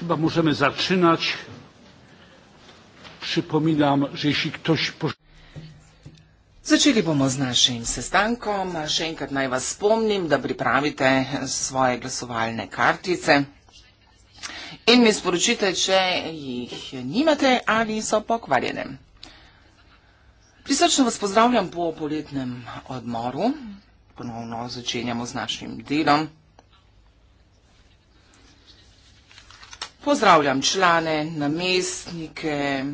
chyba możemy zaczynać. Przypominam, że jeśli ktoś... Začeli bomo z našim sestankom. Še enkrat naj vas spomnim, da pripravite svoje glasovalne kartice in mi sporočite, če jih nimate ali so pokvarjene. Prisrčno vas pozdravljam po poletnem odmoru. Ponovno začenjamo z našim delom. Pozdravljam člane, namestnike,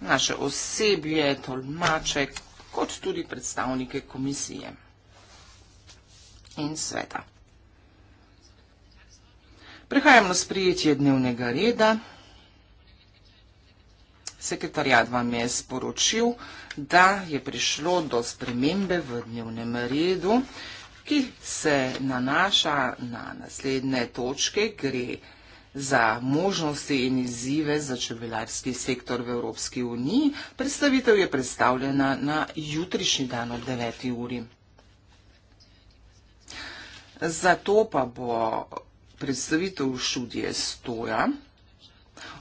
naše osebje, tolmače, kot tudi predstavnike komisije in sveta. Prehajam na sprijetje dnevnega reda. Sekretarjat vam je sporočil, da je prišlo do spremembe v dnevnem redu, ki se nanaša na naslednje točke, gre vsega za možnosti in izzive za čebelarski sektor v Evropski uniji. Predstavitev je predstavljena na jutrišnji dan ob 9. uri. Zato pa bo predstavitev študije stoja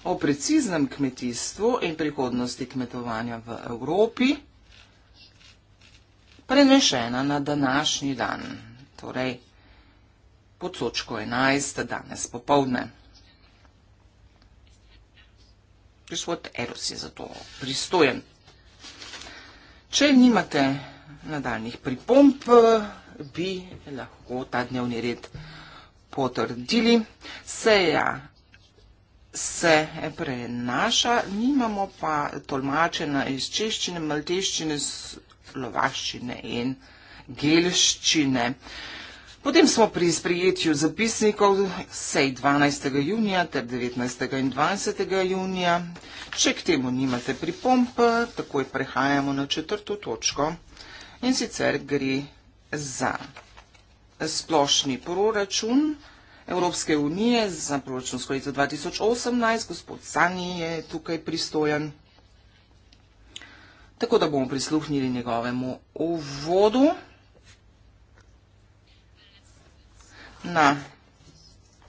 o preciznem kmetijstvu in prihodnosti kmetovanja v Evropi prenešena na današnji dan, torej pod točko 11 danes popovdne. Prišvod Eros je za to pristojen. Če nimate nadaljnih pripomp, bi lahko ta dnevni red potrdili. Seja se prenaša, nimamo pa tolmačena iz češčine, malteščine, slovaščine in gelščine. Potem smo pri sprejetju zapisnikov sej 12. junija ter 19. in 20. junija. Če k temu nimate pripomp, takoj prehajamo na četrto točko in sicer gre za splošni proračun Evropske unije za proračunsko leto 2018. Gospod Sani je tukaj pristojen. Tako da bomo prisluhnili njegovemu uvodu. Na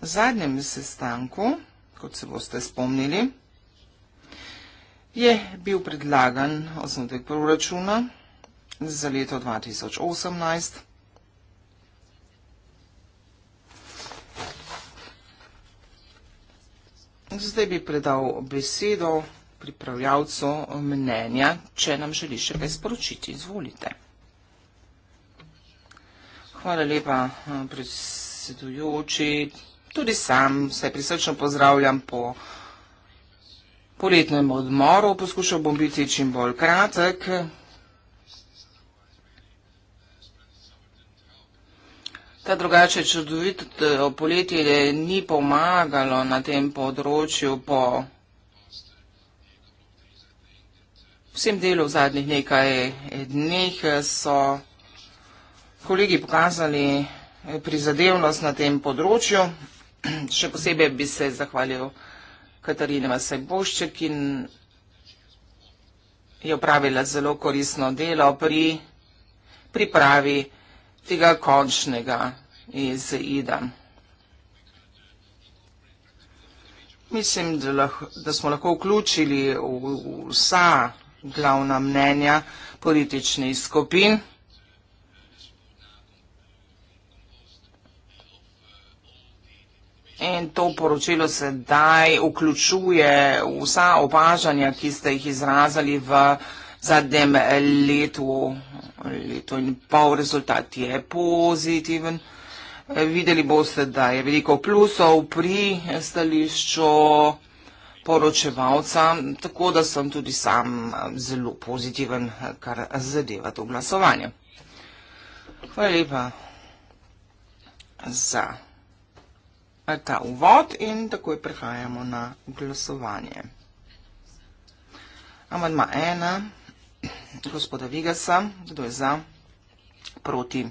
zadnjem sestanku, kot se boste spomnili, je bil predlagan osnutek proračuna za leto 2018. Zdaj bi predal besedo pripravljavcu mnenja, če nam želi še kaj sporočiti. Izvolite. Hvala lepa, predsednik predsedujoči, tudi sam se prisrčno pozdravljam po poletnem odmoru. Poskušal bom biti čim bolj kratek. Ta drugače čudovito poletje ni pomagalo na tem področju po vsem delu v zadnjih nekaj dneh so kolegi pokazali prizadevnost na tem področju. Še posebej bi se zahvalil Katarine Vasebošček in je upravila zelo korisno delo pri pripravi tega končnega iz IDA. Mislim, da, lahko, da smo lahko vključili vsa glavna mnenja političnih skupin. In to poročilo sedaj vključuje vsa opažanja, ki ste jih izrazali v zadnjem letu, letu in pol rezultat je pozitiven. Videli boste, da je veliko plusov pri stališču poročevalca, tako da sem tudi sam zelo pozitiven, kar zadeva to glasovanje. Hvala lepa za ta uvod in takoj prehajamo na glasovanje. Amadma ena, gospoda Vigasa, kdo je za, proti,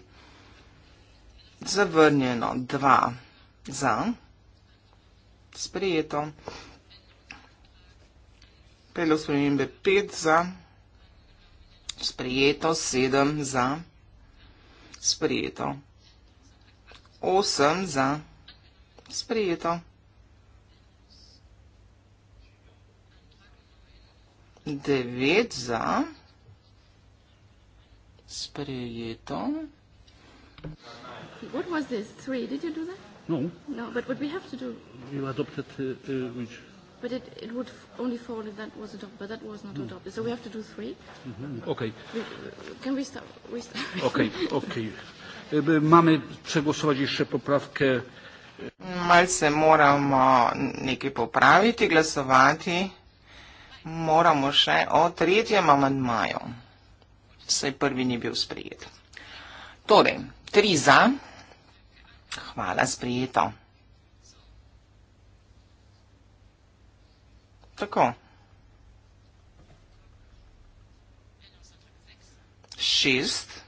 zavrnjeno, dva, za, sprijeto, predlog spremembe pet, za, sprijeto, sedem, za, sprijeto, osem, za, sprijeto, sprejeto. Devet za, sprejeto. What was this? Three? Did you do that? No. No, but what we have to do? You adopted uh, uh, which? But it, it would only fall if that was adopted, but that was not no. adopted. So we have to do three? Mm -hmm. Okay. We, uh, can we start? We start. Okay, okay. Mamy przegłosować jeszcze poprawkę malce moramo nekaj popraviti, glasovati moramo še o tretjem amandmaju. Saj prvi ni bil sprejet. Torej, tri za. Hvala, sprijeto. Tako. Šest.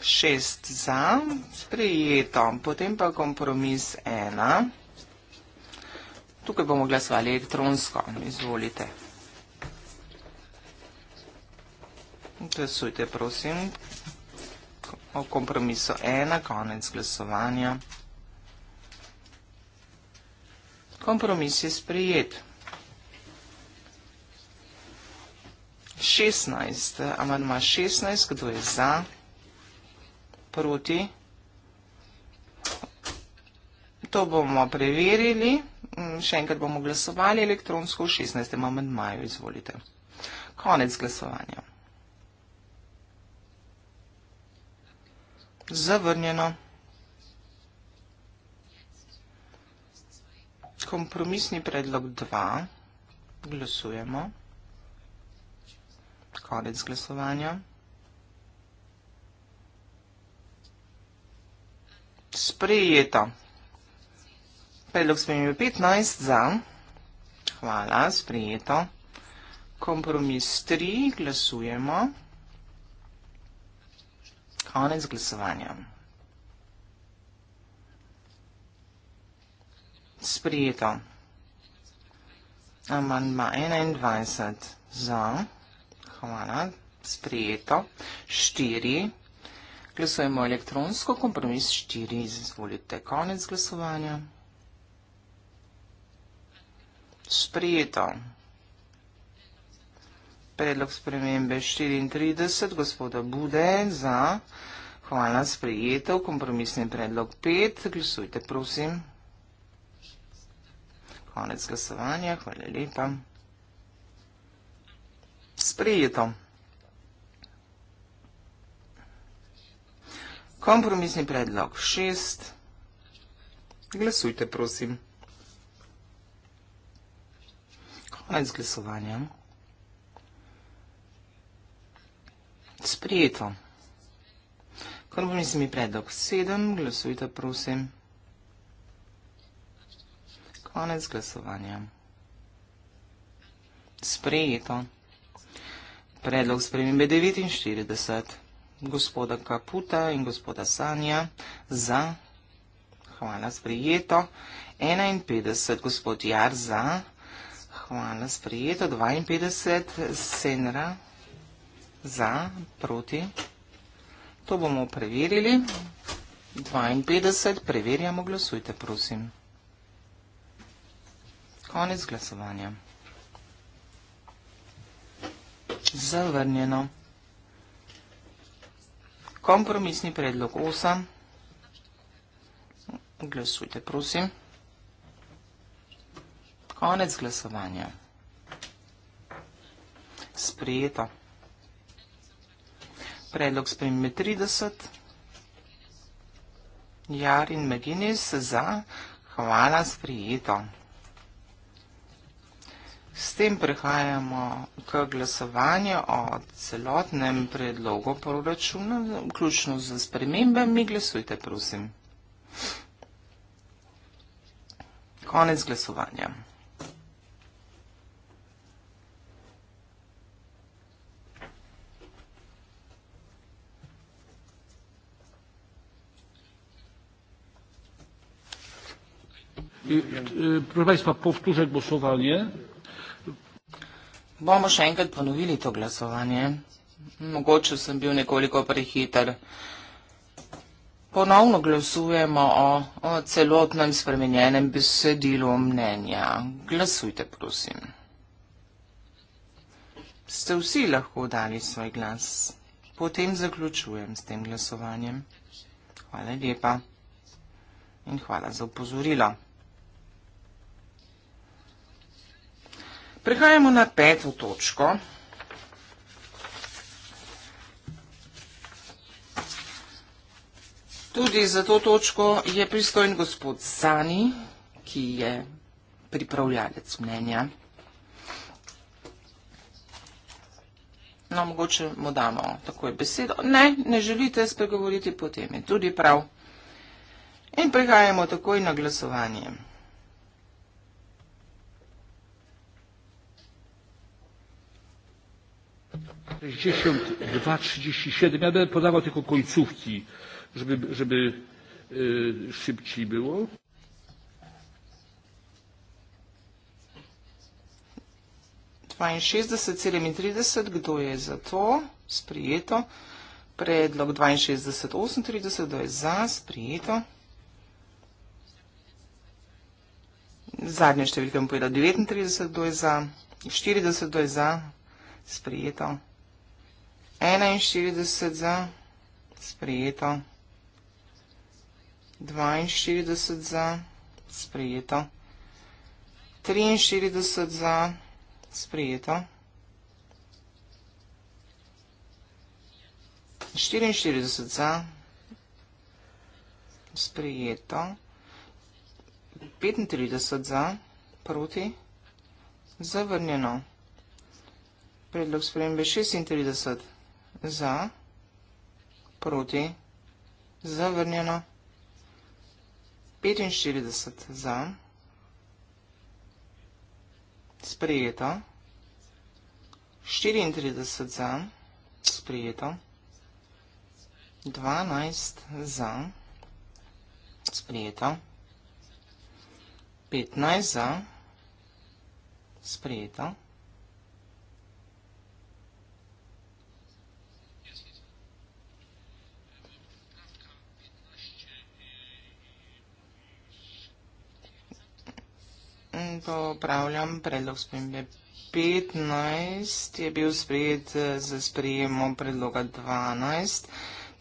šest za, sprejeto, potem pa kompromis ena. Tukaj bomo glasovali elektronsko, izvolite. Glasujte, prosim, o kompromisu ena, konec glasovanja. Kompromis je sprejet. 16, amandma 16, kdo je za? proti. To bomo preverili. Mm, še enkrat bomo glasovali elektronsko v 16. amendmaju. Izvolite. Konec glasovanja. Zavrnjeno. Kompromisni predlog 2. Glasujemo. Konec glasovanja. Konec glasovanja. Sprejeto. Predlog spremembe 15 za. Hvala, sprejeto. Kompromis 3, glasujemo. Konec glasovanja. Sprejeto. Amandma 21 za. Hvala, sprejeto. 4. Glasujemo elektronsko, kompromis 4, izvolite konec glasovanja. Sprijeto. Predlog spremembe 34, gospoda Bude za. Hvala, sprijeto, kompromisni predlog 5, glasujte prosim. Konec glasovanja, hvala lepa. Sprijeto. Sprijeto. Kompromisni predlog šest. Glasujte, prosim. Konec glasovanja. Sprijeto. Kompromisni predlog sedem. Glasujte, prosim. Konec glasovanja. Sprejeto. Predlog spremembe 49 gospoda Kaputa in gospoda Sanja za. Hvala sprijeto. 51, gospod Jar za. Hvala sprijeto. 52, Senra za, proti. To bomo preverili. 52, preverjamo, glasujte, prosim. Konec glasovanja. Zavrnjeno. Kompromisni predlog 8. Glasujte, prosim. Konec glasovanja. Sprijeta. Predlog spremembe 30. Jarin McGinnis za. Hvala, sprijeto. S tem prehajamo k glasovanju o celotnem predlogu proračuna, vključno z spremembami. Glasujte, prosim. Konec glasovanja. E, proszę Państwa, powtórzę głosowanie. Bomo še enkrat ponovili to glasovanje. Mogoče sem bil nekoliko prehiter. Ponovno glasujemo o, o celotnem spremenjenem besedilu mnenja. Glasujte, prosim. Ste vsi lahko dali svoj glas. Potem zaključujem s tem glasovanjem. Hvala lepa in hvala za upozorilo. Prehajamo na peto točko. Tudi za to točko je pristojen gospod Sani, ki je pripravljalec mnenja. No, mogoče mu damo takoj besedo. Ne, ne želite spregovoriti, potem je tudi prav. In prehajamo takoj na glasovanje. 62, 37. Ja będę podawał tylko końcówki, żeby, żeby yy, szybciej było. Dvainšestdeset sedemintrideset, kdo je za to? Sprijeto. Predlog dvainšestdeset osemintrideset, kdo je za? Sprijeto. Zadnje številke bom povedal devetintrideset, kdo je za? Štirideset, kdo je za? Sprijeto. 41 za, sprejeto. 42 za, sprejeto. 43 za, sprejeto. 44 za, sprejeto. 35 za, proti, zavrnjeno. Predlog spremembe 36 za za, proti, zavrnjeno, 45 za, sprejeto, 34 za, sprejeto, 12 za, sprejeto, 15 za, sprejeto, 15 za, sprejeto, to upravljam, predlog spremembe 15 je bil sprejet za eh, sprejemo predloga 12,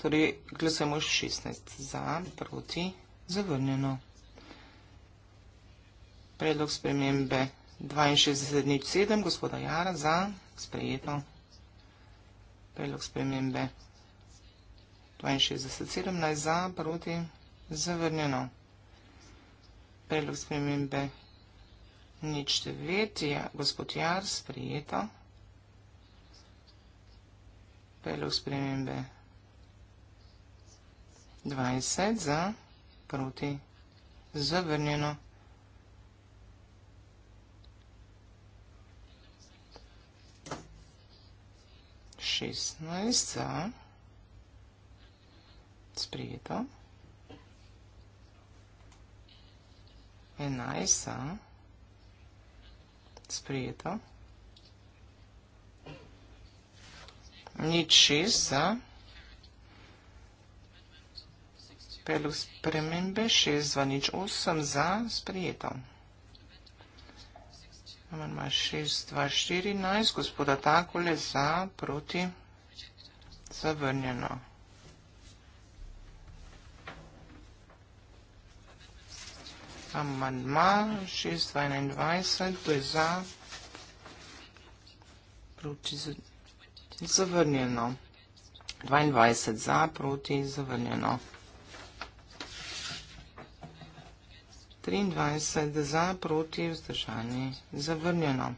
torej glasujemo 16 za, proti, zavrnjeno. Predlog spremembe 62 dnič 7, gospoda Jara, za, sprejeto. Predlog spremembe 62 17 za, proti, zavrnjeno. Predlog spremembe 62. Nič devet je ja, gospod Jar sprijeto. Pelo spremembe 20 za proti zavrnjeno. Šestnaest za sprijeto. Enajst za sprijeto sprejeto. Nič šest za. Predlog spremembe šest za, nič osem za sprejeto. Amen ima šest, dva, štiri, najs, gospoda takole za, proti, zavrnjeno. Zavrnjeno. amandma 621, to je za, proti zavrnjeno. 22 za, proti zavrnjeno. 23 za, proti vzdržani zavrnjeno.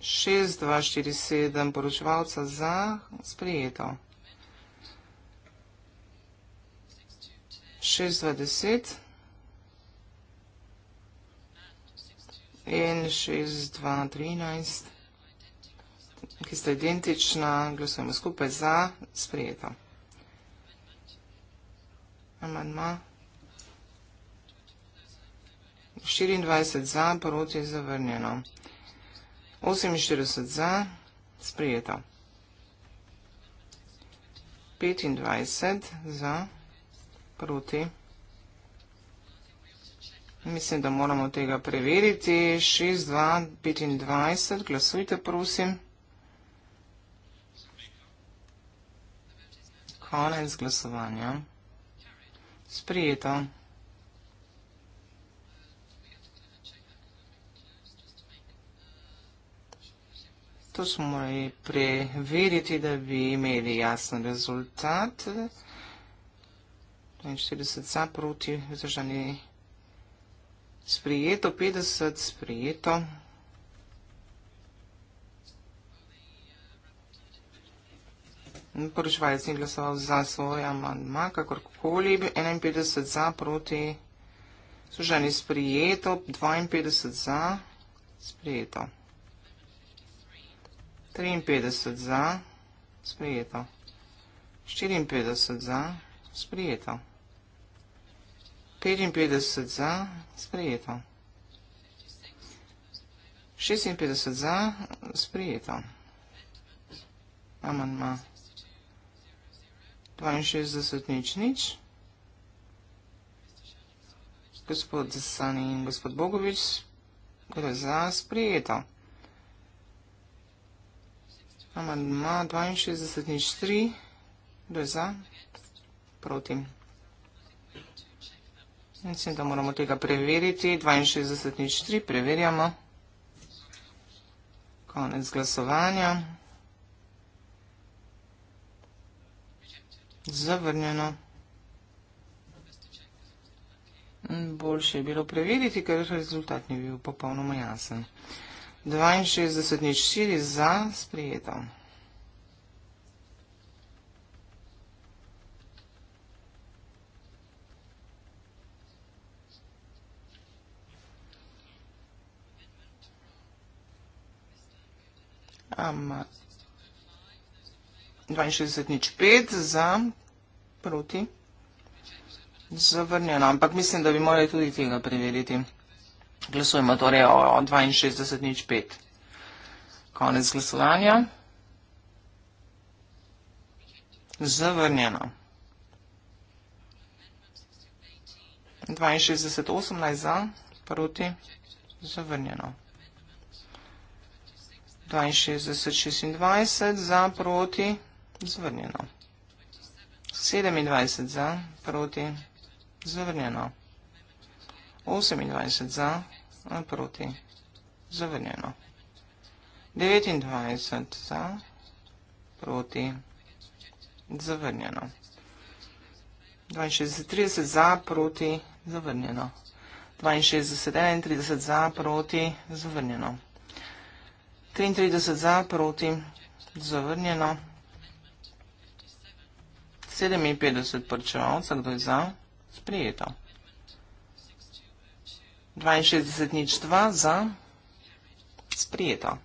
6247 poročevalca za, sprijeto. 6210 za. in 6, 2, 13, ki sta identična, glasujemo skupaj za, sprejeta. Amandma. 24 za, proti je zavrnjeno. 48 za, sprejeta. 25 za, proti je zavrnjeno. Mislim, da moramo tega preveriti. 6.2.25, glasujte, prosim. Konec glasovanja. Sprijeto. To smo morali preveriti, da bi imeli jasen rezultat. 42 za proti vzdržanje. Sprijeto, 50, sprijeto. Poročvalec je glasoval za svoj amandma, kakorkoli, 51 za, proti, služeni sprijeto, 52 za, sprijeto, 53 za, sprijeto, 54 za, sprijeto. 55 za, sprejeto. 56 za, sprejeto. Amanma. 62 nič nič. Gospod Zasani in gospod Bogovič, gre za, sprejeto. Amanma 62 nič 3, gre za, proti. Mislim, da moramo tega preveriti. 62 nič 3, preverjamo. Konec glasovanja. Zavrnjeno. Boljše je bilo preveriti, ker rezultat ni bil popolnoma jasen. 62 nič 4 za sprijetom. 62.5 za proti zavrnjeno. Ampak mislim, da bi morali tudi tega preveriti. Glasujemo torej o 62.5. Konec glasovanja. Zavrnjeno. 62.18 za proti zavrnjeno. 62-26 za proti, zvrnjeno. 27 za proti, zvrnjeno. 28 za proti, zvrnjeno. 29 za proti, zvrnjeno. 26-30 za proti, zvrnjeno. 62-31 za proti, zvrnjeno. 62-31 za proti, zvrnjeno. 33 za, proti, zavrnjeno. 57 prčevalca, kdo je za, sprijeto. 62 nič 2 za, sprijeto.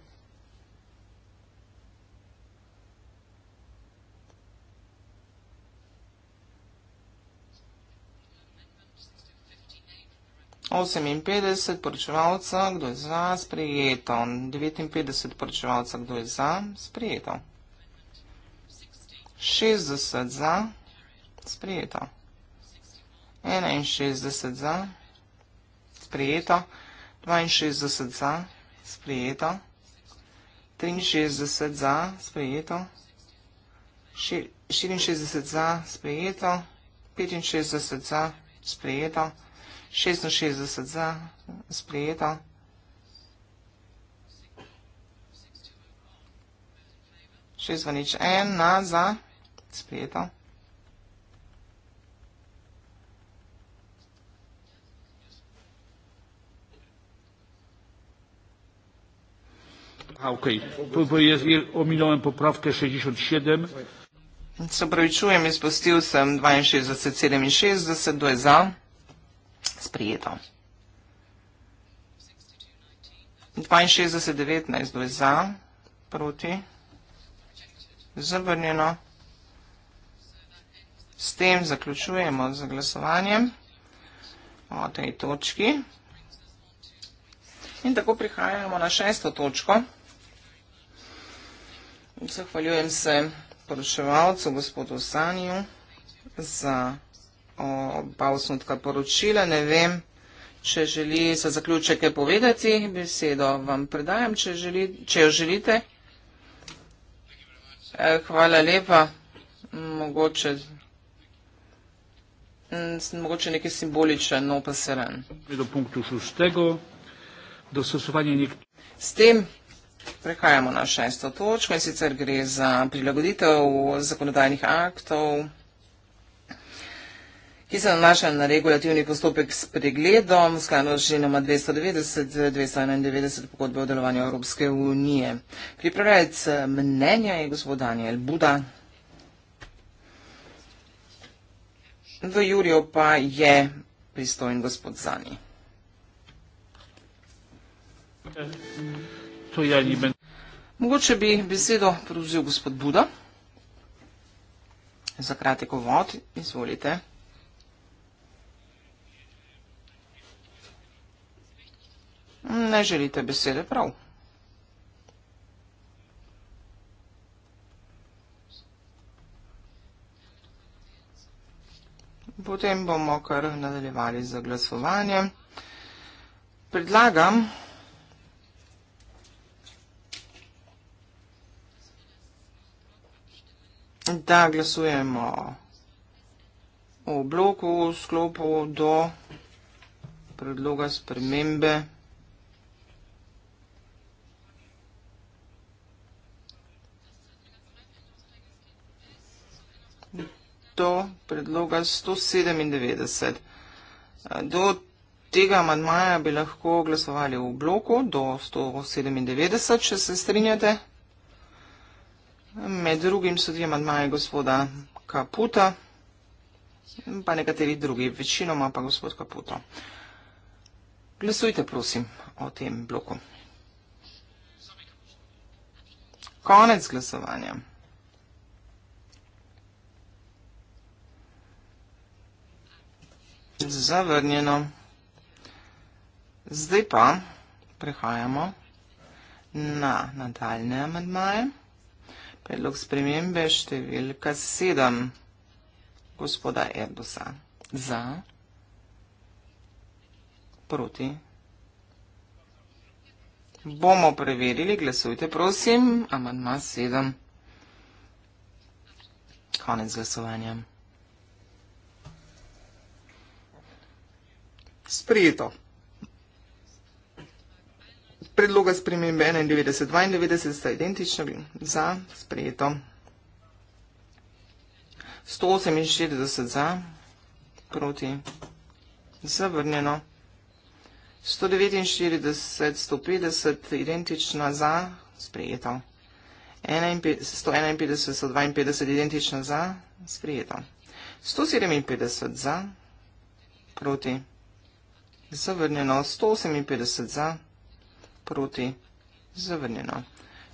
58 poročevalca, kdo je za, sprejeto. 59 poročevalca, kdo je za, sprejeto. 60 za, sprejeto. 61 za, sprejeto. 62 za, sprejeto. 63 za, sprejeto. 64 za, sprejeto. 65 za, sprejeto. 66 za sprejeto. Šest vanič ena za sprejeto. Ok, jaz omiljujem popravke 67. Se pravi, čujem, izpustil sem 62,67, kdo je za? sprijeto. 62.19, dve za, proti, zavrnjeno. S tem zaključujemo z glasovanjem o tej točki. In tako prihajamo na šesto točko. Zahvaljujem se poročevalcu, gospodu Sanju, za vsega pao sem tukaj poročila, ne vem, če želi za zaključek kaj povedati, besedo vam predajam, če, želi, če jo želite. E, hvala lepa, mogoče. Mm, mogoče nekaj simboličen, no pa se ran. S tem prehajamo na šesto točko in sicer gre za prilagoditev zakonodajnih aktov ki se nanašajo na regulativni postopek s pregledom, skladno z ženoma 290-291 pogodbe o delovanju Evropske unije. Pripravljajec eh, mnenja je gospod Daniel Buda. V Jurijo pa je pristojen gospod Zani. Ja Mogoče bi besedo prevzel gospod Buda. Za kratek uvod, izvolite. Ne želite besede prav. Potem bomo kar nadaljevali za glasovanje. Predlagam, da glasujemo v bloku v sklopu do predloga spremembe 2.1. do predloga 197. Do tega amadmaja bi lahko glasovali v bloku do 197, če se strinjate. Med drugim so dvije amadmaje gospoda Kaputa, pa nekateri drugi, večinoma pa gospod Kaputo. Glasujte, prosim, o tem bloku. Konec glasovanja. zavrnjeno. Zdaj pa prehajamo na nadaljne amedmaje. Predlog spremembe številka 7 gospoda Erdosa za proti. Bomo preverili, glasujte prosim, amadma 7. Konec glasovanja. sprejeto. Predloga spremembe 91-92 sta identična za sprejeto. 168 za, proti, zavrnjeno. 149-150 identična za, sprejeto. 151-152 identična za, sprejeto. 157 za, proti, zavrnjeno zavrnjeno, 158 za, proti, zavrnjeno,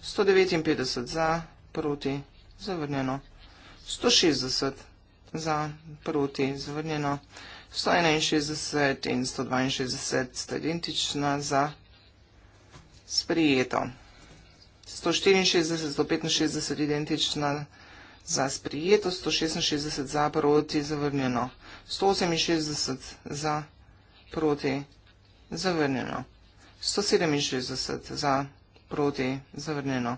159 za, proti, zavrnjeno, 160 za, proti, zavrnjeno, 161 in 162 sta identična za sprijeto. 164, 165 identična za sprijeto, 166 za, proti, zavrnjeno, 168 za, proti, zavrnjeno proti, zavrnjeno. 167 za, proti, zavrnjeno.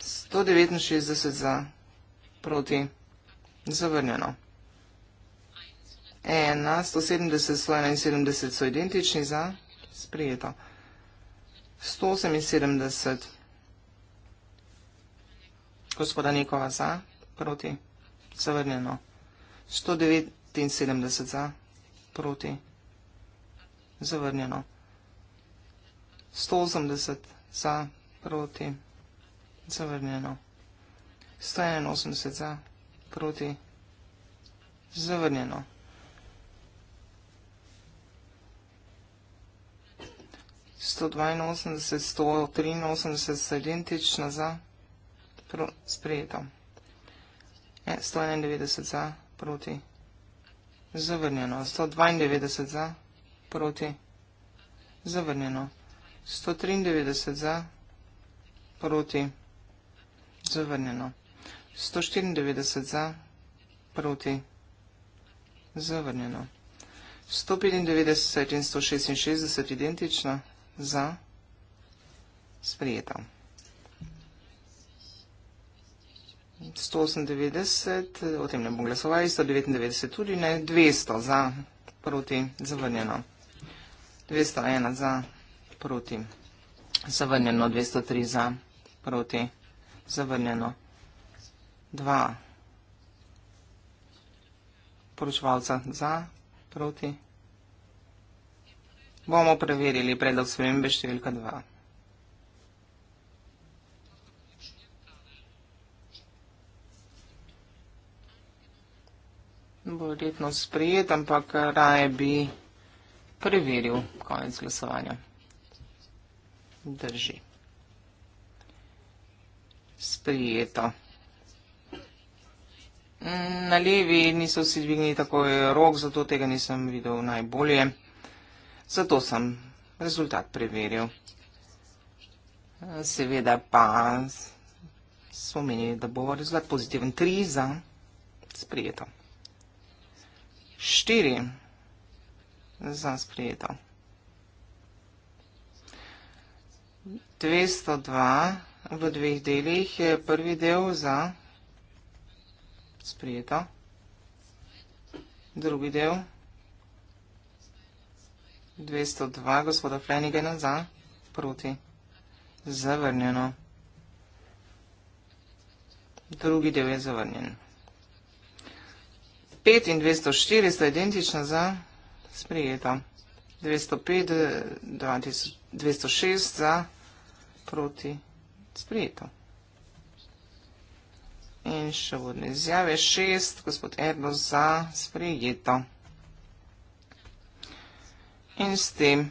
169 za, proti, zavrnjeno. 1, 170, 171 so identični za, sprijeto. 178, gospoda Nikova za, proti, zavrnjeno. 179 za, proti, zavrnjeno zavrnjeno. 180 za, proti, zavrnjeno. 181 za, proti, zavrnjeno. 182, 183 za identično za, sprejeto. 191 e, za, proti, zavrnjeno. 192 za, proti, zavrnjeno proti. Zavrnjeno. 193 za, proti. Zavrnjeno. 194 za, proti. Zavrnjeno. 195 in 166 identično, za, sprijeta. 198, o tem ne bom glasovali, 199 tudi ne, 200 za, proti, zavrnjeno. 201 za, proti, zavrnjeno, 203 za, proti, zavrnjeno, 2 poročevalca za, proti. Bomo preverili predlog spremembe številka 2. Bo letno sprejet, ampak raje bi preveril konec glasovanja. Drži. Sprijeto. Mm, na levi niso vsi dvignili tako rok, zato tega nisem videl najbolje. Zato sem rezultat preveril. Seveda pa smo menili, da bo rezultat pozitiven. Tri za sprijeto. Štiri za spredo. 202 v dveh delih je prvi del za spredo, drugi del 202 gospoda Flanigena za proti zavrnjeno. Drugi del je zavrnjen. 5 in 204 sta identična za proti sprejeta. 205, 20, 206 za, proti, sprejeta. In še vodne izjave, 6, gospod Erdo za, sprejeta. In s tem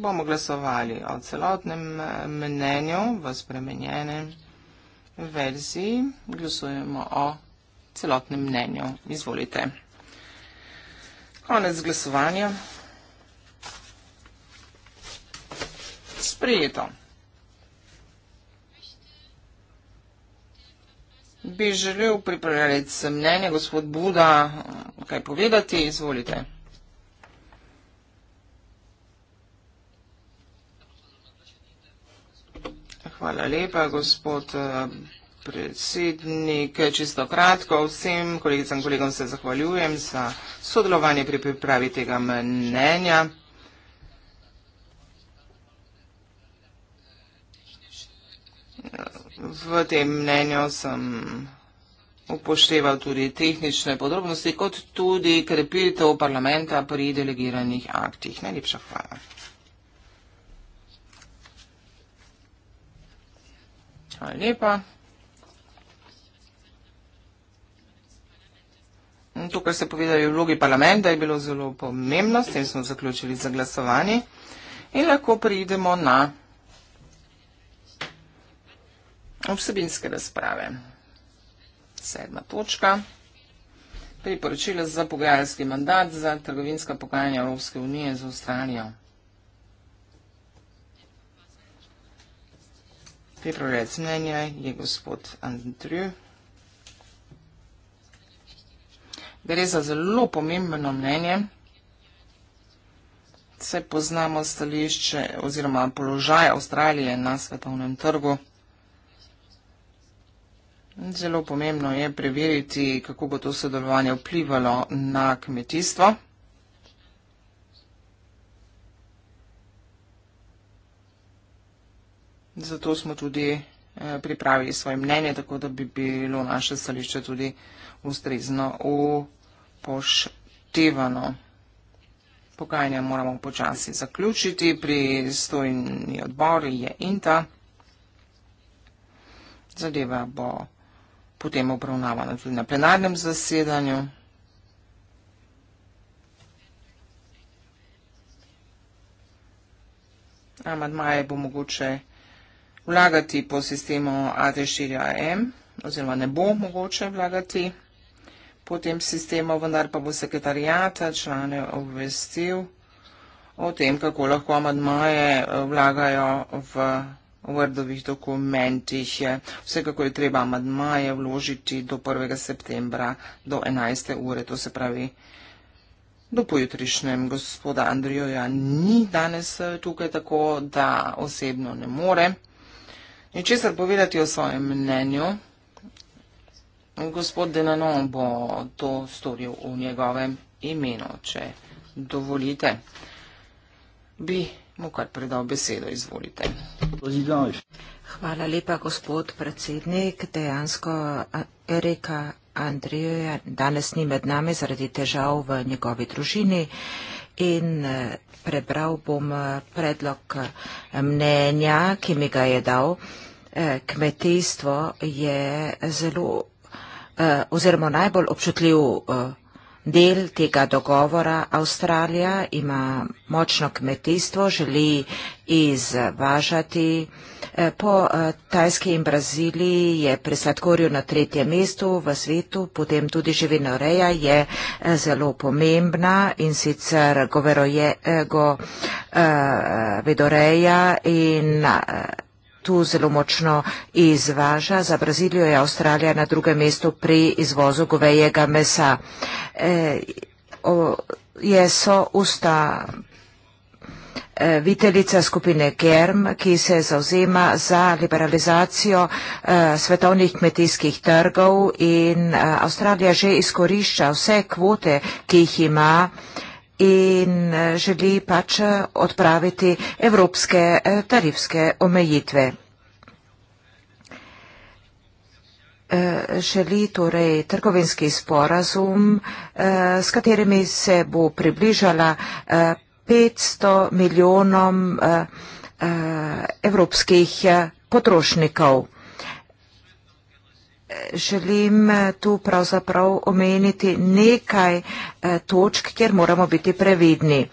bomo glasovali o celotnem eh, mnenju v spremenjenem verziji. Glasujemo o celotnem mnenju. Izvolite. Konec glasovanja. Sprejeto. Bi želel pripravljati mnenje, gospod Buda, kaj povedati, izvolite. Hvala lepa, gospod Buda. Eh, predsednik. Čisto kratko vsem kolegicam in kolegom se zahvaljujem za sodelovanje pri pripravi tega mnenja. V tem mnenju sem upošteval tudi tehnične podrobnosti, kot tudi krepitev parlamenta pri delegiranih aktih. Najlepša hvala. Hvala lepa. To, kar ste povedali v vlogi parlamenta, je bilo zelo pomembno, s tem smo zaključili za glasovanje in lahko prejdemo na vsebinske razprave. Sedma točka. Priporočila za pogajalski mandat za trgovinska pogajanja Evropske unije z Avstralijo. Pripravljajoč mnenje je gospod Andrew. Gre za zelo pomembno mnenje. Vse poznamo stališče oziroma položaj Avstralije na svetovnem trgu. Zelo pomembno je preveriti, kako bo to sodelovanje vplivalo na kmetijstvo. Zato smo tudi eh, pripravili svoje mnenje, tako da bi bilo naše stališče tudi ustrezno v poštevano. Pogajanja moramo počasi zaključiti. Pri stojni odbori je INTA. Zadeva bo potem obravnavana tudi na plenarnem zasedanju. Amadmaje bo mogoče vlagati po sistemu AT4AM, oziroma ne bo mogoče vlagati vlagati potem sistemu, vendar pa bo sekretarijata eh, člane obvestil o tem, kako lahko amadmaje eh, vlagajo v vrdovih dokumentih. Vsekako je treba amadmaje vložiti do 1. septembra do 11. ure, to se pravi do pojutrišnjem. Gospoda Andrijoja ni danes eh, tukaj tako, da osebno ne more. Ničesar povedati o svojem mnenju. Gospod Denanon bo to storil v njegovem imenu, če dovolite. Bi mu kar predal besedo, izvolite. Hvala lepa, gospod predsednik. Dejansko Erika Andrija danes ni med nami zaradi težav v njegovi družini in e, prebral bom e, predlog e, mnenja, ki mi ga je dal. Kmetijstvo je zelo Eh, oziroma najbolj občutljiv eh, del tega dogovora. Avstralija ima močno kmetijstvo, želi izvažati. Eh, po Tajski in Braziliji je pri sladkorju na tretjem mestu v svetu, potem tudi živinoreja je zelo pomembna in sicer govero je ego vedoreja in tu zelo močno izvaža. Za Brazilijo je Avstralija na drugem mestu pri izvozu govejega mesa. E, je so usta e, viteljica skupine Germ, ki se zauzema za liberalizacijo e, svetovnih kmetijskih trgov in Avstralija že izkorišča vse kvote, ki jih ima in eh, želi pač eh, odpraviti evropske eh, tarifske omejitve. Želi torej trgovinski sporazum, s katerimi se bo približala 500 milijonom evropskih potrošnikov. Želim eh, tu pravzaprav omeniti nekaj eh, točk, kjer moramo biti previdni.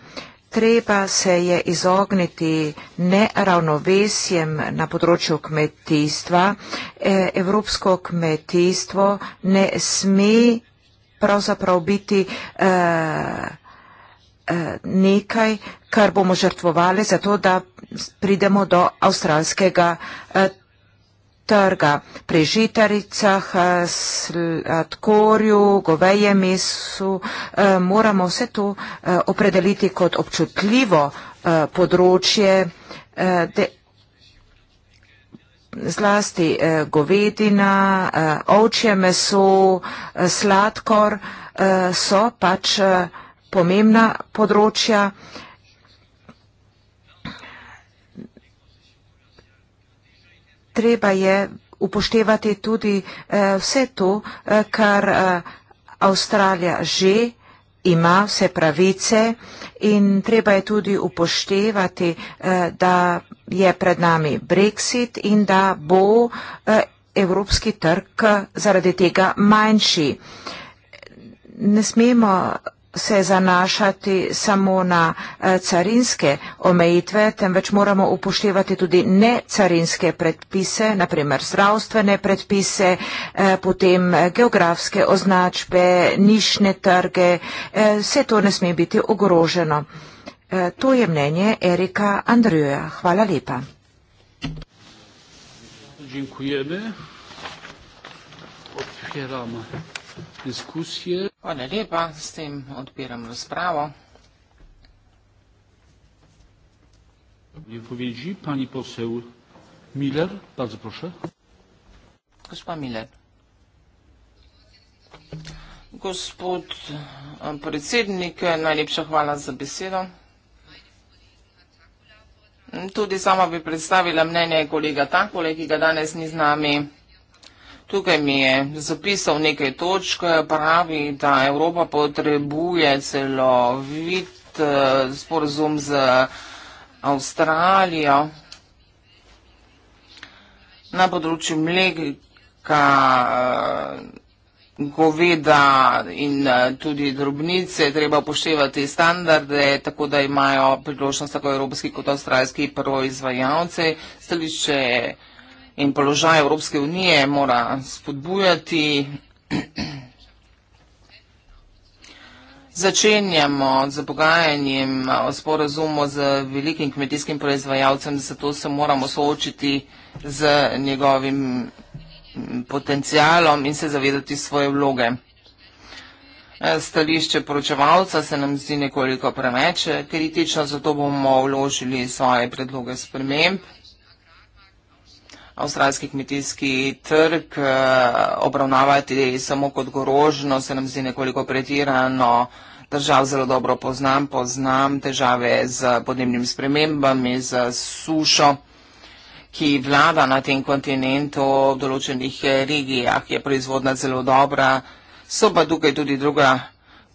Treba se je izogniti neravnovesjem na področju kmetijstva. Eh, evropsko kmetijstvo ne sme pravzaprav biti nekaj, kar bomo žrtvovali zato, da pridemo do avstralskega trga, pri žitaricah, eh, sladkorju, goveje mesu, eh, moramo vse to eh, opredeliti kot občutljivo področje, de, zlasti govedina, ovčje meso, sladkor so pač pomembna področja. treba je upoštevati tudi eh, vse to, eh, kar eh, Avstralija že ima, vse pravice in treba je tudi upoštevati, eh, da je pred nami Brexit in da bo eh, evropski trg eh, zaradi tega manjši. Ne smemo se zanašati samo na eh, carinske omejitve, temveč moramo upoštevati tudi necarinske predpise, naprimer zdravstvene predpise, eh, potem eh, geografske označbe, nišne trge, vse to ne sme biti ogroženo. To je mnenje Erika Andrjuja. Hvala lepa. Dziękujemy. Otwieramy diskusije. Hvala lepa, s tem odpiram razpravo. Vypovedzi pani poseł Miller, bardzo proszę. Gospod Miller. Gospod predsednik, najlepša hvala za besedo. Tudi sama bi predstavila mnenje kolega Takole, ki ga danes ni z nami. Tukaj mi je zapisal nekaj točk, pravi, da Evropa potrebuje celovit eh, sporozum z Avstralijo na področju mleka, eh, goveda in eh, tudi drobnice. Treba upoštevati standarde, tako da imajo priložnost tako evropski kot avstralijski prvoizvajalce. Stališče je in položaj Evropske unije mora spodbujati. Začenjamo z pogajanjem o sporazumu z velikim kmetijskim proizvajalcem, zato se moramo soočiti z njegovim potencijalom in se zavedati svoje vloge. E, stališče poročevalca se nam zdi nekoliko preveč kritično, zato bomo vložili svoje predloge sprememb avstralski kmetijski trg eh, obravnavati samo kot grožno, se nam zdi nekoliko pretirano. Držav zelo dobro poznam, poznam težave z podnebnim spremembami, z sušo, ki vlada na tem kontinentu v določenih eh, regijah, je proizvodna zelo dobra. So pa tukaj tudi druga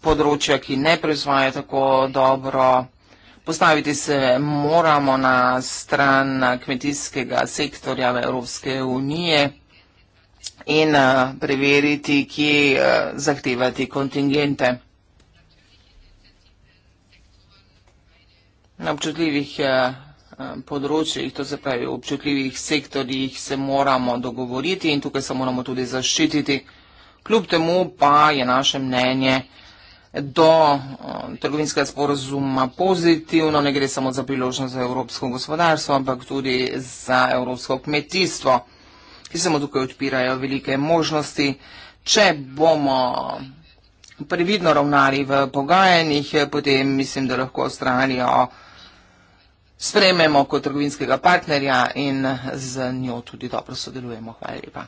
področja, ki ne proizvaja tako dobro. Postaviti se moramo na stran kmetijskega sektorja v Evropske unije in eh, preveriti, kje eh, zahtevati kontingente. Na občutljivih eh, področjih, to se pravi v občutljivih sektorjih, se moramo dogovoriti in tukaj se moramo tudi zaščititi. Kljub temu pa je naše mnenje vsega, do eh, trgovinskega sporozuma pozitivno, ne gre samo za priložnost za evropsko gospodarstvo, ampak tudi za evropsko kmetijstvo, ki se mu tukaj odpirajo velike možnosti. Če bomo previdno ravnali v pogajanjih, potem mislim, da lahko Avstralijo sprememo kot trgovinskega partnerja in z njo tudi dobro sodelujemo. Hvala lepa.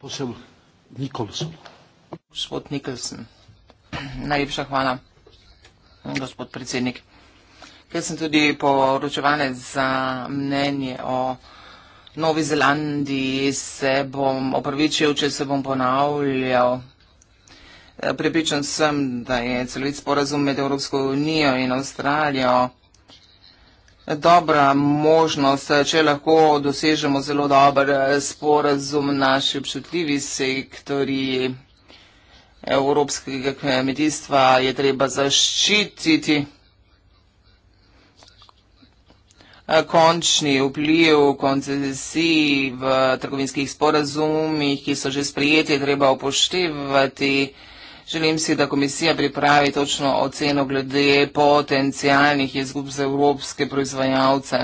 Posebno Nikolson. Gospod Nikolson. Najlepša hvala, gospod predsednik. Ker sem tudi poročevanec za mnenje o Novi Zelandiji, se bom opravičil, če se bom ponavljal. Eh, prepričan sem, da je celovit sporazum med Evropsko unijo in Avstralijo dobra možnost, če lahko dosežemo zelo dober eh, sporazum naši občutljivi sektoriji evropskega kmetijstva je treba zaščititi. Končni vpliv koncesij v trgovinskih sporazumih, ki so že sprijeti, je treba upoštevati. Želim si, da komisija pripravi točno oceno glede potencijalnih izgub za evropske proizvajalce.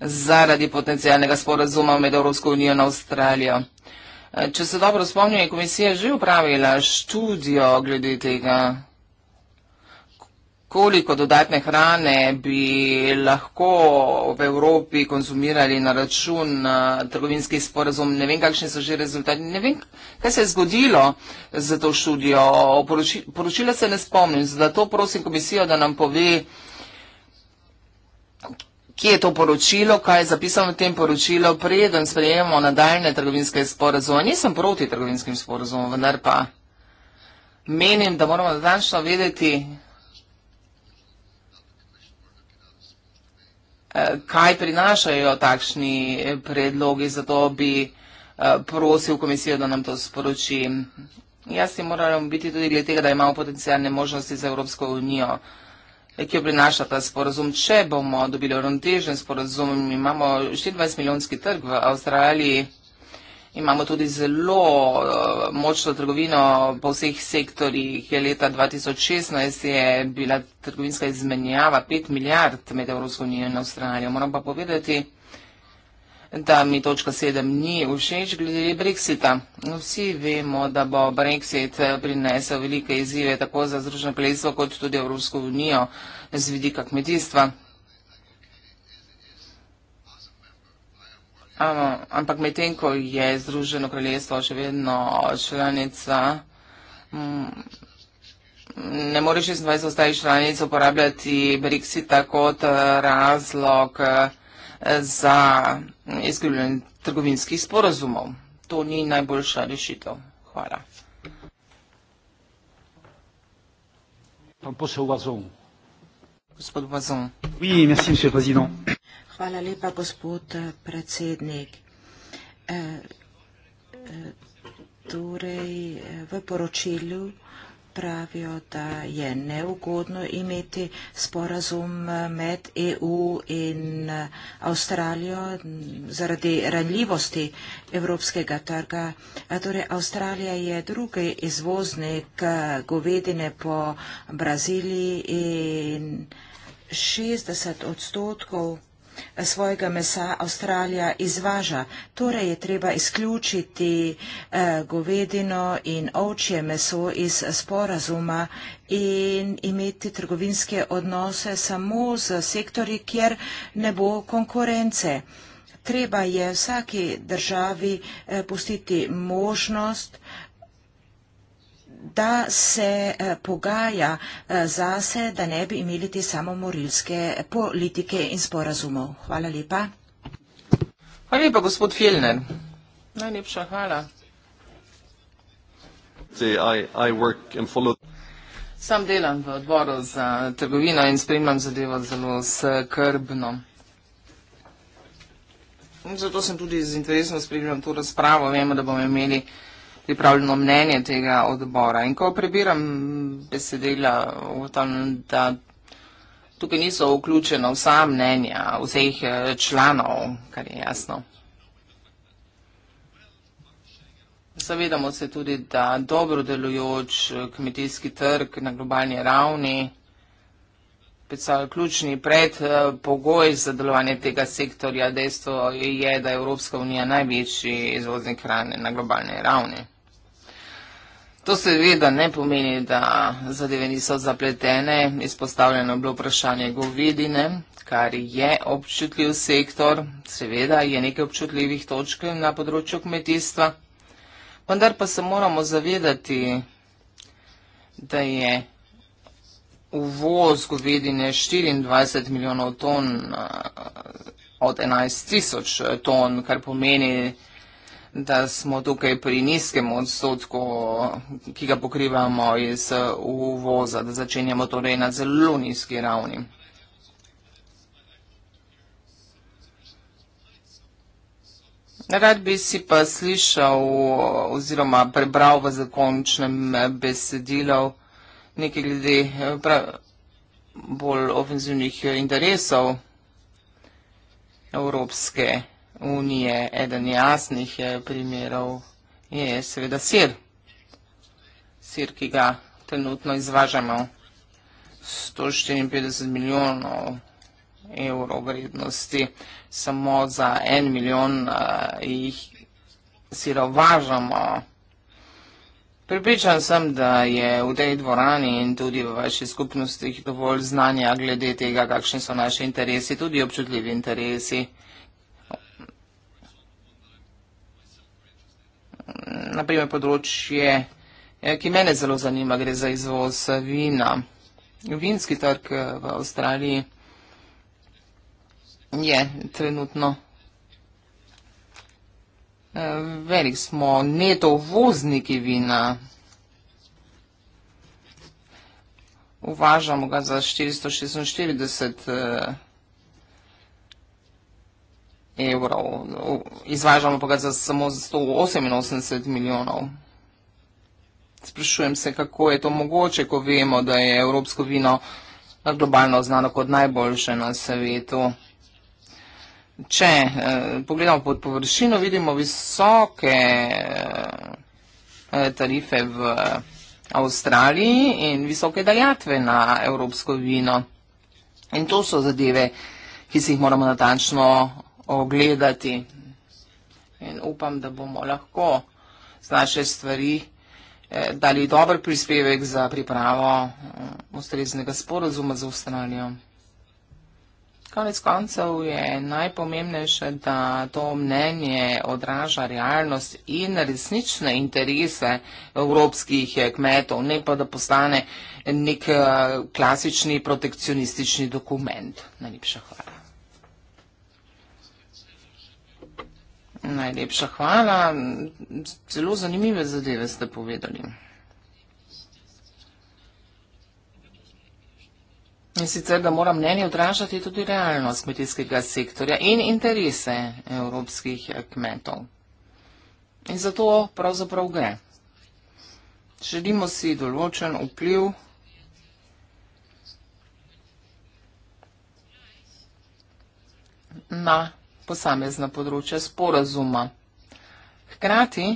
Zaradi potencijalnega sporazuma med Evropsko unijo in Avstralijo. Eh, če se dobro spomnim, je komisija že upravila študijo glede tega, koliko dodatne hrane bi lahko v Evropi konzumirali na račun eh, trgovinskih sporazum. Ne vem, kakšni so že rezultati. Ne vem, kaj se je zgodilo za to študijo. Poročila se ne spomnim, zato prosim komisijo, da nam pove, kje je to poročilo, kaj je zapisano v tem poročilu, preden sprejemamo nadaljne trgovinske sporozume. Nisem proti trgovinskim sporozumom, vendar pa menim, da moramo natančno vedeti, eh, kaj prinašajo takšni predlogi, zato bi eh, prosil komisijo, da nam to sporoči. Jasni moramo biti tudi glede tega, da imamo potencijalne možnosti za Evropsko unijo ki jo prinaša ta sporozum. Če bomo dobili orontežen sporozum, imamo 24 milijonski trg v Avstraliji, imamo tudi zelo eh, močno trgovino po vseh sektorjih. Leta 2016 je bila trgovinska izmenjava 5 milijard med Evropsko unijo in Avstralijo. Moram pa povedati, da mi točka sedem ni všeč glede Brexita. Vsi vemo, da bo Brexit prinesel velike izzive tako za Združeno kraljestvo kot tudi Evropsko unijo z vidika kmetijstva. Ampak medtem, ko je Združeno kraljestvo še vedno članica, mm, ne more 26 ostalih članic uporabljati Brexita kot eh, razlog. Eh, za izgubljanje trgovinskih sporazumov. To ni najboljša rešitev. Hvala. Gospod Vazon. Hvala lepa, gospod eh, predsednik. Eh, eh, torej, v poročilju pravijo, da je neugodno imeti sporazum eh, med EU in eh, Avstralijo zaradi ranljivosti evropskega trga. Torej, Avstralija je drugi izvoznik eh, govedine po Braziliji in 60 odstotkov svojega mesa Avstralija izvaža. Torej je treba izključiti eh, govedino in ovčje meso iz sporazuma in imeti trgovinske odnose samo z sektori, kjer ne bo konkurence. Treba je vsaki državi eh, pustiti možnost da se eh, pogaja eh, zase, da ne bi imeli te samomorilske politike in sporazumov. Hvala lepa. Hvala lepa, gospod Filner. Najlepša hvala. I, I Sam delam v odboru za trgovino in spremljam zadevo zelo skrbno. Zato sem tudi z interesom spremljal to razpravo. Vemo, da bomo imeli uh, pripravljeno mnenje tega odbora. In ko prebiram besedila, ugotavljam, da tukaj niso vključena vsa mnenja vseh eh, članov, kar je jasno. Zavedamo se tudi, da dobro delujoč eh, kmetijski trg na globalni ravni predstavlja ključni predpogoj eh, za delovanje tega sektorja. Dejstvo je, da je Evropska unija največji izvoznik hrane na globalni ravni. To seveda ne pomeni, da zadeve niso zapletene, izpostavljeno je bilo vprašanje govedine, kar je občutljiv sektor, seveda je nekaj občutljivih točk na področju kmetijstva, vendar pa se moramo zavedati, da je uvoz govedine 24 milijonov ton eh, od 11 tisoč ton, kar pomeni, da je da smo tukaj pri nizkem odstotku, ki ga pokrivamo iz uvoza, da začenjamo torej na zelo nizki ravni. Rad bi si pa slišal oziroma prebral v zakončnem besedilu nekaj glede bolj ofenzivnih interesov Evropske unije unije. Eden jasnih eh, primerov je seveda sir. Sir, ki ga trenutno izvažamo. 154 milijonov evrov vrednosti, samo za en milijon eh, jih sira važamo. Pripričan sem, da je v tej dvorani in tudi v vaših skupnostih dovolj znanja glede tega, kakšni so naši interesi, tudi občutljivi interesi. naprimer področje, eh, ki mene zelo zanima, gre za izvoz eh, vina. Vinski trg eh, v Avstraliji je trenutno velik, smo nedovozniki vina. Uvažamo ga za 446 evrov, izvažamo pa ga za samo za 188 milijonov. Sprašujem se, kako je to mogoče, ko vemo, da je evropsko vino globalno znano kot najboljše na svetu. Če eh, pogledamo pod površino, vidimo visoke eh, tarife v Avstraliji in visoke dajatve na evropsko vino. In to so zadeve, ki si jih moramo natančno ogledati. In upam, da bomo lahko z naše stvari eh, dali dober prispevek za pripravo eh, ustreznega sporozuma za Avstralijo. Konec koncev je najpomembnejše, da to mnenje odraža realnost in resnične interese evropskih eh, kmetov, ne pa da postane nek eh, klasični protekcionistični dokument. Najlepša hvala. Najlepša hvala. Zelo zanimive zadeve ste povedali. In sicer, da mora mnenje odražati tudi realnost kmetijskega sektorja in interese evropskih kmetov. In zato pravzaprav gre. Želimo si določen vpliv. Na posamezna področja sporazuma. Hkrati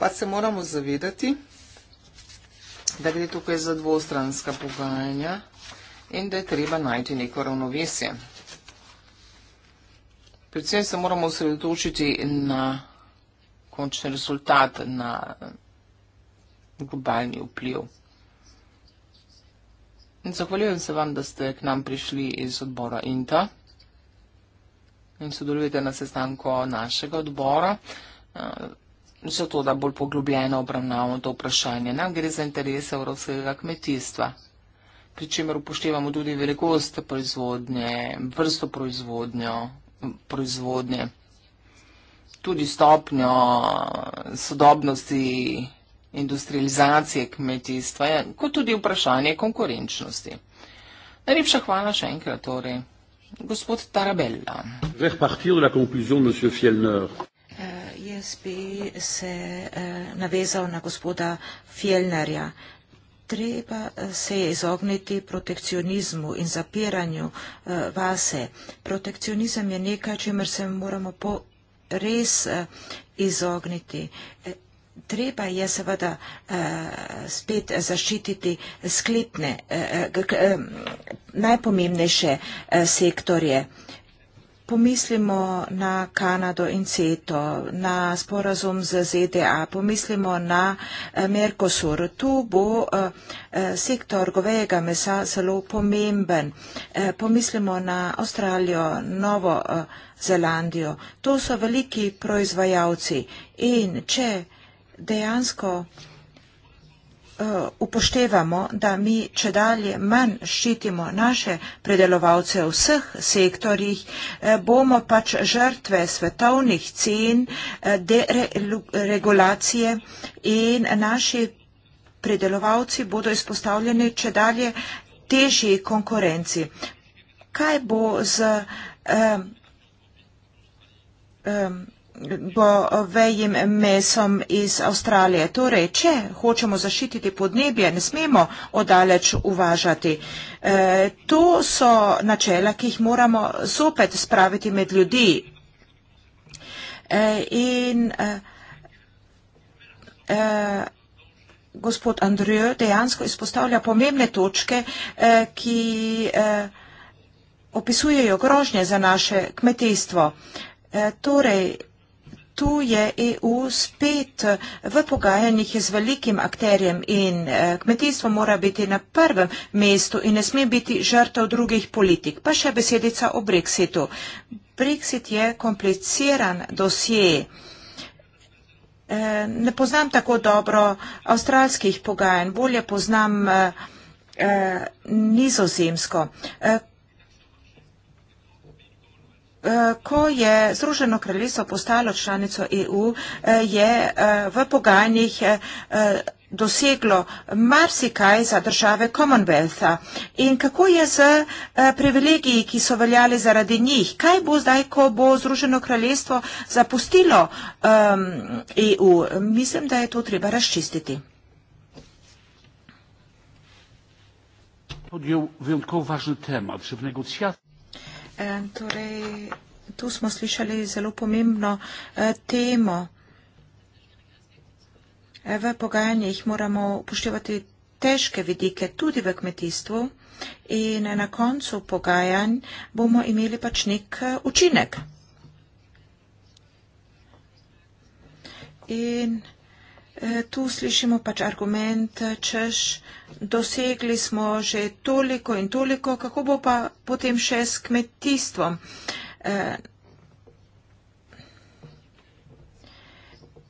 pa se moramo zavedati, da gre tukaj za dvostranska pogajanja in da je treba najti neko ravnovesje. Predvsem se moramo osredotočiti na končni rezultat, na eh, globalni vpliv. In zahvaljujem se vam, da ste k nam prišli iz odbora INTA in sodelujete na sestanku našega odbora. Vse eh, to, da bolj poglobljeno obravnavamo to vprašanje. Nam gre za interese evropskega kmetijstva, pri čemer upoštevamo tudi velikost proizvodnje, vrsto proizvodnje, tudi stopnjo eh, sodobnosti industrializacije kmetijstva, kot tudi vprašanje konkurenčnosti. Najlepša hvala še enkrat torej. Gospod Tarabella. Eh, jaz bi se eh, navezal na gospoda Fjellnerja. Treba eh, se je izogniti protekcionizmu in zapiranju vase. Protekcionizem je nekaj, čemer se moramo res izogniti treba je seveda eh, spet zaščititi sklepne, eh, k, eh, najpomembnejše eh, sektorje. Pomislimo na Kanado in CETO, na sporazum z ZDA, pomislimo na eh, Mercosur. Tu bo eh, eh, sektor govejega mesa zelo pomemben. Pomislimo na Avstralijo, Novo Zelandijo. To so veliki proizvajalci in če dejansko eh, upoštevamo, da mi če dalje manj ščitimo naše predelovalce v vseh sektorjih, eh, bomo pač žrtve svetovnih cen, eh, deregulacije in naši predelovalci bodo izpostavljeni če dalje težji konkurenci. Kaj bo z um, um, bo vejim mesom iz Avstralije. Torej, če hočemo zaščititi podnebje, ne smemo odaleč uvažati. E, to so načela, ki jih moramo zopet spraviti med ljudi. E, in e, e gospod Andrej dejansko izpostavlja pomembne točke, e, ki e, opisujejo grožnje za naše kmetijstvo. E, torej, tu je EU spet v pogajanjih z velikim akterjem in eh, kmetijstvo mora biti na prvem mestu in ne sme biti žrtev drugih politik. Pa še besedica o Brexitu. Brexit je kompliciran dosje. Eh, ne poznam tako dobro avstralskih pogajanj, bolje poznam eh, nizozemsko. Eh, ko je Združeno kraljestvo postalo članico EU, eh, je eh, v pogajanjih doseglo marsikaj za države Commonwealtha. In kako je z privilegiji, ki so veljali zaradi njih? Kaj bo zdaj, ko bo Združeno kraljestvo zapustilo um, ehm, EU? Mislim, da je to treba razčistiti. Podjel veliko važno temo, če v negociacijah. E, torej, tu smo slišali zelo pomembno e, temo. E, v pogajanjih moramo upoštevati težke vidike tudi v kmetijstvu in na koncu pogajanj bomo imeli pač nek učinek. In Tu slišimo pač argument, češ, dosegli smo že toliko in toliko, kako bo pa potem še s kmetijstvom? E,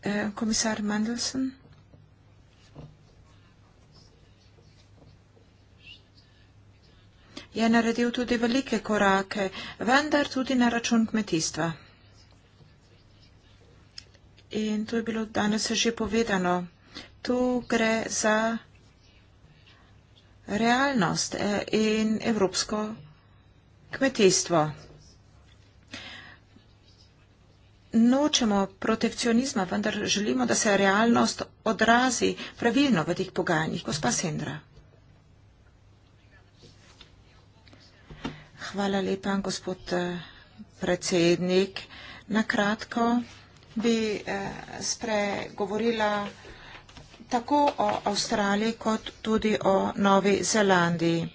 e, komisar Mandelson? Je naredil tudi velike korake, vendar tudi na račun kmetijstva in to je bilo danes že povedano. Tu gre za realnost eh, in evropsko kmetijstvo. Nočemo protekcionizma, vendar želimo, da se realnost odrazi pravilno v teh pogajanjih. Gospa Sendra. Hvala lepa, gospod eh, predsednik. Na kratko bi eh, spregovorila tako o Avstraliji kot tudi o Novi Zelandiji.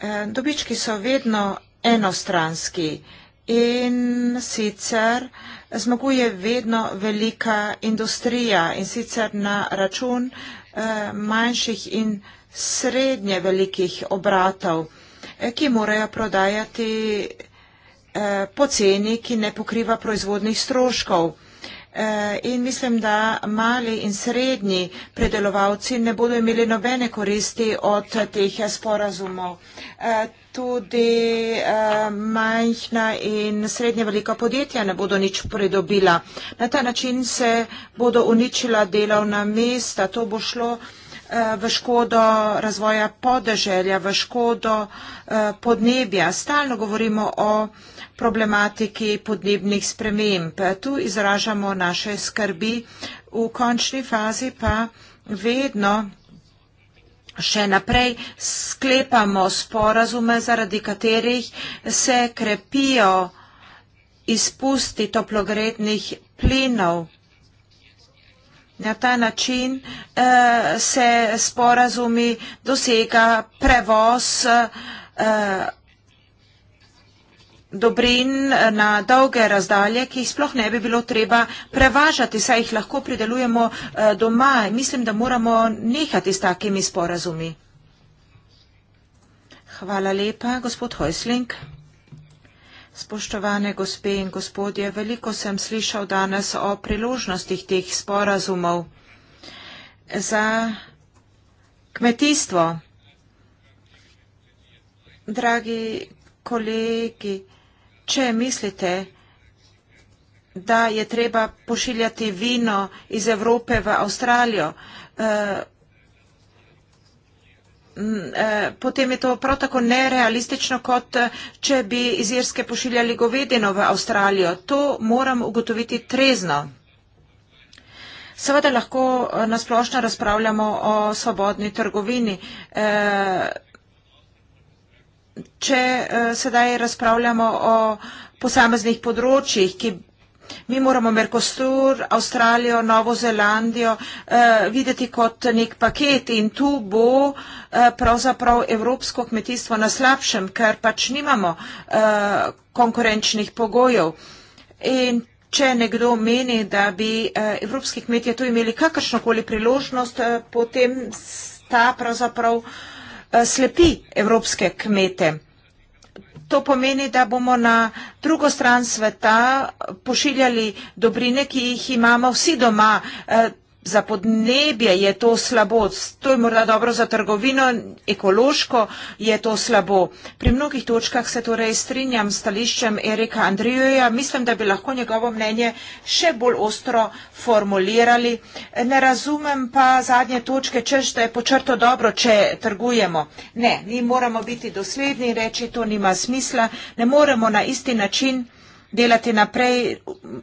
Eh, dobički so vedno enostranski in sicer zmaguje vedno velika industrija in sicer na račun eh, manjših in srednje velikih obratov, ki morajo prodajati Eh, po ceni, ki ne pokriva proizvodnih stroškov. Eh, in mislim, da mali in srednji predelovalci ne bodo imeli nobene koristi od teh sporazumov. Eh, tudi majhna in srednja velika podjetja ne bodo nič pridobila. Na ta način se bodo uničila delovna mesta. To bo šlo v škodo razvoja podeželja, v škodo podnebja. Stalno govorimo o problematiki podnebnih sprememb. Tu izražamo naše skrbi, v končni fazi pa vedno še naprej sklepamo sporazume, zaradi katerih se krepijo izpusti toplogrednih plinov. Na ta način eh, se sporazumi dosega prevoz eh, dobrin eh, na dolge razdalje, ki jih sploh ne bi bilo treba prevažati, saj jih lahko pridelujemo eh, doma. Mislim, da moramo nehati s takimi sporazumi. Hvala lepa, gospod Hojsling. Spoštovane gospe in gospodje, veliko sem slišal danes o priložnostih teh sporazumov za kmetijstvo. Dragi kolegi, Če mislite, da je treba pošiljati vino iz Evrope v Avstralijo, eh, eh, potem je to prav tako nerealistično, kot eh, če bi iz Irske pošiljali govedino v Avstralijo. To moram ugotoviti trezno. Seveda lahko nasplošno razpravljamo o svobodni trgovini. E, če eh, sedaj razpravljamo o posameznih področjih, ki mi moramo Merkostur, Avstralijo, Novo Zelandijo eh, videti kot nek paket in tu bo eh, pravzaprav evropsko kmetijstvo na slabšem, ker pač nimamo konkurenčnih pogojev. In če nekdo meni, da bi evropski kmetje tu imeli kakršnokoli priložnost, potem ta pravzaprav Eh, slepi evropske kmete. To pomeni, da bomo na drugo stran sveta pošiljali dobrine, ki jih imamo vsi doma. Eh, za podnebje je to slabo, to je morda dobro za trgovino, ekološko je to slabo. Pri mnogih točkah se torej strinjam s stališčem Erika Andrijoja, mislim, da bi lahko njegovo mnenje še bolj ostro formulirali. Ne razumem pa zadnje točke, češ, da je počrto dobro, če trgujemo. Ne, mi moramo biti dosledni, reči to nima smisla, ne moremo na isti način delati naprej.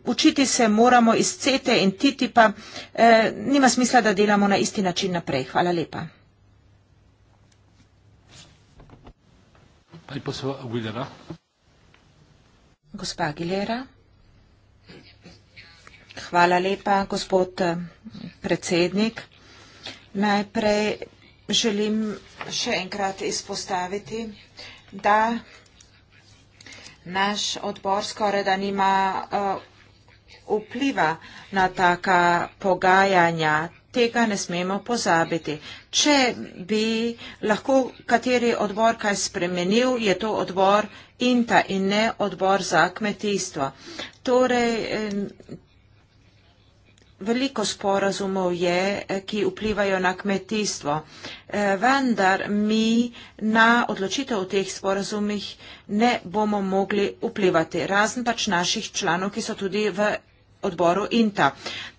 Učiti se moramo iz CETE in TTIP-a. E, nima smisla, da delamo na isti način naprej. Hvala lepa. Gospa Aguilera. Hvala lepa, gospod e, predsednik. Najprej želim še enkrat izpostaviti, da naš odbor skoraj da nima uh, vpliva na taka pogajanja. Tega ne smemo pozabiti. Če bi lahko kateri odbor kaj spremenil, je to odbor INTA in ne odbor za kmetijstvo. Torej, eh, veliko sporazumov je, eh, ki vplivajo na kmetijstvo. Eh, vendar mi na odločitev v teh sporazumih ne bomo mogli vplivati, razen pač naših članov, ki so tudi v odboru INTA.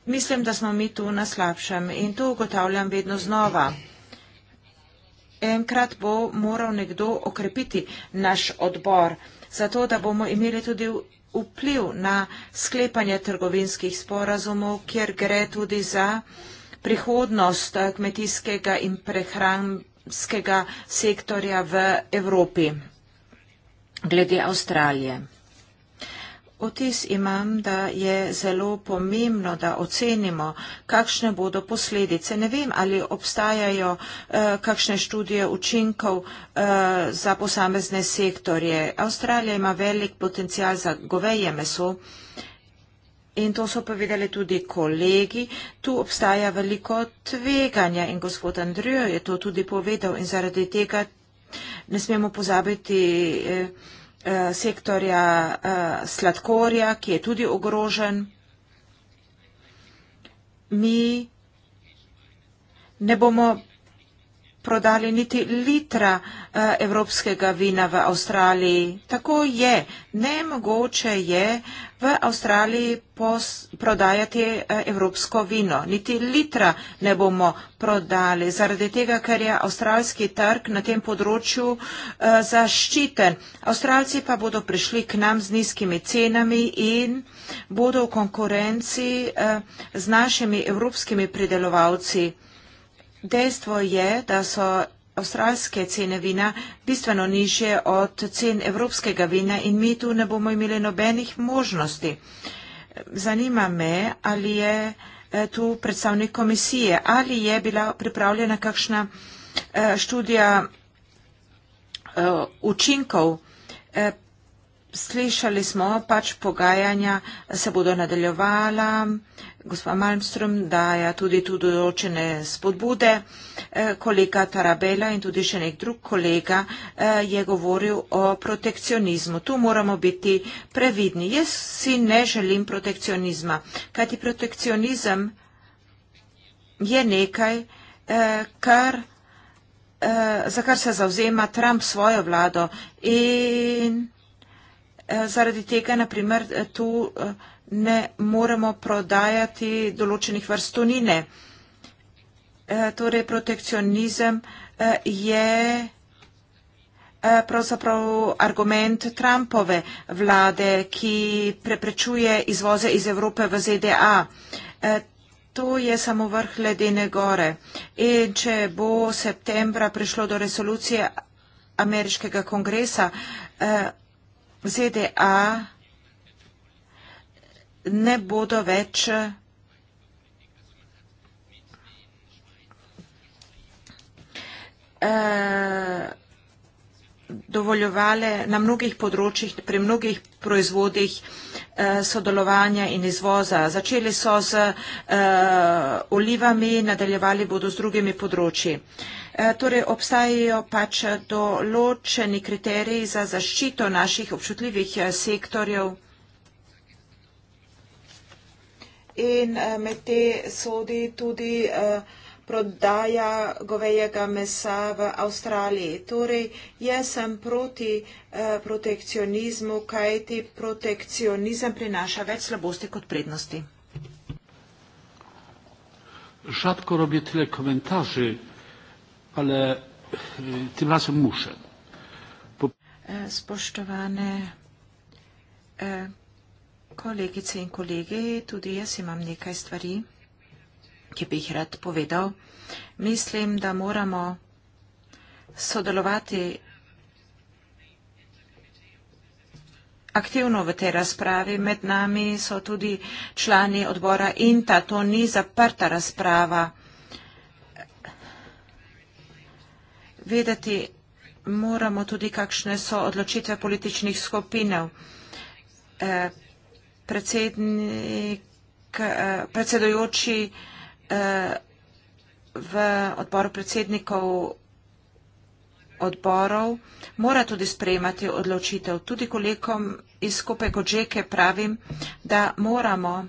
Mislim, da smo mi tu na slabšem in to ugotavljam vedno znova. Enkrat bo moral nekdo okrepiti naš odbor, zato da bomo imeli tudi vpliv na sklepanje trgovinskih sporazumov, kjer gre tudi za prihodnost eh, kmetijskega in prehranskega sektorja v Evropi glede Avstralije. Vtis imam, da je zelo pomembno, da ocenimo, kakšne bodo posledice. Ne vem, ali obstajajo eh, kakšne študije učinkov eh, za posamezne sektorje. Avstralija ima velik potencial za goveje meso. In to so povedali tudi kolegi. Tu obstaja veliko tveganja in gospod Andrijo je to tudi povedal in zaradi tega ne smemo pozabiti. Eh, Eh, sektorja eh, sladkorja, ki je tudi ogrožen. Mi ne bomo prodali niti litra eh, evropskega vina v Avstraliji. Tako je. Nemogoče je v Avstraliji pos, prodajati eh, evropsko vino. Niti litra ne bomo prodali, zaradi tega, ker je avstralski trg na tem področju eh, zaščiten. Avstralci pa bodo prišli k nam z nizkimi cenami in bodo v konkurenci z našimi evropskimi pridelovalci. Dejstvo je, da so avstralske cene vina bistveno nižje od cen evropskega vina in mi tu ne bomo imeli nobenih možnosti. Zanima me, ali je eh, tu predstavnik komisije, ali je bila pripravljena kakšna eh, študija eh, učinkov. Slišali smo, pač pogajanja se bodo nadaljevala, gospa Malmström daje tudi tu določene spodbude. Eh, kolega Tarabela in tudi še nek drug kolega eh, je govoril o protekcionizmu. Tu moramo biti previdni. Jaz si ne želim protekcionizma, kajti protekcionizem je nekaj, eh, kar, za kar se zauzema Trump svojo vlado in zaradi tega, naprimer, tu ne moremo prodajati določenih vrstunine. E, torej, protekcionizem e, je e, pravzaprav argument Trumpove vlade, ki preprečuje izvoze iz Evrope v ZDA. To je samo vrh ledene gore. In če bo septembra prišlo do resolucije ameriškega kongresa, ZDA ne bodo več eh, dovoljovale na mnogih področjih, pri mnogih proizvodih eh, sodelovanja in izvoza. Začeli so z eh, olivami, nadaljevali bodo z drugimi področji. Torej obstajajo pač določeni kriteriji za zaščito naših občutljivih sektorjev in eh, med te sodi tudi eh, prodaja govejega mesa v Avstraliji. Torej, jaz sem proti eh, protekcionizmu, kajti protekcionizem prinaša več slabosti kot prednosti. Rzadko robię tyle komentarzy, ale tym razem muszę. Po... Spoštovane kolegice in kolegi, tudi jaz imam nekaj stvari, ki bi jih rad povedal. Mislim, da moramo sodelovati aktivno v tej razpravi. Med nami so tudi člani odbora INTA. To ni zaprta razprava. Vedeti moramo tudi, kakšne so odločitve političnih skupinev. Eh, predsednik, eh, predsedojoči eh, v odboru predsednikov odborov mora tudi sprejemati odločitev. Tudi kolegom iz skupaj Kodžeke pravim, da moramo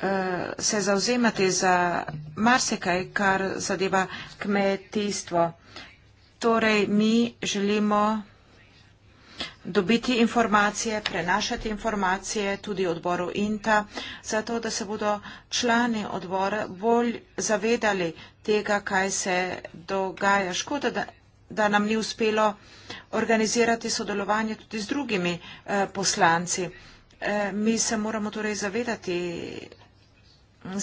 eh, se zauzemati za marsikaj, kar zadeva kmetijstvo. Torej, mi želimo dobiti informacije, prenašati informacije tudi odboru INTA, zato da se bodo člani odbora bolj zavedali tega, kaj se dogaja. Škoda, da, da nam ni uspelo organizirati sodelovanje tudi z drugimi eh, poslanci. Eh, mi se moramo torej zavedati,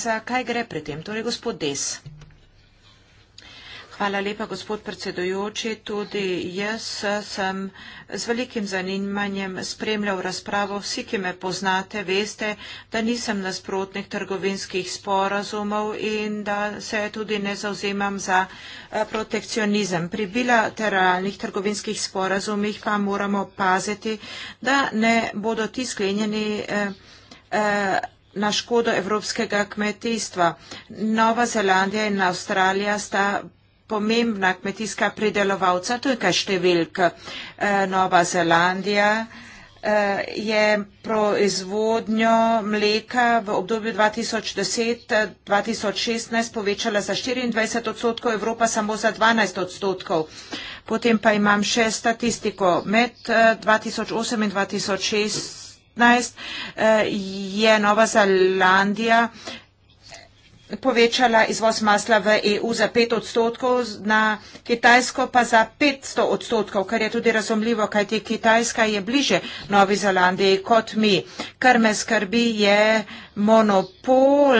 za kaj gre pri tem. Torej, gospod Des. Hvala lepa, gospod predsedujoči. Tudi jaz sem z velikim zanimanjem spremljal razpravo. Vsi, ki me poznate, veste, da nisem nasprotnik trgovinskih sporazumov in da se tudi ne zauzemam za eh, protekcionizem. Pri bilateralnih trgovinskih sporazumih pa moramo paziti, da ne bodo ti sklenjeni. Eh, eh, na škodo evropskega kmetijstva. Nova Zelandija in Avstralija sta pomembna kmetijska pridelovalca, tujka številka eh, Nova Zelandija, eh, je proizvodnjo mleka v obdobju 2010-2016 povečala za 24 odstotkov, Evropa samo za 12 odstotkov. Potem pa imam še statistiko. Med 2008 eh, in 2016 je Nova Zelandija povečala izvoz masla v EU za 5 odstotkov, na Kitajsko pa za 500 odstotkov, kar je tudi razumljivo, kajti Kitajska je bliže Novi Zelandiji kot mi. Kar me skrbi je monopol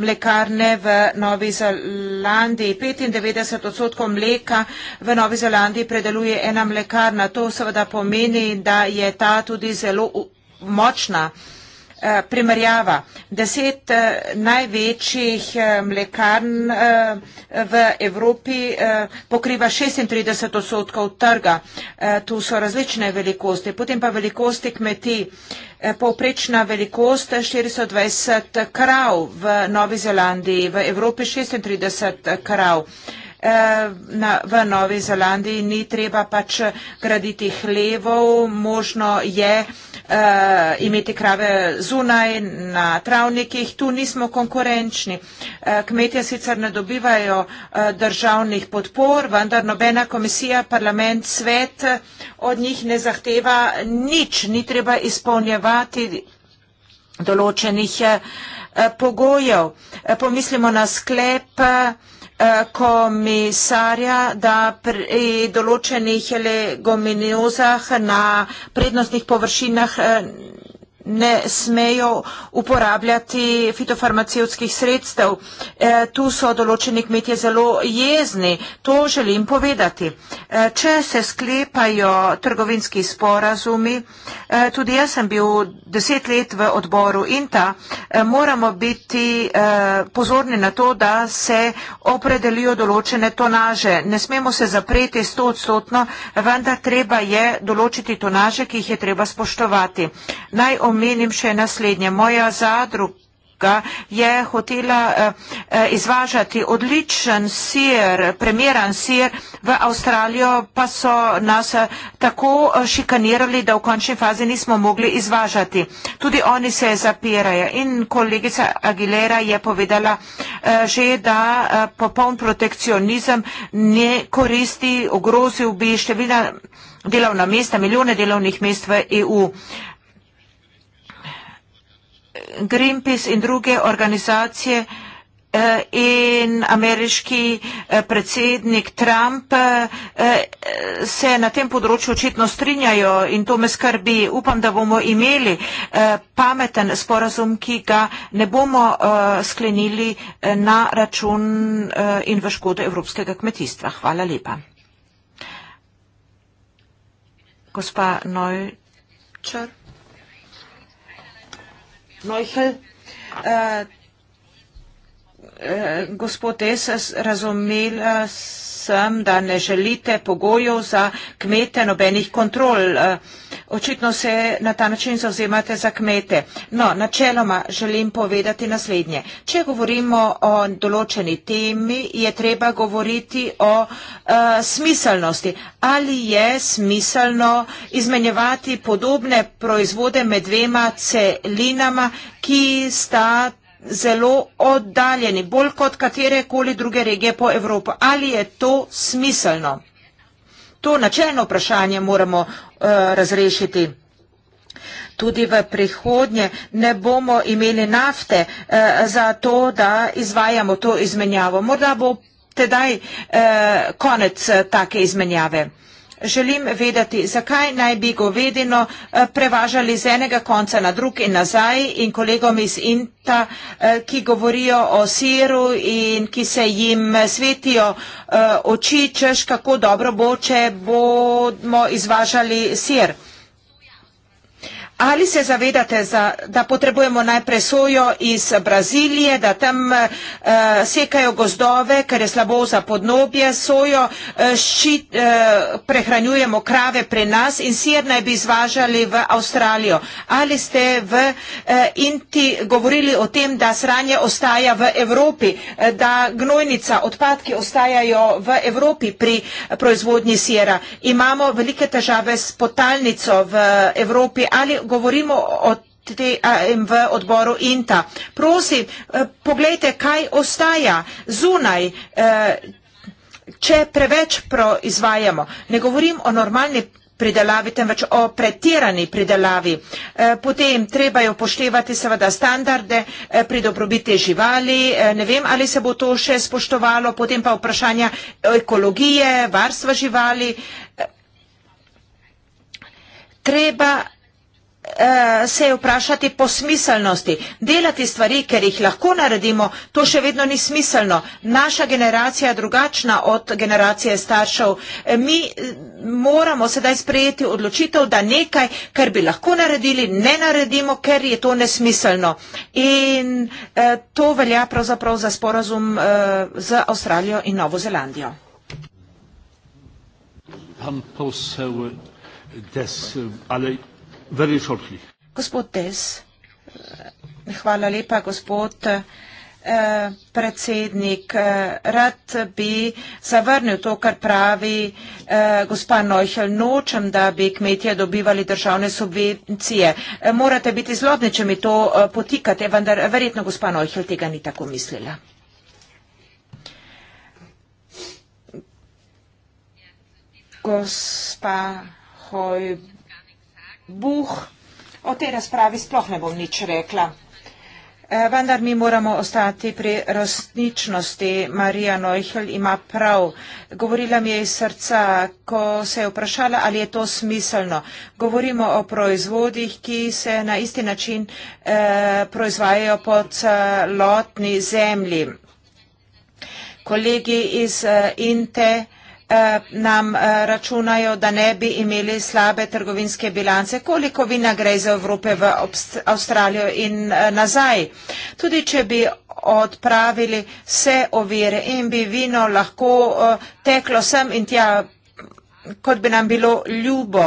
mlekarne v Novi Zelandiji. 95 odstotkov mleka v Novi Zelandiji predeluje ena mlekarna. To seveda pomeni, da je ta tudi zelo močna. Eh, primerjava. Deset eh, največjih eh, mlekarn v Evropi pokriva 36 odstotkov trga. Tu so različne velikosti. Potem pa velikosti kmetij. Povprečna velikost 420 krav v Novi Zelandiji, v Evropi 36 krav eh, na, v Novi Zelandiji ni treba pač graditi hlevov, možno je eh, imeti krave zunaj na travnikih, tu nismo konkurenčni. Eh, kmetje sicer ne dobivajo eh, državnih podpor, vendar nobena komisija, parlament, svet eh, od njih ne zahteva nič, ni treba izpolnjevati določenih eh, eh, pogojev. Pomislimo na sklep komisarja, da pri določenih legominozah na prednostnih površinah eh, ne smejo uporabljati fitofarmacevskih sredstev. E, tu so določeni kmetje zelo jezni. To želim povedati. E, če se sklepajo trgovinski sporazumi, e, tudi jaz sem bil deset let v odboru INTA, e, moramo biti e, pozorni na to, da se opredelijo določene tonaže. Ne smemo se zapreti sto odstotno, vendar treba je določiti tonaže, ki jih je treba spoštovati. Naj omenim še naslednje. Moja zadruga je hotela eh, eh, izvažati odličen sir, premjeran sir v Avstralijo, pa so nas eh, tako šikanirali, da v končni fazi nismo mogli izvažati. Tudi oni se zapirajo. In kolegica Aguilera je povedala že, da popoln protekcionizem ne koristi, ogrozil bi številna delovna mesta, milijone delovnih mest v EU. Greenpeace in druge organizacije eh, in ameriški eh, predsednik Trump eh, se na tem področju očitno strinjajo in to me skrbi. Upam, da bomo imeli pameten sporazum, ki ga ne bomo sklenili na račun in v škodo evropskega kmetijstva. Hvala lepa. Gospa Neu. Čar. Neuchel. Äh, Eh, gospod Eses, razumela sem, da ne želite pogojev za kmete, nobenih kontrol. Eh, očitno se na ta način zauzemate za kmete. No, načeloma želim povedati naslednje. Če govorimo o določeni temi, je treba govoriti o uh, smiselnosti. Ali je smiselno izmenjevati podobne proizvode med dvema celinama, ki sta zelo oddaljeni, bolj kot katere koli druge regije po Evropi. Ali je to smiselno? To načelno vprašanje moramo uh, razrešiti. Tudi v prihodnje ne bomo imeli nafte uh, za to, da izvajamo to izmenjavo. Morda bo tedaj uh, konec uh, take izmenjave želim vedeti, zakaj naj bi govedino eh, prevažali z enega konca na drug in nazaj in kolegom iz Inta, eh, ki govorijo o siru in ki se jim eh, svetijo oči, češ kako dobro bo, če bomo izvažali sir. Ali se zavedate, za, da potrebujemo najprej sojo iz Brazilije, da tam uh, sekajo gozdove, ker je slabo za podnobje, sojo uh, eh, ščit, uh, eh, prehranjujemo krave pri nas in sir naj bi izvažali v Avstralijo? Ali ste v uh, Inti govorili o tem, da sranje ostaja v Evropi, da gnojnica, odpadki ostajajo v Evropi pri proizvodnji sira? Imamo velike težave s potalnico v Evropi. Ali govorimo o tej AMV odboru INTA. Prosim, eh, poglejte, kaj ostaja zunaj, eh, če preveč proizvajamo. Ne govorim o normalni pridelavi, temveč o pretirani pridelavi. Eh, potem treba jo poštevati seveda standarde pri dobrobiti živali, ne vem, ali se bo to še spoštovalo, potem pa vprašanja ekologije, varstva živali. Treba Eh, se je vprašati po smiselnosti. Delati stvari, ker jih lahko naredimo, to še vedno ni smiselno. Naša generacija je drugačna od generacije staršev. Eh, mi eh, moramo sedaj sprejeti odločitev, da nekaj, kar bi lahko naredili, ne naredimo, ker je to nesmiselno. In to velja pravzaprav za sporazum z Avstralijo in Novo Zelandijo. Pan posel, des, ale very shortly. Gospod Des, hvala lepa, gospod eh, predsednik. Eh, rad bi zavrnil to, kar pravi eh, gospa Neuchel. Nočem, da bi kmetje dobivali državne subvencije. Morate biti zlobni, če mi to potikate, vendar verjetno gospa Neuchel tega ni tako mislila. Gospa Hojb buh, o tej razpravi sploh ne bom nič rekla. Eh, vendar mi moramo ostati pri resničnosti. Marija Neuchel ima prav. Govorila mi je iz srca, ko se je vprašala, ali je to smiselno. Govorimo o proizvodih, ki se na isti način eh, proizvajajo po celotni zemlji. Kolegi iz eh, Inte. Eh, nam eh, računajo, da ne bi imeli slabe trgovinske bilance, koliko vina gre iz Evrope v Avstralijo in eh, nazaj. Tudi če bi odpravili vse ovire in bi vino lahko teklo sem in tja kot bi nam bilo ljubo.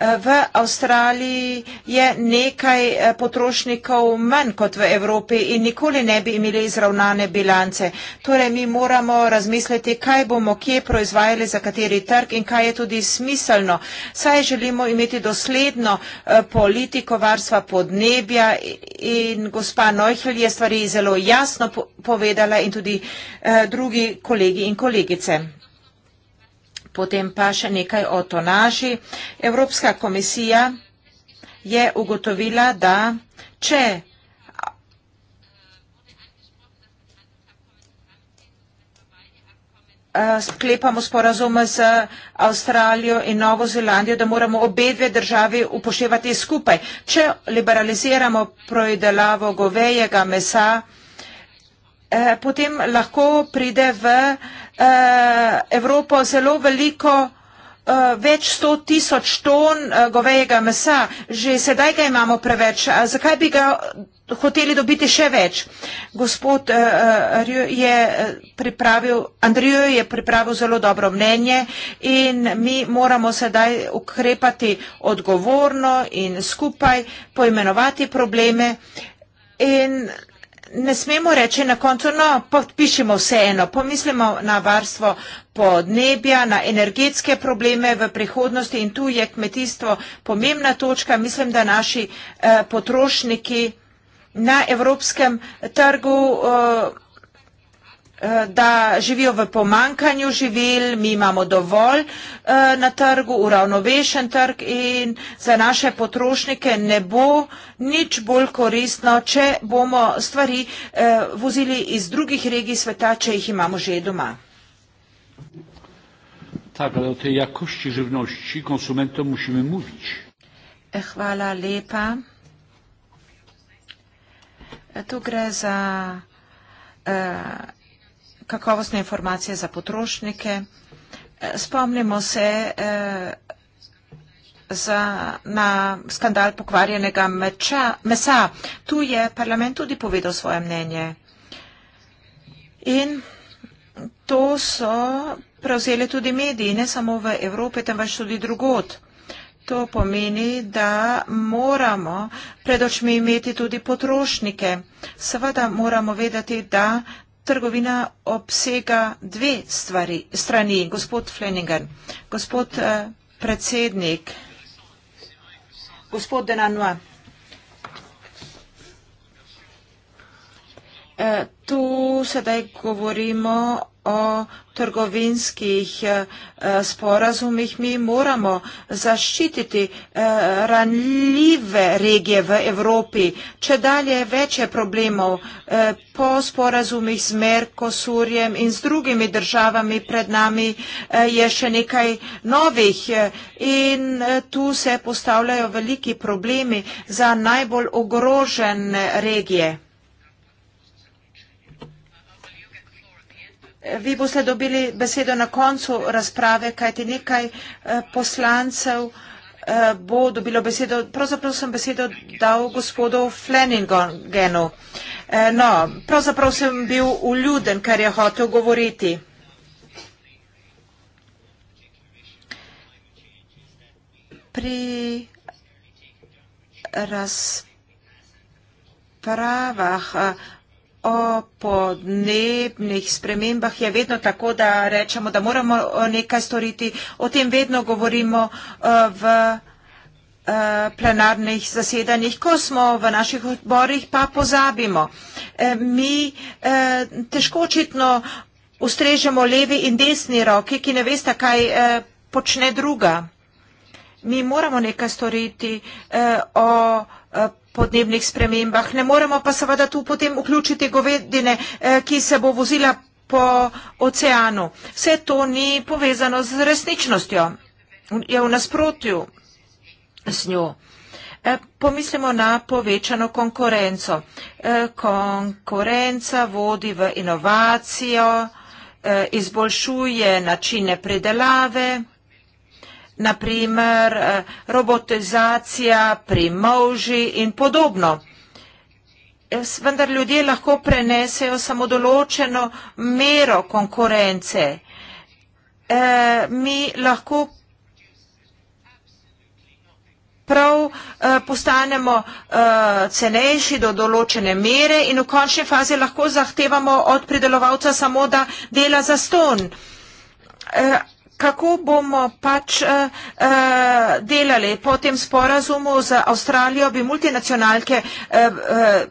Eh, v Avstraliji je nekaj eh, potrošnikov manj kot v Evropi in nikoli ne bi imeli izravnane bilance. Torej, mi moramo razmisliti, kaj bomo kje proizvajali, za kateri trg in kaj je tudi smiselno. Saj želimo imeti dosledno eh, politiko varstva podnebja in gospa Neuchel je stvari zelo jasno povedala in tudi drugi kolegi in kolegice. Potem pa še nekaj o tonaži. Evropska komisija je ugotovila, da če sklepamo sporazum z Avstralijo in Novo Zelandijo, da moramo obe dve državi upoštevati skupaj. Če liberaliziramo proidelavo govejega mesa, eh, potem lahko pride v Eh, Evropo zelo veliko eh, več sto tisoč ton eh, govejega mesa. Že sedaj ga imamo preveč. Zakaj bi ga hoteli dobiti še več? Gospod je pripravil, Andrijo je pripravil zelo dobro mnenje in mi moramo sedaj ukrepati odgovorno in skupaj poimenovati probleme in ne smemo reči na koncu, no, podpišimo vseeno, pomislimo na varstvo podnebja, na energetske probleme v prihodnosti in tu je kmetijstvo pomembna točka. Mislim, da naši eh, potrošniki na evropskem trgu eh, Eh, da živijo v pomankanju živil, mi imamo dovolj eh, na trgu, uravnovešen trg in za naše potrošnike ne bo nič bolj koristno, če bomo stvari eh, vozili iz drugih regij sveta, če jih imamo že doma. Tako da o tej jakosti živnošči konsumentom musimo mluviti. Hvala lepa. Tu gre za kakovostne informacije za potrošnike. E, spomnimo se e, za, na skandal pokvarjenega meča, mesa. Tu je parlament tudi povedal svoje mnenje. In to so prevzeli tudi mediji, ne samo v Evropi, temveč tudi drugod. To pomeni, da moramo pred očmi imeti tudi potrošnike. Seveda moramo vedeti, da trgovina obsega dve stvari, strani. Gospod Fleningen, gospod eh, predsednik, gospod Denanoa. Eh, tu sedaj govorimo o trgovinskih eh, sporazumih. Mi moramo zaščititi eh, ranljive regije v Evropi. Če dalje več je problemov eh, po sporazumih z Merkosurjem in z drugimi državami pred nami je še nekaj novih in tu se postavljajo veliki problemi za najbolj ogrožene regije. Vi boste dobili besedo na koncu razprave, kajti nekaj eh, poslancev eh, bo dobilo besedo. Pravzaprav sem besedo dal gospodu Fleningenu. Eh, no, pravzaprav sem bil uljuden, kar je hotel govoriti. Pri razpravah o podnebnih spremembah je vedno tako, da rečemo, da moramo nekaj storiti. O tem vedno govorimo v plenarnih zasedanjih, ko smo v naših odborih, pa pozabimo. E, mi e, težko očitno ustrežemo levi in desni roki, ki ne veste, kaj e, počne druga. Mi moramo nekaj storiti o podnebnih spremembah podnebnih spremembah. Ne moremo pa seveda tu potem vključiti govedine, eh, ki se bo vozila po oceanu. Vse to ni povezano z resničnostjo, je v nasprotju z njo. Eh, pomislimo na povečano konkurenco. Eh, konkurenca vodi v inovacijo, izboljšuje načine predelave naprimer eh, robotizacija pri moži in podobno. Vendar ljudje lahko prenesejo samo določeno mero konkurence. Eh, mi lahko prav eh, postanemo cenejši do določene mere in v končni fazi lahko zahtevamo od pridelovalca samo, da dela za ston kako bomo pač eh, eh, delali po tem sporazumu z Avstralijo, bi multinacionalke eh,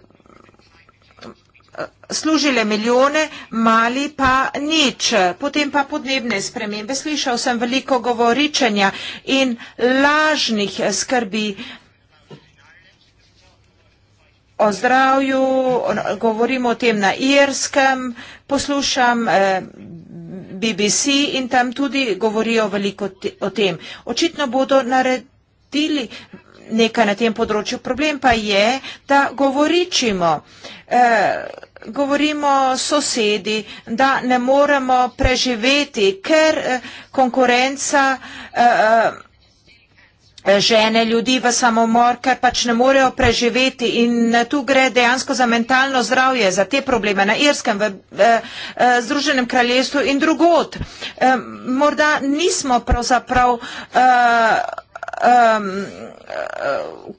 služile milijone, mali pa nič. Potem pa podnebne spremembe. Slišal sem veliko govoričenja in lažnih skrbi o zdravju, govorim o tem na irskem, poslušam eh, BBC in tam tudi govorijo veliko o tem. Očitno bodo naredili nekaj na tem področju. Problem pa je, da govoričimo, eh, govorimo sosedi, da ne moremo preživeti, ker eh, konkurenca Eh, žene ljudi v samomor, ker pač ne morejo preživeti in eh, tu gre dejansko za mentalno zdravje, za te probleme na Irskem, v eh, Združenem kraljestvu in drugot. Morda nismo pravzaprav um,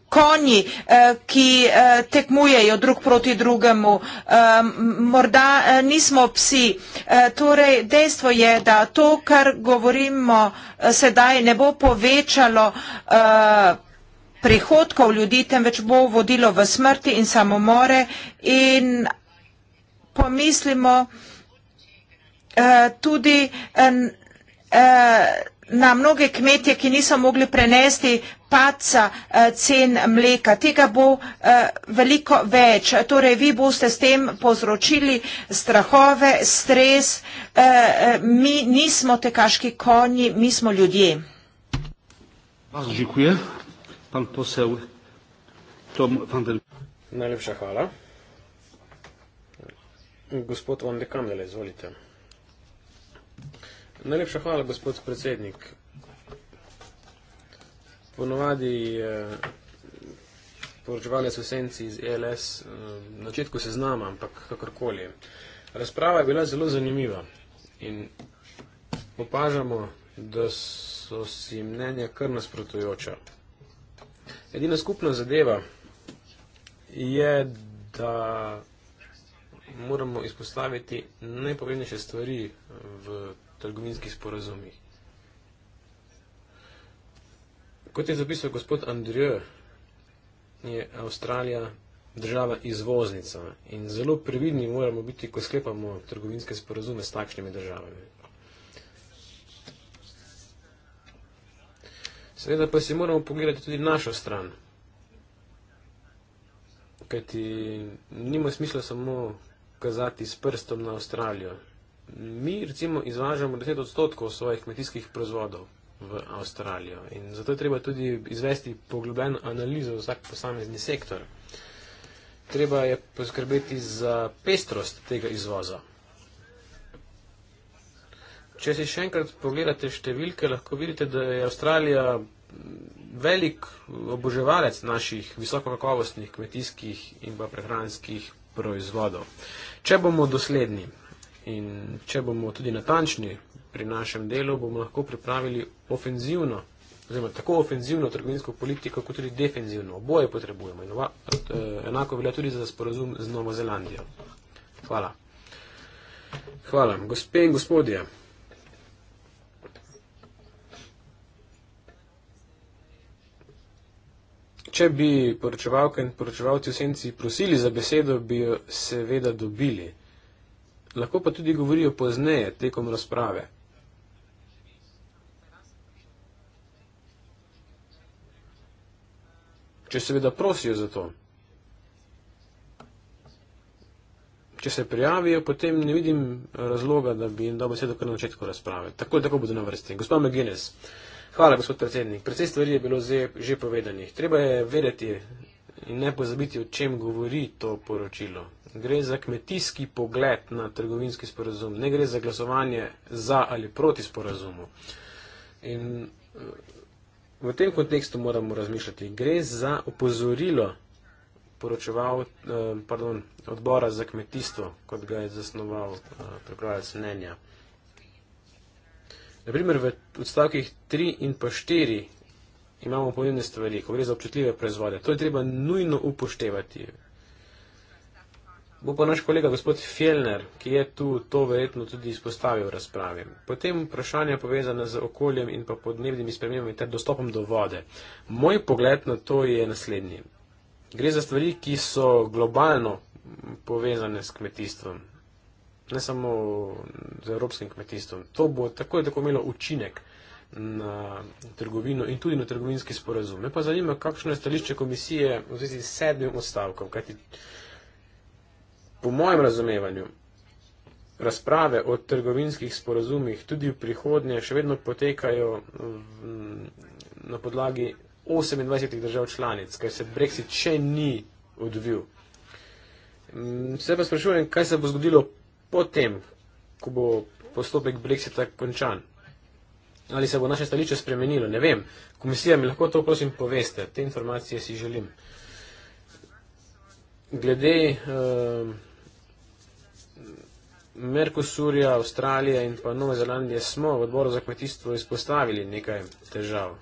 konji, uh, ki uh, tekmujejo drug proti drugemu. Um, morda uh, nismo psi. Uh, torej, dejstvo je, da to, kar govorimo uh, sedaj, ne bo povečalo. Uh, prihodkov ljudi, temveč bo vodilo v smrti in samomore. In pomislimo eh, tudi eh, na mnoge kmetje, ki niso mogli prenesti paca eh, cen mleka. Tega bo eh, veliko več. Torej, vi boste s tem povzročili strahove, stres. Eh, mi nismo tekaški konji, mi smo ljudje. Najlepša hvala. Gospod Van de Kandele, izvolite. Najlepša hvala, gospod predsednik. Ponovadi je eh, poročevalec v senci iz ELS eh, na začetku seznama, ampak kakorkoli. Razprava je bila zelo zanimiva in opažamo, da so si mnenja kar nasprotujoča. Edina skupna zadeva je, da moramo izpostaviti najpomembnejše stvari v trgovinskih sporazumih. Kot je zapisal gospod Andrej, je Avstralija država izvoznica in zelo previdni moramo biti, ko sklepamo trgovinske sporazume s takšnimi državami. Seveda pa si moramo pogledati tudi našo stran, kajti nima smisla samo kazati s prstom na Avstralijo mi recimo izvažamo 10 odstotkov svojih kmetijskih proizvodov v Avstralijo in zato je treba tudi izvesti poglobljeno analizo za vsak posamezni sektor. Treba je poskrbeti za pestrost tega izvoza. Če si še enkrat pogledate številke, lahko vidite, da je Avstralija velik oboževalec naših visokokakovostnih kmetijskih in pa prehranskih proizvodov. Če bomo dosledni, In če bomo tudi natančni pri našem delu, bomo lahko pripravili ofenzivno, oziroma tako ofenzivno trgovinsko politiko, kot tudi defenzivno. Oboje potrebujemo. In ova, eh, enako velja tudi za sporozum z Novo Zelandijo. Hvala. Hvala. Gospe in gospodje. Če bi poročevalke in poročevalci v senci prosili za besedo, bi jo seveda dobili lahko pa tudi govorijo pozneje, tekom razprave. Če seveda prosijo za to, če se prijavijo, potem ne vidim razloga, da bi jim dal besedo kar na začetku razprave. Tako, tako bodo na vrsti. Gospod McGuinness, hvala, gospod predsednik. Predvsej stvari je bilo že, že povedanih. Treba je vedeti in ne pozabiti, o čem govori to poročilo gre za kmetijski pogled na trgovinski sporazum, ne gre za glasovanje za ali proti sporazumu. In v tem kontekstu moramo razmišljati, gre za opozorilo poročeval eh, pardon, odbora za kmetijstvo, kot ga je zasnoval eh, pripravljalec mnenja. Naprimer, v odstavkih 3 in pa 4 imamo pomembne stvari, ko gre za občutljive proizvode. To je treba nujno upoštevati bo pa naš kolega gospod Fjellner, ki je tu to verjetno tudi izpostavil v razpravi. Potem vprašanja povezane z okoljem in pa podnebnimi spremembami ter dostopom do vode. Moj pogled na to je naslednji. Gre za stvari, ki so globalno povezane s kmetijstvom, ne samo z evropskim kmetijstvom. To bo tako in tako imelo učinek na trgovino in tudi na trgovinski sporazum. Me pa zanima, kakšno je stališče komisije v zvezi s sedmim odstavkom, kajti po mojem razumevanju, razprave o trgovinskih sporazumih tudi v prihodnje še vedno potekajo v, na podlagi 28 držav članic, ker se Brexit še ni odvil. Mm, se pa sprašujem, kaj se bo zgodilo potem, ko bo postopek Brexita končan. Ali se bo naše stališče spremenilo, ne vem. Komisija mi lahko to prosim poveste, te informacije si želim. Glede. Uh, Merkosurja, Avstralija in pa Nove Zelandije smo v odboru za kmetijstvo izpostavili nekaj težav,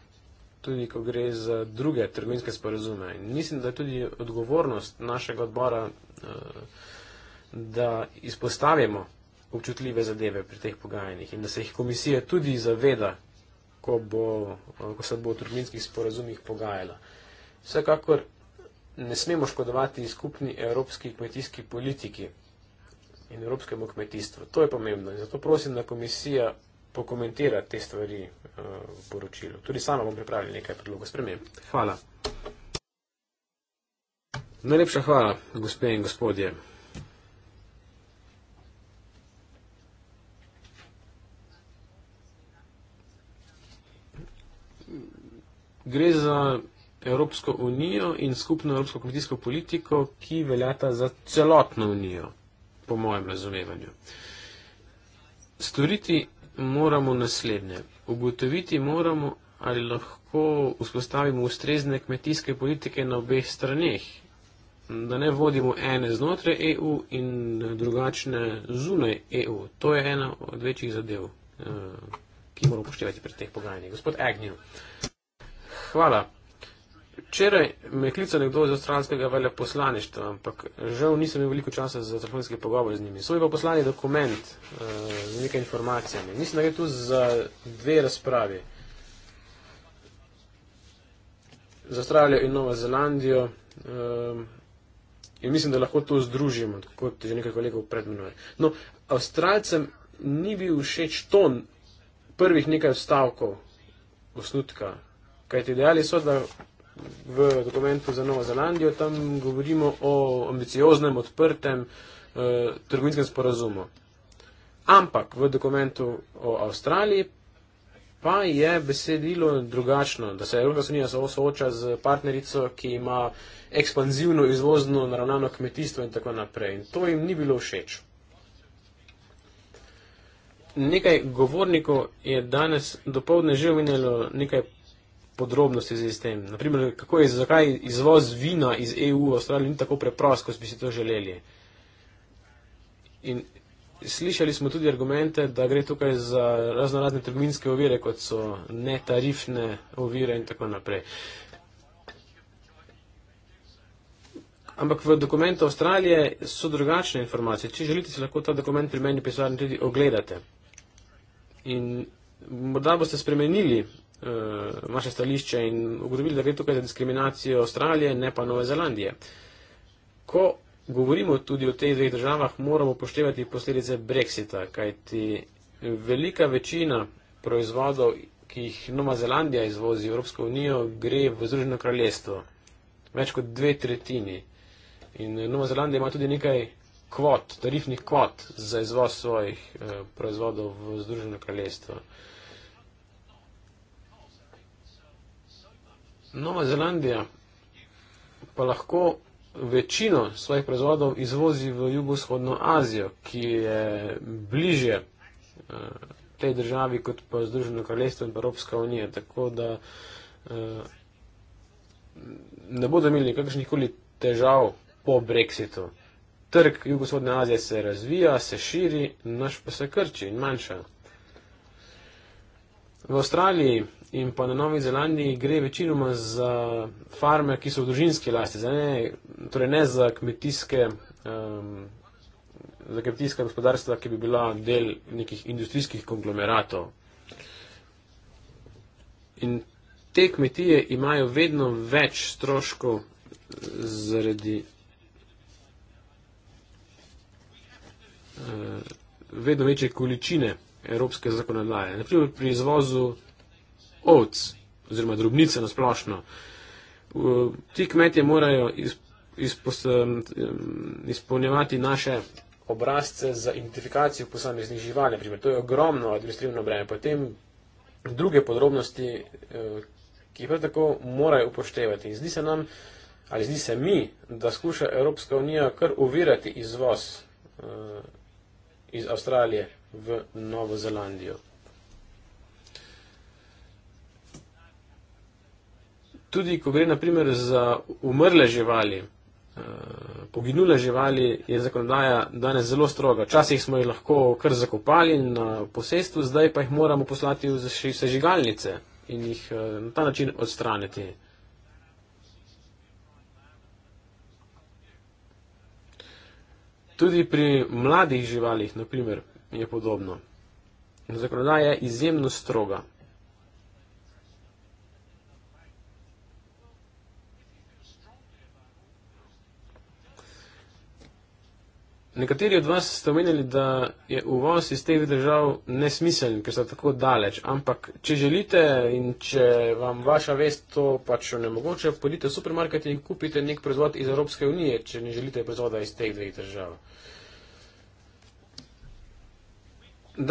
tudi ko gre za druge trgovinske sporazume. In mislim, da je tudi odgovornost našega odbora, eh, da izpostavimo občutljive zadeve pri teh pogajanjih in da se jih komisija tudi zaveda, ko, bo, eh, ko se bo o trgovinskih sporazumih pogajala. Vsekakor ne smemo škodovati skupni evropski kmetijski politiki in evropskemu kmetijstvu. To je pomembno in zato prosim, da komisija pokomentira te stvari eh, v poročilu. Tudi sama bom pripravila nekaj predlogov sprememb. Hvala. Najlepša hvala, gospe in gospodje. Gre za Evropsko unijo in skupno evropsko kmetijsko politiko, ki veljata za celotno unijo po mojem razumevanju. Storiti moramo naslednje. Ugotoviti moramo, ali lahko vzpostavimo ustrezne kmetijske politike na obeh straneh, da ne vodimo ene znotraj EU in drugačne zunaj EU. To je ena od večjih zadev, eh, ki moramo upoštevati pri teh pogajanjih. Gospod Agnew. Hvala. Včeraj me je klical nekdo iz avstralskega veleposlaništva, ampak žal nisem imel veliko časa za telefonske pogovore z njimi. Svoj pa poslani dokument uh, z nekaj informacijami. Mislim, da gre tu za dve razpravi. Za Avstralijo in Novo Zelandijo. Um, in mislim, da lahko to združimo, kot že nekaj kolegov pred menoj. No, Avstralcem ni bil všeč ton prvih nekaj stavkov osnutka, kajti dejali so, da v dokumentu za Novo Zelandijo, tam govorimo o ambicioznem, odprtem eh, trgovinskem sporazumu. Ampak v dokumentu o Avstraliji pa je besedilo drugačno, da se Evropska unija sooča z partnerico, ki ima ekspanzivno, izvozno, naravnano kmetijstvo in tako naprej. In to jim ni bilo všeč. Nekaj govornikov je danes dopovdne že omenjalo nekaj podrobnosti z tem. Naprimer, kako je, zakaj izvoz vina iz EU v Avstralijo ni tako preprost, kot bi si to želeli. In slišali smo tudi argumente, da gre tukaj za raznorazne trgovinske ovire, kot so netarifne ovire in tako naprej. Ampak v dokumentu Avstralije so drugačne informacije. Če želite, si lahko ta dokument pri meni pisarni tudi ogledate. In morda boste spremenili uh, eh, naše stališče in ugotovili, da gre tukaj za diskriminacijo Avstralije, ne pa Nove Zelandije. Ko govorimo tudi o teh dveh državah, moramo poštevati posledice Brexita, kajti velika večina proizvodov, ki jih Nova Zelandija izvozi v Evropsko unijo, gre v Združeno kraljestvo. Več kot dve tretjini. In Nova Zelandija ima tudi nekaj kvot, tarifnih kvot za izvoz svojih eh, proizvodov v Združeno kraljestvo. Eh, Nova Zelandija pa lahko večino svojih proizvodov izvozi v jugovzhodno Azijo, ki je bliže eh, tej državi kot pa Združeno kraljestvo in Evropska unija. Tako da eh, ne bodo imeli nikakršnih koli težav po Brexitu. Trg jugovzhodne Azije se razvija, se širi, naš pa se krči in manjša. V Avstraliji in pa na Novi Zelandiji gre večinoma za farme, ki so v družinski lasti, ne, torej ne za kmetijske, um, za kmetijska gospodarstva, ki bi bila del nekih industrijskih konglomeratov. In te kmetije imajo vedno več stroškov zaradi. Uh, vedno večje količine evropske zakonodaje. Naprimer, pri izvozu ovc oziroma drobnice na splošno. Ti kmetje morajo izpolnjevati naše obrazce za identifikacijo posameznih živali. Naprimer, to je ogromno administrativno breme. Potem druge podrobnosti, eh, ki jih prav tako morajo upoštevati. In zdi se nam, ali zdi se mi, da skuša Evropska unija kar uvirati izvoz eh, iz Avstralije v Novo Zelandijo. tudi ko gre naprimer za umrle živali, eh, poginule živali, je zakonodaja danes zelo stroga. Včasih smo jih lahko kar zakopali na posestvu, zdaj pa jih moramo poslati v sežigalnice in jih eh, na ta način odstraniti. Tudi pri mladih živalih, naprimer, je podobno. Zakonodaja je izjemno stroga. Nekateri od vas ste omenjali, da je uvoz iz teh držav nesmiseln, ker so tako daleč, ampak če želite in če vam vaša vest to pač onemogoča, pojdite v supermarket in kupite nek proizvod iz Evropske unije, če ne želite proizvoda iz teh dveh držav.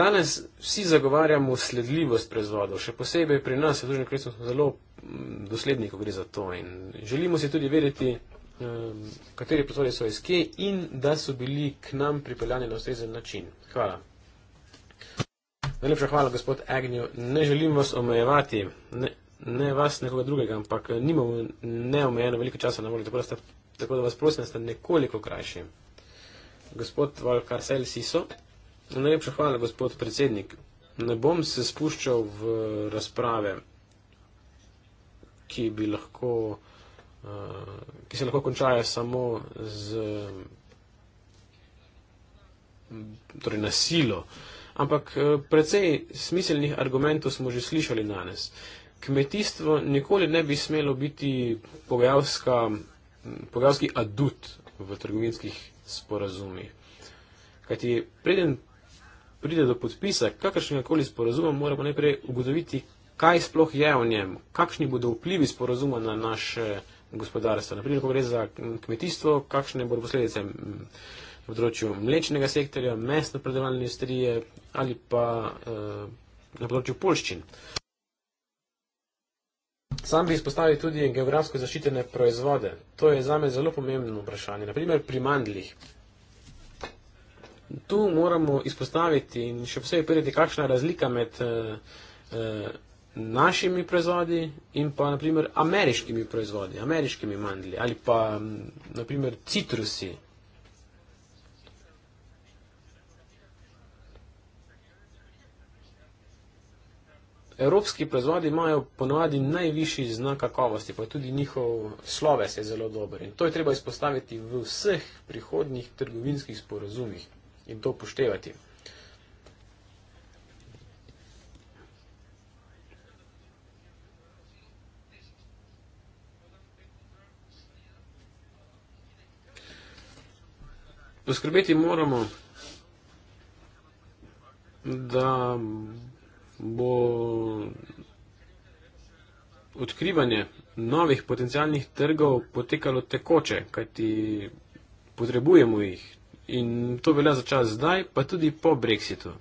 Danes vsi zagovarjamo sledljivost proizvodov, še posebej pri nas, v Združenem kraljestvu smo zelo mm, dosledni, ko gre za to in želimo si tudi vedeti, kateri prostori so SK in da so bili k nam pripeljani na ustrezen način. Hvala. Najlepša hvala, gospod Agnew. Ne želim vas omejevati, ne, ne vas, nekoga drugega, ampak eh, nimamo neomejeno veliko časa na voljo, tako, tako da vas prosim, da ste nekoliko krajši. Gospod Valkarsel Siso. Najlepša hvala, gospod predsednik. Ne bom se spuščal v razprave, ki bi lahko. Eh, ki se lahko končajo samo z torej nasilo. Ampak eh, precej smiselnih argumentov smo že slišali danes. Kmetijstvo nikoli ne bi smelo biti pogajalski adut v trgovinskih sporazumih. Kajti preden pride do podpisa kakršnega koli sporazuma, moramo najprej ugotoviti, kaj sploh je v njem, kakšni bodo vplivi sporazuma na naše gospodarstva. Naprimer, ko gre za kmetijstvo, kakšne bodo posledice na področju mlečnega sektorja, mesno predelovalne industrije ali pa eh, na področju polščin. Sam bi izpostavil tudi geografsko zaščitene proizvode. To je zame zelo pomembno vprašanje. Naprimer, pri mandlih. Tu moramo izpostaviti in še posebej povedati, kakšna je razlika med eh, eh, našimi proizvodi in pa naprimer ameriškimi proizvodi, ameriškimi mandli ali pa naprimer citrusi. Evropski proizvodi imajo ponovadi najvišji znak kakovosti, pa tudi njihov sloves je zelo dober. In to je treba izpostaviti v vseh prihodnjih trgovinskih sporozumih in to upoštevati. Poskrbeti moramo, da bo odkrivanje novih potencijalnih trgov potekalo tekoče, kajti potrebujemo jih. In to velja za čas zdaj, pa tudi po Brexitu.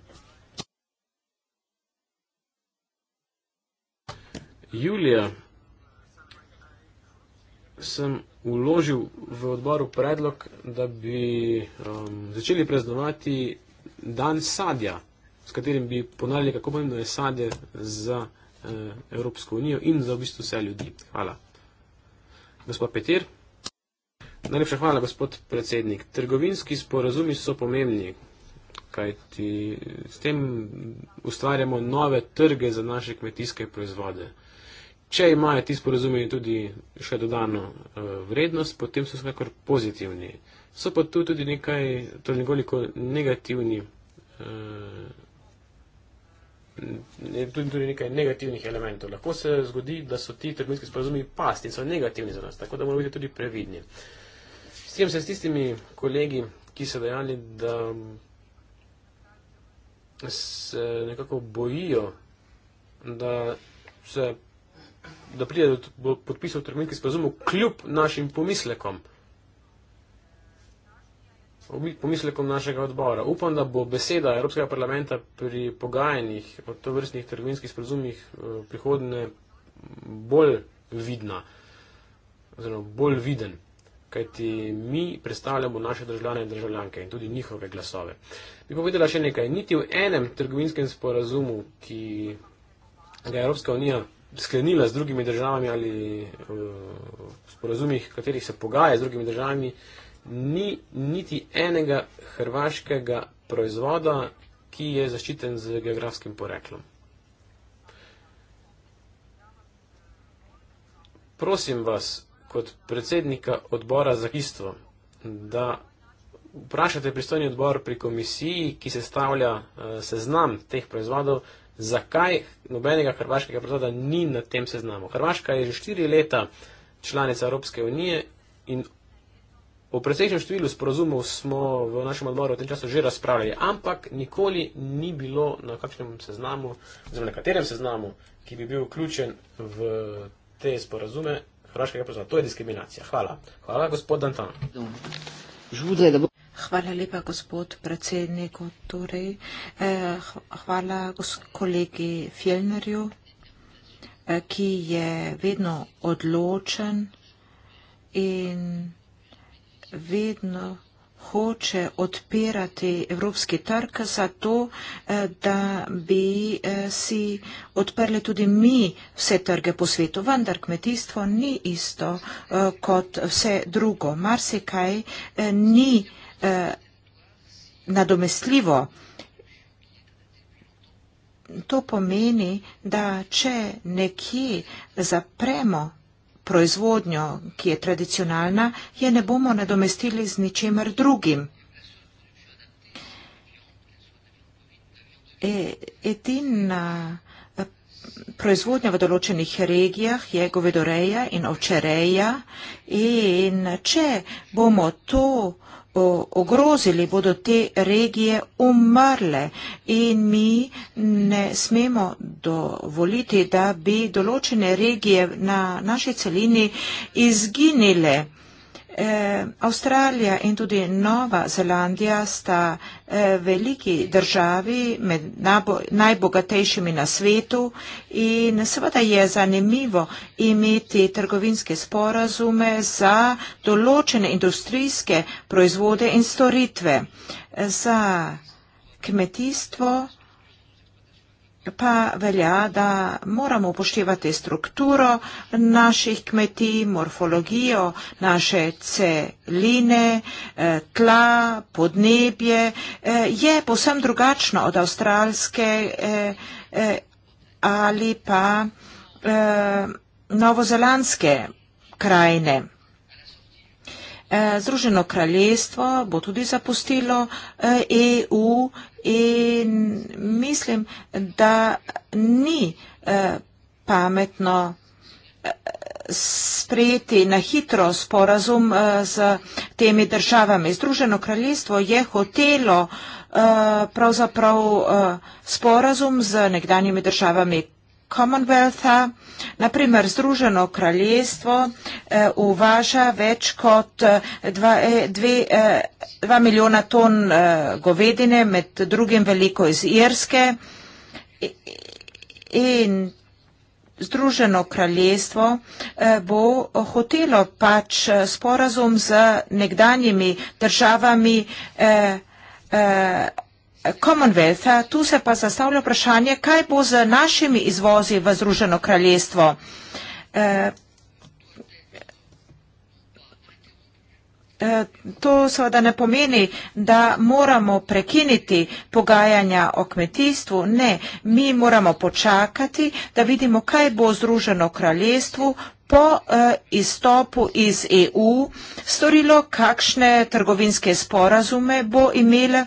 Julija sem uložil v odboru predlog, da bi um, začeli preznovati dan sadja, s katerim bi ponavljali, kako pomembno je sadje za eh, Evropsko unijo in za v bistvu vse ljudi. Hvala. Gospod Petir. Najlepša hvala, gospod predsednik. Trgovinski sporazumi so pomembni, kajti s tem ustvarjamo nove trge za naše kmetijske proizvode. Če imajo ti sporozumi tudi še dodano eh, vrednost, potem so vsekakor pozitivni. So pa tu tudi nekaj, torej nekoliko negativni, eh, tudi, tudi nekaj negativnih elementov. Lahko se zgodi, da so ti trgovinski sporozumi pasti in so negativni za nas, tako da moramo biti tudi previdni. S tem se s tistimi kolegi, ki so dejali, da se nekako bojijo, da se da pride do podpisov trgovinskih sporozumov, kljub našim pomislekom. Pomislekom našega odbora. Upam, da bo beseda Evropskega parlamenta pri pogajanjih o to vrstnih trgovinskih sporozumih eh, prihodne bolj vidna, oziroma bolj viden, kajti mi predstavljamo naše državljane in državljanke in tudi njihove glasove. Bi povedala še nekaj. Niti v enem trgovinskem sporazumu, ki ga je Evropska unija sklenila z drugimi državami ali v uh, sporazumih, katerih se pogaja z drugimi državami, ni niti enega hrvaškega proizvoda, ki je zaščiten z geografskim poreklom. Prosim vas, kot predsednika odbora za kistvo, da vprašate pristojni odbor pri komisiji, ki se stavlja uh, seznam teh proizvodov, zakaj nobenega hrvaškega proizvoda ni na tem seznamu. Hrvaška je že štiri leta članica Evropske unije in o presečnem številu sporozumov smo v našem odboru v tem času že razpravljali, ampak nikoli ni bilo na kakšnem seznamu, oziroma na katerem seznamu, ki bi bil vključen v te sporozume hrvaškega proizvoda. To je diskriminacija. Hvala. Hvala, gospod Dantan. Žudaj, da bo... Hvala lepa, gospod predsednik. Torej, eh, hvala kolegi Fjellnerju, eh, ki je vedno odločen in vedno hoče odpirati evropski trg za to, eh, da bi eh, si odprli tudi mi vse trge po svetu. Vendar kmetijstvo ni isto eh, kot vse drugo. Marsikaj ni eh, nadomestljivo. To pomeni, da če nekje zapremo proizvodnjo, ki je tradicionalna, je ne bomo nadomestili z ničemer drugim. E, edina eh, proizvodnja v določenih regijah je govedoreja in ovčereja in če bomo to uh, ogrozili, bodo te regije umrle in mi ne smemo dovoliti, da bi določene regije na naši celini izginile eh, Avstralija in tudi Nova Zelandija sta eh, veliki državi med nabo, najbogatejšimi na svetu in seveda je zanimivo imeti trgovinske sporazume za določene industrijske proizvode in storitve. Eh, za kmetijstvo pa velja, da moramo upoštevati strukturo naših kmetij, morfologijo, naše celine, eh, tla, podnebje. Eh, je posem drugačno od avstralske eh, ali pa novozelandske krajine. Združeno kraljestvo bo tudi zapustilo EU eh, e in mislim, da ni eh, pametno eh, sprejeti na hitro sporazum z temi državami. Združeno kraljestvo je hotelo pravzaprav sporazum z nekdanjimi državami Commonwealtha, naprimer Združeno kraljestvo eh, uvaža več kot 2 eh, eh, eh milijona ton eh, govedine, med drugim veliko iz Irske. In Združeno kraljestvo eh, bo hotelo pač eh, sporazum z nekdanjimi državami. Eh, eh, Commonwealtha, tu se pa zastavlja vprašanje, kaj bo z našimi izvozi v Združeno kraljestvo. Eh, eh, to seveda ne pomeni, da moramo prekiniti pogajanja o kmetijstvu. Ne, mi moramo počakati, da vidimo, kaj bo Združeno kraljestvu po eh, izstopu iz EU storilo, kakšne trgovinske sporazume bo imelo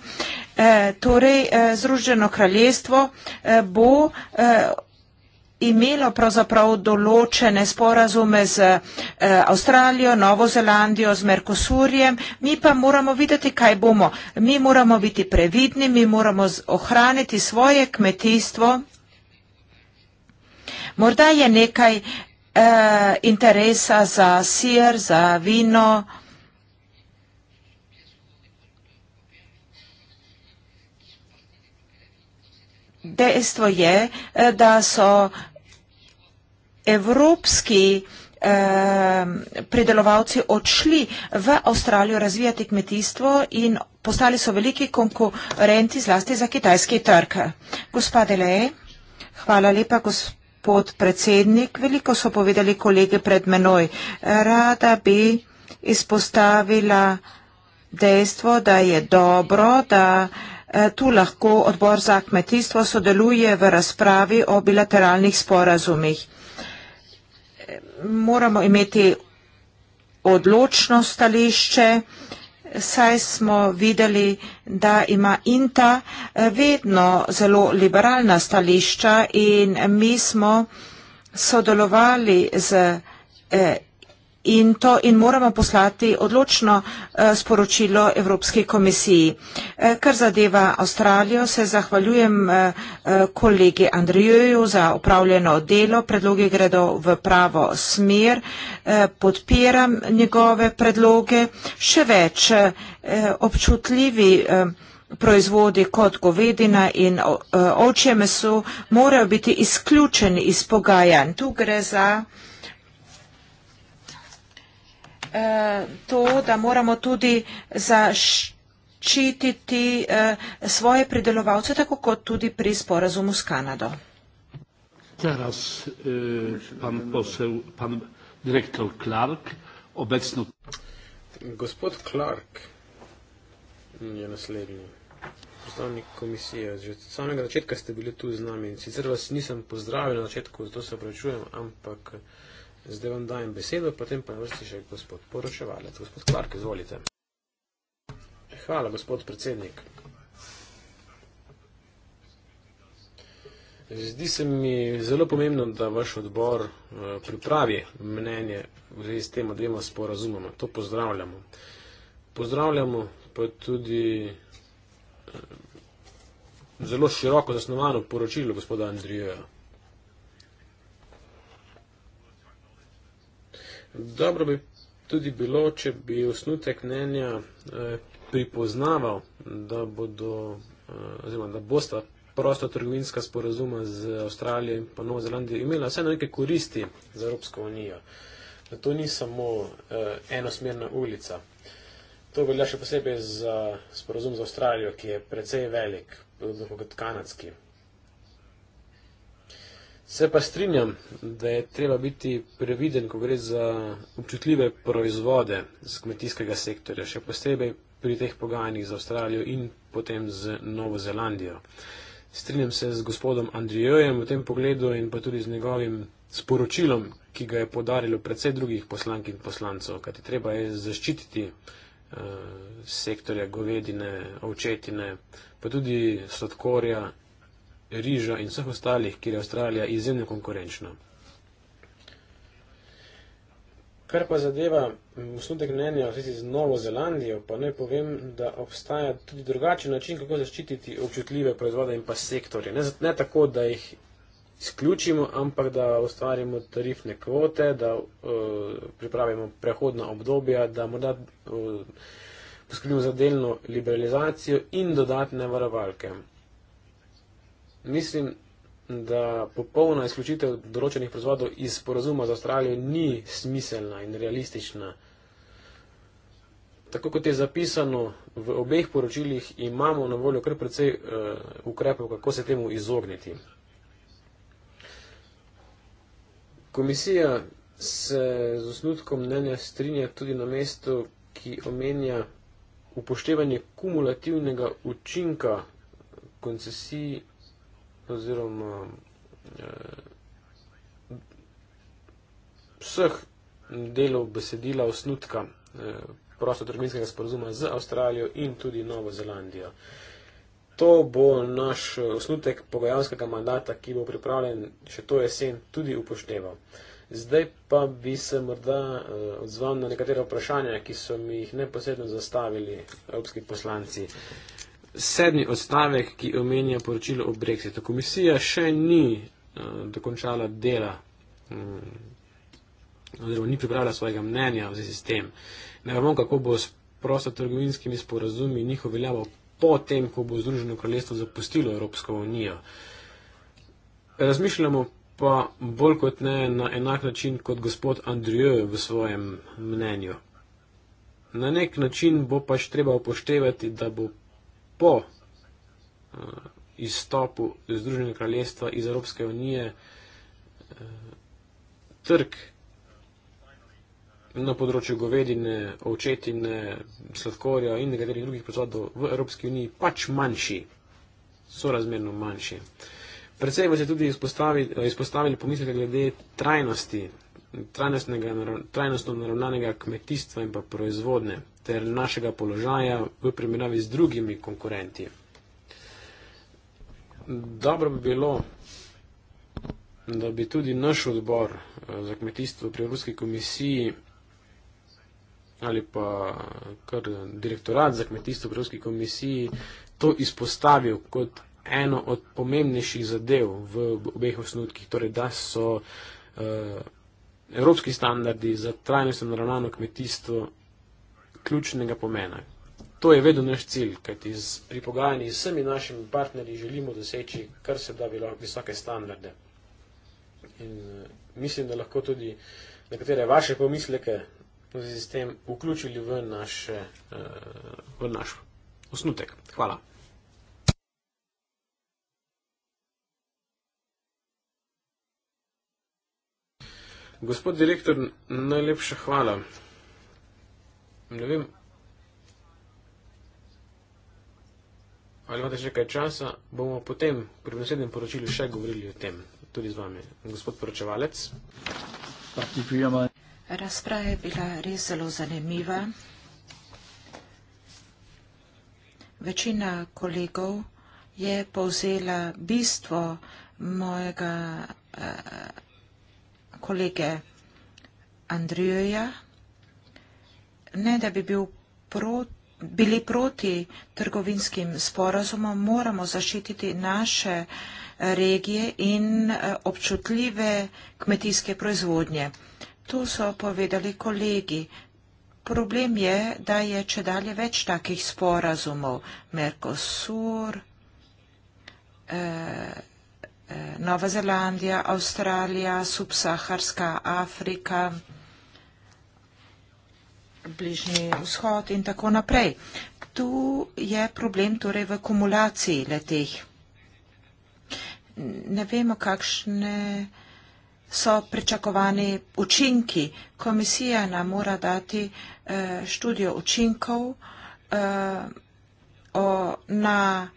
Eh, torej eh, Združeno kraljestvo eh, bo imelo pravzaprav določene sporazume z Avstralijo, Novo Zelandijo, z Merkosurjem, mi pa moramo videti, kaj bomo. Mi moramo biti previdni, mi moramo ohraniti svoje kmetijstvo. Morda je nekaj interesa za sir, za vino, dejstvo je, eh, da so evropski eh, pridelovalci odšli v Avstralijo razvijati kmetijstvo in postali so veliki konkurenti zlasti za kitajski trg. Gospode Leje, hvala lepa, gospod predsednik. Veliko so povedali kolege pred menoj. Rada bi izpostavila dejstvo, da je dobro, da Eh, tu lahko odbor za kmetijstvo sodeluje v razpravi o bilateralnih sporazumih. Eh, moramo imeti odločno stališče, saj smo videli, da ima INTA eh, vedno zelo liberalna stališča in mi smo sodelovali z in to in moramo poslati odločno eh, sporočilo Evropski komisiji. Eh, kar zadeva Avstralijo, se zahvaljujem eh, kolegi Andrijoju za upravljeno delo, predloge gredo v pravo smer, podpiram njegove predloge, še več občutljivi proizvodi kot govedina in ovčje meso morajo biti izključeni iz pogajanj. Tu gre za Eh, to, da moramo tudi zaščititi eh, svoje pridelovalce, tako kot tudi pri sporazumu s Kanado. Teraz eh, pan posel, pan direktor Clark, obecno. Gospod Clark je naslednji. Predstavnik komisije, že od samega začetka ste bili tu z nami in sicer vas nisem pozdravil na začetku, zato se opravičujem, ampak Zdaj vam dajem besedo, potem pa vrsti še gospod poročevalec. Gospod Klark, izvolite. Hvala, gospod predsednik. Zdi se mi zelo pomembno, da vaš odbor eh, pripravi mnenje v zvezi s tem dvema sporazumoma. To pozdravljamo. Pozdravljamo pa tudi eh, zelo široko zasnovano poročilo gospoda Andrijeva. Dobro bi tudi bilo, če bi osnutek mnenja eh, pripoznaval, da, bodo, eh, oziroma, da bosta prosto trgovinska sporazuma z Avstralijo in pa Novo Zelandijo imela vseeno neke koristi za Evropsko unijo. To ni samo eh, enosmerna ulica. To velja še posebej za sporozum z Avstralijo, ki je precej velik, podobno kot kanadski, Se pa strinjam, da je treba biti previden, ko gre za občutljive proizvode z kmetijskega sektorja, še posebej pri teh pogajanjih z Avstralijo in potem z Novo Zelandijo. Strinjam se z gospodom Andrijojem v tem pogledu in pa tudi z njegovim sporočilom, ki ga je podarilo predvsej drugih poslank in poslancov, kajti treba je zaščititi uh, eh, sektorja govedine, ovčetine, pa tudi sladkorja riža in vseh ostalih, kjer je Avstralija izjemno konkurenčna. Kar pa zadeva mm, osnutek mnenja v zvezi z Novo Zelandijo, pa naj povem, da obstaja tudi drugačen način, kako zaščititi občutljive proizvode in pa sektorje. Ne, ne tako, da jih izključimo, ampak da ustvarimo tarifne kvote, da uh, pripravimo prehodna obdobja, da morda uh, poskrbimo za delno liberalizacijo in dodatne varovalke mislim, da popolna izključitev določenih proizvodov iz porazuma za Avstralijo ni smiselna in realistična. Tako kot je zapisano v obeh poročilih, imamo na voljo kar precej uh, ukrepov, kako se temu izogniti. Komisija se z osnutkom mnenja strinja tudi na mestu, ki omenja upoštevanje kumulativnega učinka koncesij oziroma eh, vseh delov besedila osnutka eh, prostotrgovinskega sporozuma z Avstralijo in tudi Novo Zelandijo. To bo naš osnutek pogajalskega mandata, ki bo pripravljen še to jesen, tudi upošteval. Zdaj pa bi se morda eh, odzval na nekatera vprašanja, ki so mi jih neposredno zastavili evropski poslanci. Eh, sedmi odstavek, ki omenja poročilo o Brexitu. Komisija še ni uh, dokončala dela, um, oziroma ni pripravila svojega mnenja v zvezi s tem. Ne vemo, kako bo s prostotrgovinskimi sporazumi njihov veljavo potem, ko bo Združeno kraljestvo zapustilo Evropsko unijo. Razmišljamo pa bolj kot ne na enak način kot gospod Andrijo v svojem mnenju. Na nek način bo pač treba upoštevati, da bo po eh, izstopu Združenega kraljestva iz Evropske unije eh, trg na področju govedine, očetine, sladkorja in nekaterih drugih proizvodov v Evropski uniji pač manjši, sorazmerno manjši. Predvsej pa se tudi izpostavili, izpostavili pomisleke glede trajnosti, trajnostno naravnanega kmetijstva in pa proizvodne ter našega položaja v primerjavi z drugimi konkurenti. Dobro bi bilo, da bi tudi naš odbor eh, za kmetijstvo pri Evropski komisiji ali pa kar direktorat za kmetijstvo pri Evropski komisiji to izpostavil kot eno od pomembnejših zadev v obeh osnutkih, torej da so uh, evropski standardi za trajnostno naravnano kmetijstvo ključnega pomena. To je vedno naš cilj, kajti pri pogajanjih s vsemi našimi partnerji želimo doseči kar se da visoke standarde. In eh, mislim, da lahko tudi nekatere vaše pomisleke s tem vključili v naš, eh, v naš osnutek. Hvala. Gospod direktor, najlepša hvala. Ne vem. Ali imate še kaj časa, bomo potem pri naslednjem poročilu še govorili o tem, tudi z vami, gospod poročevalec. Razprava je bila res zelo zanimiva. Večina kolegov je povzela bistvo mojega eh, kolege Andrijoja ne da bi bil prot, bili proti trgovinskim sporazumom, moramo zaščititi naše eh, regije in eh, občutljive kmetijske proizvodnje. To so povedali kolegi. Problem je, da je če dalje več takih sporazumov. Mercosur, eh, Nova Zelandija, Avstralija, subsaharska Afrika bližnji vzhod in tako naprej. Tu je problem torej v kumulaciji letih. Ne vemo, kakšne so pričakovani učinki. Komisija nam mora dati eh, študijo učinkov eh, o, na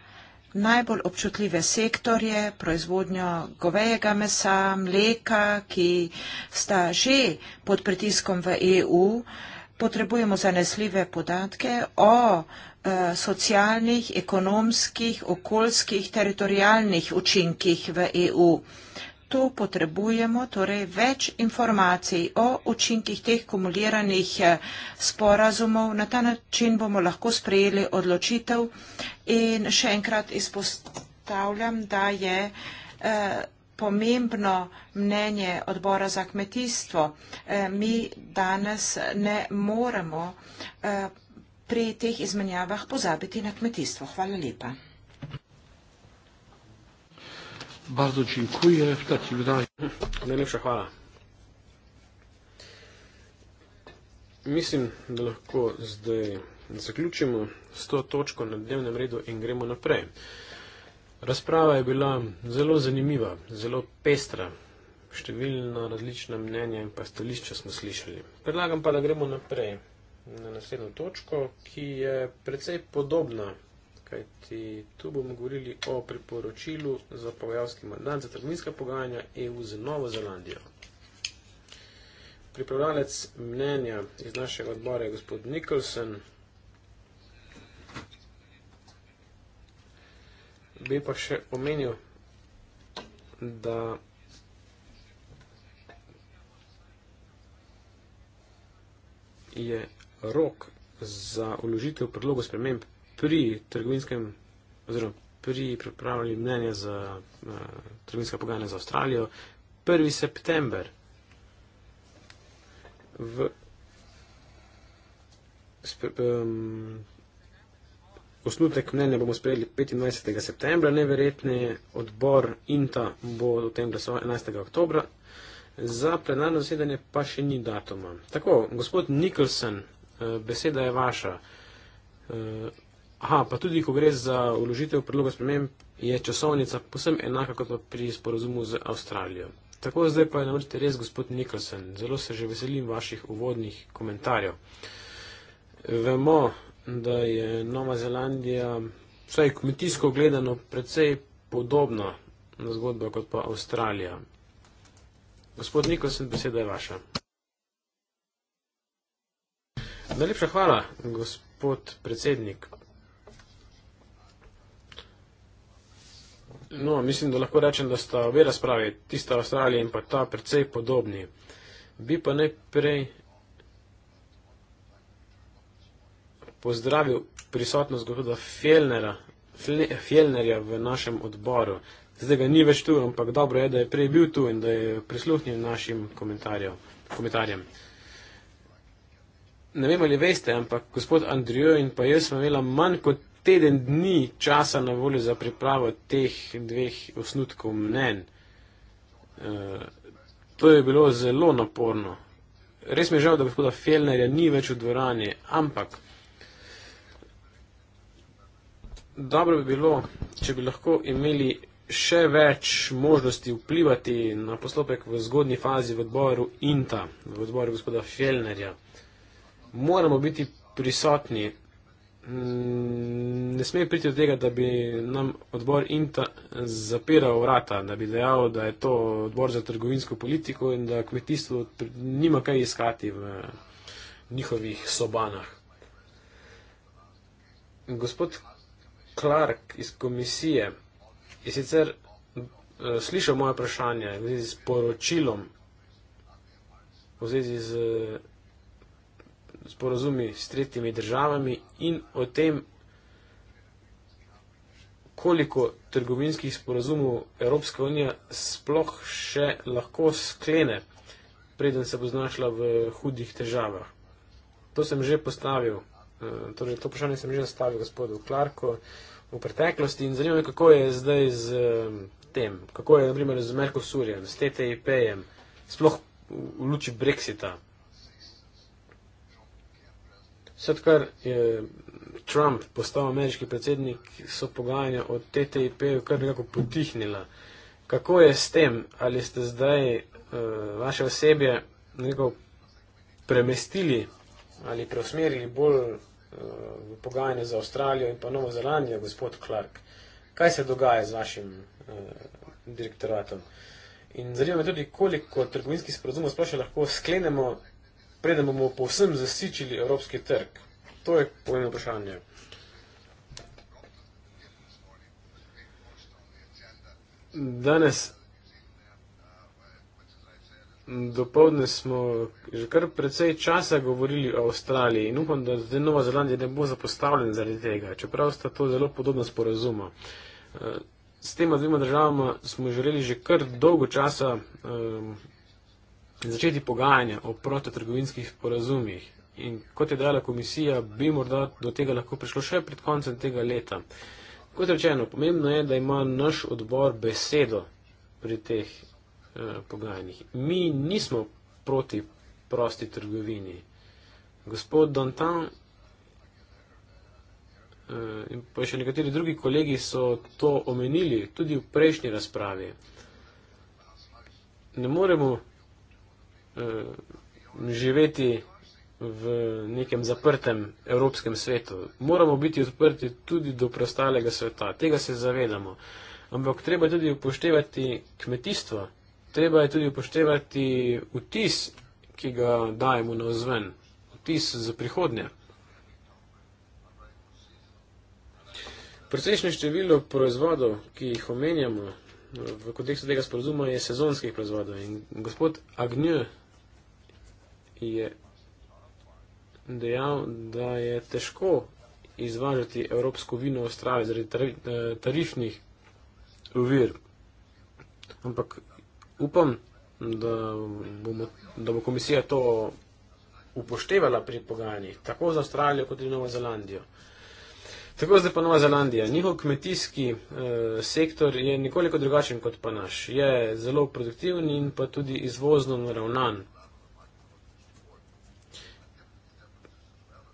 najbolj občutljive sektorje, proizvodnjo govejega mesa, mleka, ki sta že pod pritiskom v EU. Eh, potrebujemo zanesljive podatke o eh, socialnih, ekonomskih, okoljskih, teritorijalnih učinkih v EU. Tu potrebujemo torej več informacij o učinkih teh kumuliranih eh, sporazumov. Na ta način bomo lahko sprejeli odločitev in še enkrat izpostavljam, da je eh, pomembno mnenje odbora za kmetijstvo. Eh, mi danes ne moremo eh, pri teh izmenjavah pozabiti na kmetijstvo. Hvala lepa. Bardzo dziękuję. W takim razie. Najlepsza chwała. Myślę, że możemy zdaj zakończyć 100 toczko na dziennym redu i gremo naprzej. Razprava je bila zelo zanimiva, zelo pestra. Številna različna mnenja in pa stališča smo slišali. Predlagam pa, da gremo naprej na naslednjo točko, ki je precej podobna, kajti tu bomo govorili o priporočilu za pogajalski mandat za trgovinska pogajanja EU z Novo Zelandijo. Pripravljalec mnenja iz našega odbora je gospod Nicholson, bi pa še omenil, da je rok za uložitev predlogov sprememb pri trgovinskem oziroma pri pripravljanju mnenja za uh, trgovinska pogajanja za Avstralijo 1. september. V, sp, um, Osnutek mnenja bomo sprejeli 25. septembra, neverjetneje odbor INTA bo v tem glasoval 11. oktobra. Za plenarno zasedanje pa še ni datuma. Tako, gospod Nikolsen, eh, beseda je vaša. Eh, aha, pa tudi, ko gre za uložitev predloga sprememb, je časovnica posebno enaka kot pa pri sporozumu z Avstralijo. Tako zdaj pa je na vrsti res gospod Nikolsen. Zelo se že veselim vaših uvodnih komentarjev. Vemo, da je Nova Zelandija, vsaj kmetijsko gledano, precej podobna na zgodbo kot pa Avstralija. Gospod Nikolsen, beseda je vaša. Najlepša hvala, gospod predsednik. No, mislim, da lahko rečem, da sta obe razprave, tista Avstralija in pa ta, precej podobni. Bi pa najprej pozdravil prisotnost gospoda Fjellnera, Fjellnerja v našem odboru. Zdaj ga ni več tu, ampak dobro je, da je prej bil tu in da je prisluhnil našim komentarjem. Ne vem, ali veste, ampak gospod Andrijo in pa jaz smo imela manj kot teden dni časa na voljo za pripravo teh dveh osnutkov mnen. E, to je bilo zelo naporno. Res mi je žal, da gospoda Fjellnerja ni več v dvorani, ampak dobro bi bilo, če bi lahko imeli še več možnosti vplivati na postopek v zgodni fazi v odboru INTA, v odboru gospoda Fjellnerja. Moramo biti prisotni. Mm, ne sme priti do tega, da bi nam odbor INTA zapiral vrata, da bi dejal, da je to odbor za trgovinsko politiko in da kmetijstvo nima kaj iskati v njihovih sobanah. Gospod Clark iz komisije je sicer eh, slišal moje vprašanje v zvezi s poročilom, v zvezi z sporozumi s tretjimi državami in o tem, koliko trgovinskih sporozumov Evropska unija sploh še lahko sklene, preden se bo znašla v hudih težavah. To sem že postavil. Eh, torej, to vprašanje sem že zastavil gospodu Clarku v preteklosti in zanima me, kako je zdaj z eh, tem, kako je naprimer z Merkosurjem, s TTIP-jem, sploh v luči Brexita. Vse odkar je Trump postal ameriški predsednik, so pogajanja o TTIP-ju kar nekako potihnila. Kako je s tem, ali ste zdaj uh, vaše osebje nekako premestili ali preusmerili bolj eh, v pogajanje za Avstralijo in pa Novo Zelandijo, gospod Clark. Kaj se dogaja z vašim eh, direktoratom? In zanima me tudi, koliko trgovinskih sporozumov sploh še lahko sklenemo, preden bomo povsem zasičili evropski trg. To je pomembno vprašanje. Danes Dopoledne smo že kar precej časa govorili o Avstraliji in upam, da zdaj Nova Zelandija ne bo zapostavljena zaradi tega, čeprav sta to zelo podobna sporazuma. Eh, s tema dvema državama smo želeli že kar dolgo časa um, začeti pogajanja o prototrgovinskih sporazumih in kot je dala komisija, bi morda do tega lahko prišlo še pred koncem tega leta. Kot rečeno, pomembno je, da ima naš odbor besedo pri teh Eh, pogajanjih. Mi nismo proti prosti trgovini. Gospod Dantan eh, in pa še nekateri drugi kolegi so to omenili tudi v prejšnji razpravi. Ne moremo eh, živeti v nekem zaprtem evropskem svetu. Moramo biti odprti tudi do prostalega sveta. Tega se zavedamo. Ampak treba tudi upoštevati kmetijstvo treba je tudi upoštevati vtis, ki ga dajemo na ozven, vtis za prihodnje. Precejšnje število proizvodov, ki jih omenjamo v kontekstu tega sporozuma, je sezonskih proizvodov. In gospod Agnjo je dejal, da je težko izvažati evropsko vino v Avstralijo zaradi eh, tarifnih uvir. Ampak upam, da, bomo, da bo komisija to upoštevala pri pogajanjih, tako za Avstralijo kot tudi Novo Zelandijo. Tako zdaj pa Nova Zelandija. Njihov kmetijski eh, sektor je nekoliko drugačen kot pa naš. Je zelo produktiven in pa tudi izvozno naravnan.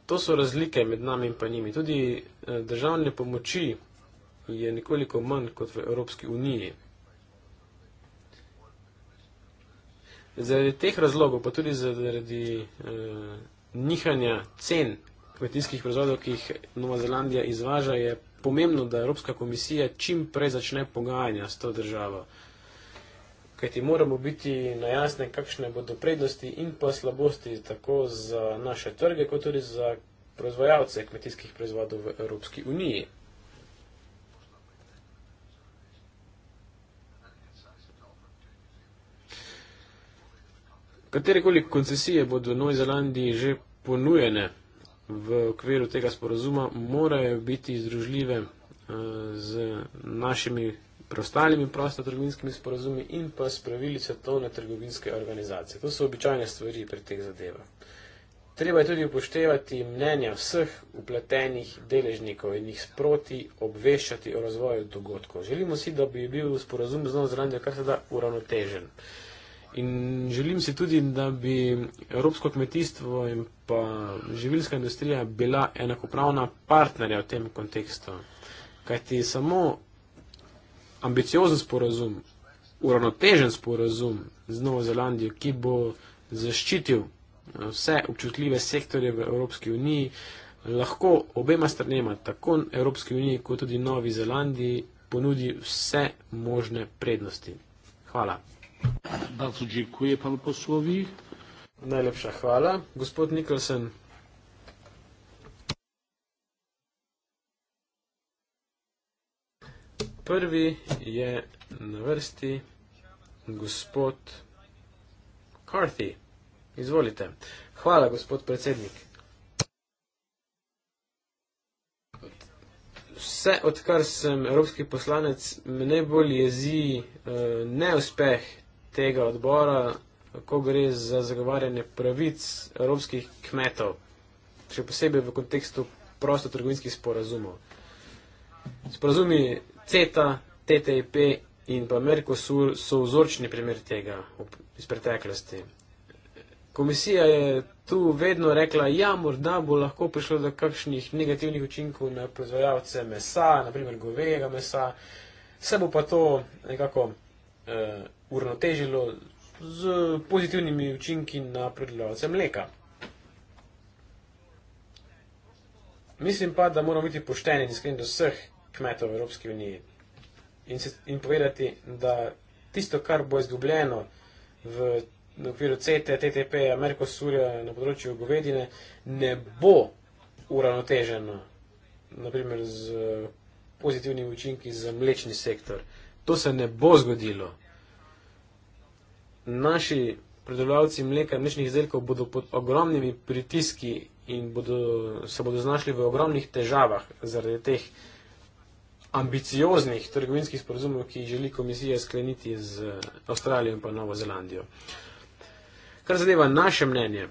To so razlike med nami in pa njimi. Tudi eh, državne pomoči je nekoliko manj kot v Evropski uniji. Zaradi teh razlogov, pa tudi zaradi eh, nihanja cen kmetijskih proizvodov, ki jih Nova Zelandija izvaža, je pomembno, da Evropska komisija čim prej začne pogajanja s to državo. Kajti moramo biti na jasne, kakšne bodo prednosti in pa slabosti tako za naše trge, kot tudi za proizvajalce kmetijskih proizvodov v Evropski uniji. Katerekoli koncesije bodo v Novi Zelandiji že ponujene v okviru tega sporazuma, morajo biti združljive eh, z našimi preostalimi prostotrgovinskimi sporazumi in pa s pravili svetovne trgovinske organizacije. To so običajne stvari pri teh zadevah. Treba je tudi upoštevati mnenja vseh upletenih deležnikov in jih sproti obveščati o razvoju dogodkov. Želimo si, da bi bil sporazum z Novo Zelandijo kar se da uravnotežen. Uh, In želim si tudi, da bi evropsko kmetijstvo in pa živilska industrija bila enakopravna partnerja v tem kontekstu. Kajti samo ambiciozen sporazum, uravnotežen sporazum z Novo Zelandijo, ki bo zaščitil eh, vse občutljive sektorje v Evropski uniji, lahko obema stranema, tako Evropski uniji kot tudi Novi Zelandiji, ponudi vse možne prednosti. Hvala. Bardzo dziękuję panu posłowi. Najlepsza chwala. Gospod Nicholson. Prvi je na vrsti gospod Carthy. Izvolite. Hvala, gospod predsednik. Vse, odkar sem evropski poslanec, me najbolj jezi eh, neuspeh tega odbora, ko gre za zagovarjanje pravic evropskih kmetov, še posebej v kontekstu prostotrgovinskih sporazumov. Sporazumi CETA, TTIP in pa Merkosur so vzorčni primer tega iz preteklosti. Komisija je tu vedno rekla, ja, morda bo lahko prišlo do kakšnih negativnih učinkov na proizvajalce mesa, naprimer govejega mesa, se bo pa to nekako eh, uravnotežilo z pozitivnimi učinki na pridelovalce mleka. Mislim pa, da moramo biti pošteni in iskreni do vseh kmetov v Evropski uniji in, se, in povedati, da tisto, kar bo izgubljeno v, v okviru CT, TTP, Merkosurja na področju govedine, ne bo uravnoteženo, naprimer z pozitivnimi učinki za mlečni sektor. To se ne bo zgodilo naši predelovalci mleka in mlečnih izdelkov bodo pod ogromnimi pritiski in bodo, se bodo znašli v ogromnih težavah zaradi teh ambicioznih trgovinskih sporozumov, ki jih želi komisija skleniti z Avstralijo in pa Novo Zelandijo. Kar zadeva naše mnenje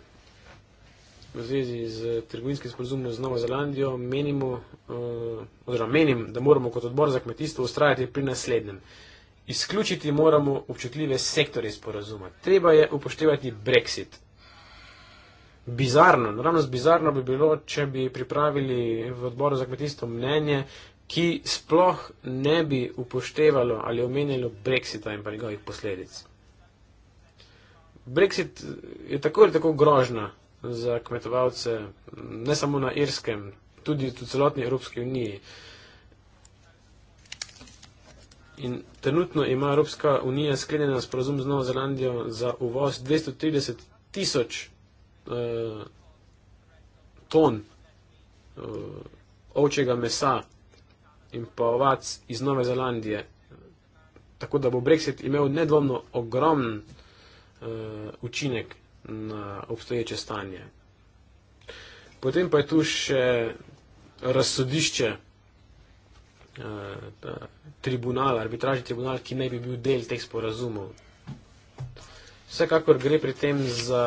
v zvezi z trgovinskim sporozumom z Novo Zelandijo, menimo, eh, oziroma menim, da moramo kot odbor za kmetijstvo ustrajati pri naslednjem. Izključiti moramo občutljive sektorje sporazuma. Treba je upoštevati Brexit. Bizarno, naravno bizarno bi bilo, če bi pripravili v odboru za kmetijstvo mnenje, ki sploh ne bi upoštevalo ali omenjalo Brexita in pa njegovih posledic. Brexit je tako ali tako grožna za kmetovalce, ne samo na Irskem, tudi v celotni Evropski uniji. Uh, In trenutno ima Evropska unija sklenjen sporozum z Novo Zelandijo za uvoz 230 tisoč uh, ton uh, ovčjega mesa in pa ovac iz Nove Zelandije. Tako da bo Brexit imel nedvomno ogromen uh, učinek na obstoječe stanje. Potem pa je tu še razsodišče Eh, tribunal, arbitražni tribunal, ki naj bi bil del teh sporazumov. Vsekakor gre pri tem za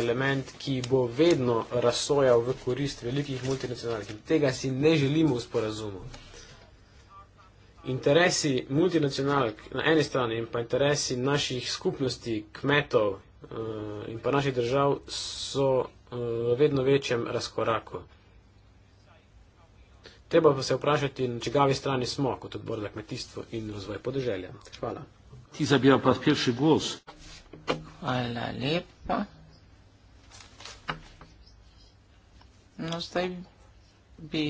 element, ki bo vedno razsojal v korist velikih multinacionalk in tega si ne želimo v sporazumu. Interesi multinacionalk na eni strani in pa interesi naših skupnosti, kmetov eh, in pa naših držav so eh, v vedno večjem razkoraku. Treba pa se vprašati, na čigavi strani smo kot odbor za kmetijstvo in razvoj podeželja. Hvala. Ti zabijo pa prvi gos. Hvala lepa. No, zdaj bi,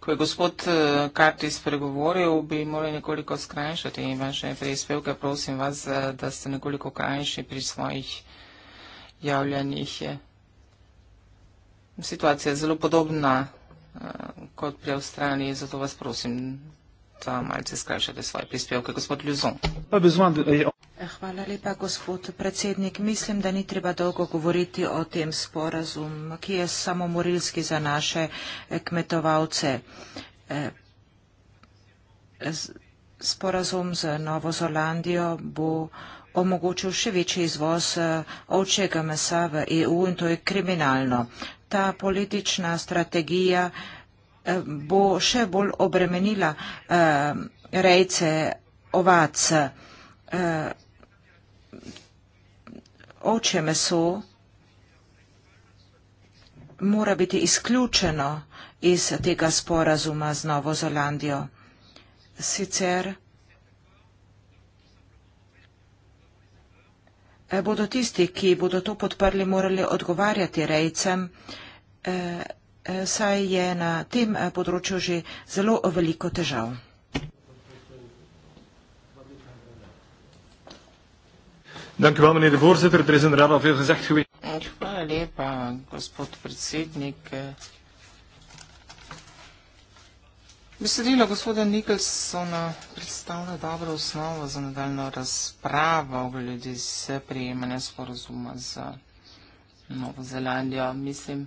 ko je gospod eh, Karti spregovoril, bi morali nekoliko skrajšati in vaše prispevke. Prosim vas, eh, da ste nekoliko krajši pri svojih javljanjih. Situacija je zelo podobna kot pri Avstraliji, zato vas prosim, da malce skrajšate svoje prispevke. Gospod Ljuzon. Eh, eh, hvala lepa, gospod predsednik. Mislim, da ni treba dolgo govoriti o tem sporazum, ki je samomorilski za naše eh, kmetovalce. Sporazum z Novo Zolandijo bo omogočil še večji izvoz ovčjega mesa v EU in to je kriminalno ta politična strategija eh, bo še bolj obremenila eh, rejce ovac. Eh, oče meso mora biti izključeno iz tega sporazuma z Novo Zelandijo. Sicer Eh, bodo tisti, ki bodo to podprli, morali odgovarjati rejcem, eh, eh, saj je na tem področju že zelo veliko težav. Er hvala lepa, gospod predsednik. Besedilo gospoda Nikolsona predstavlja dobro osnovo za nadaljno razpravo glede se prijemanja sporozuma za Novo Zelandijo. Mislim,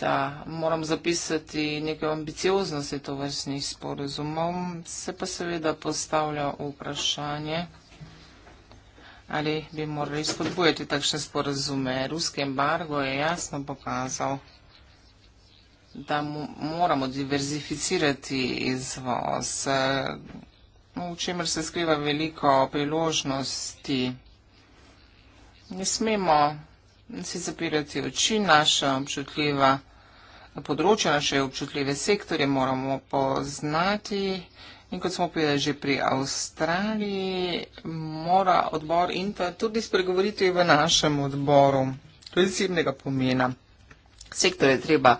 da moram zapisati nekaj ambicioznosti to vrstnih sporozumov, se pa seveda postavlja vprašanje, ali bi morali spodbujati takšne sporozume. Ruski embargo je jasno pokazal, da mu, moramo diverzificirati izvoz, eh, v čemer se skriva veliko priložnosti. Ne smemo si zapirati oči naše občutljiva področja, naše občutljive sektorje moramo poznati. In kot smo povedali že pri Avstraliji, mora odbor INTA tudi spregovoriti v našem odboru. To je izjemnega pomena. Sektor je treba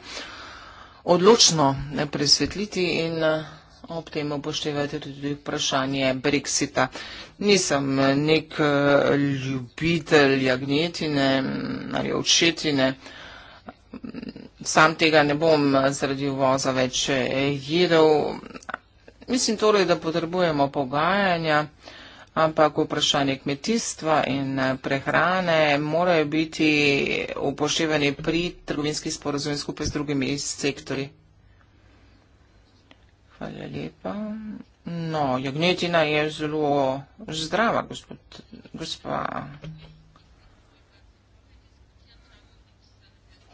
odločno presvetliti in eh, ob tem upoštevati tudi vprašanje Brexita. Nisem eh, nek eh, ljubitelj jagnetine mm, ali očetine. Mm, sam tega ne bom zaradi uvoza več jedel. Mislim torej, da potrebujemo pogajanja ampak vprašanje kmetijstva in eh, prehrane morajo biti upoštevani pri trgovinski sporozumi skupaj z drugimi sektori. Hvala lepa. No, jagnetina je zelo zdrava, gospod, gospa.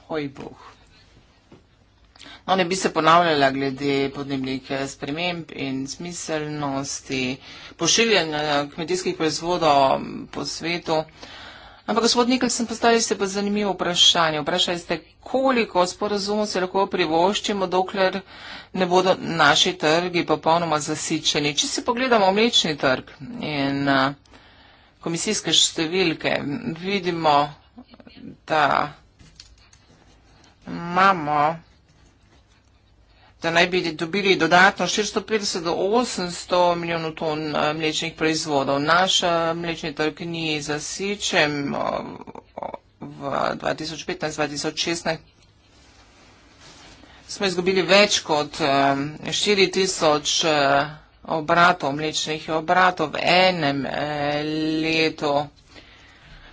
Hoj boh. One bi se ponavljala glede podnebnih eh, sprememb in smiselnosti pošiljanja kmetijskih proizvodov po svetu. Ampak, gospod Nikel, sem postavil se pa zanimivo vprašanje. Vprašali ste, koliko sporozumov se lahko privoščimo, dokler ne bodo naši trgi popolnoma zasičeni. Če si pogledamo mlečni trg in eh, komisijske številke, vidimo, da imamo da naj bi dobili dodatno 450 do 800 milijonov ton eh, mlečnih proizvodov. Naš eh, mlečni trg ni zasičen eh, v 2015-2016. Smo izgubili več kot 4 tisoč obratov, mlečnih obratov v enem letu.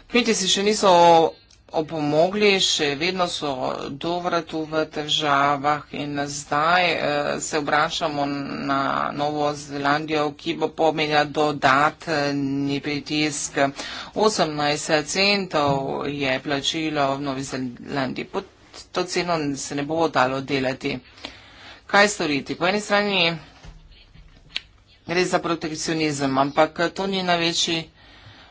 Kmetje si še niso opomogli, še vedno so do vratu v težavah in zdaj eh, se obračamo na Novo Zelandijo, ki bo pomenila dodatni pritisk. 18 centov je plačilo v Novi Zelandiji. Pod to ceno se ne bo dalo delati. Kaj storiti? Po eni strani gre za protekcionizem, ampak to ni največji problem.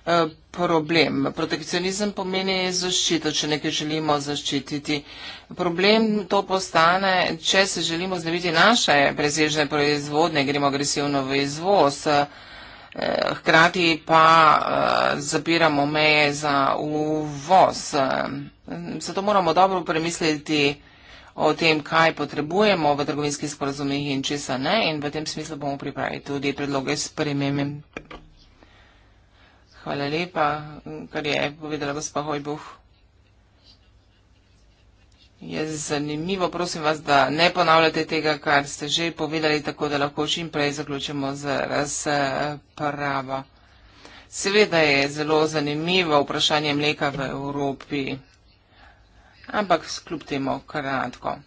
Eh, problem. Protekcionizem pomeni zaščito, če nekaj želimo zaščititi. Problem to postane, če se želimo znebiti naše prezežne proizvodne, gremo agresivno v izvoz, eh, hkrati pa eh, zapiramo meje za uvoz. Zato moramo dobro premisliti o tem, kaj potrebujemo v trgovinskih sporazumih in česa ne in v tem smislu bomo pripravili tudi predloge spremembe. Hvala lepa, kar je povedala gospa Hojbuh. Je zanimivo, prosim vas, da ne ponavljate tega, kar ste že povedali, tako da lahko čim prej zaključimo z razpravo. Seveda je zelo zanimivo vprašanje mleka v Evropi, ampak skljub temu kratko.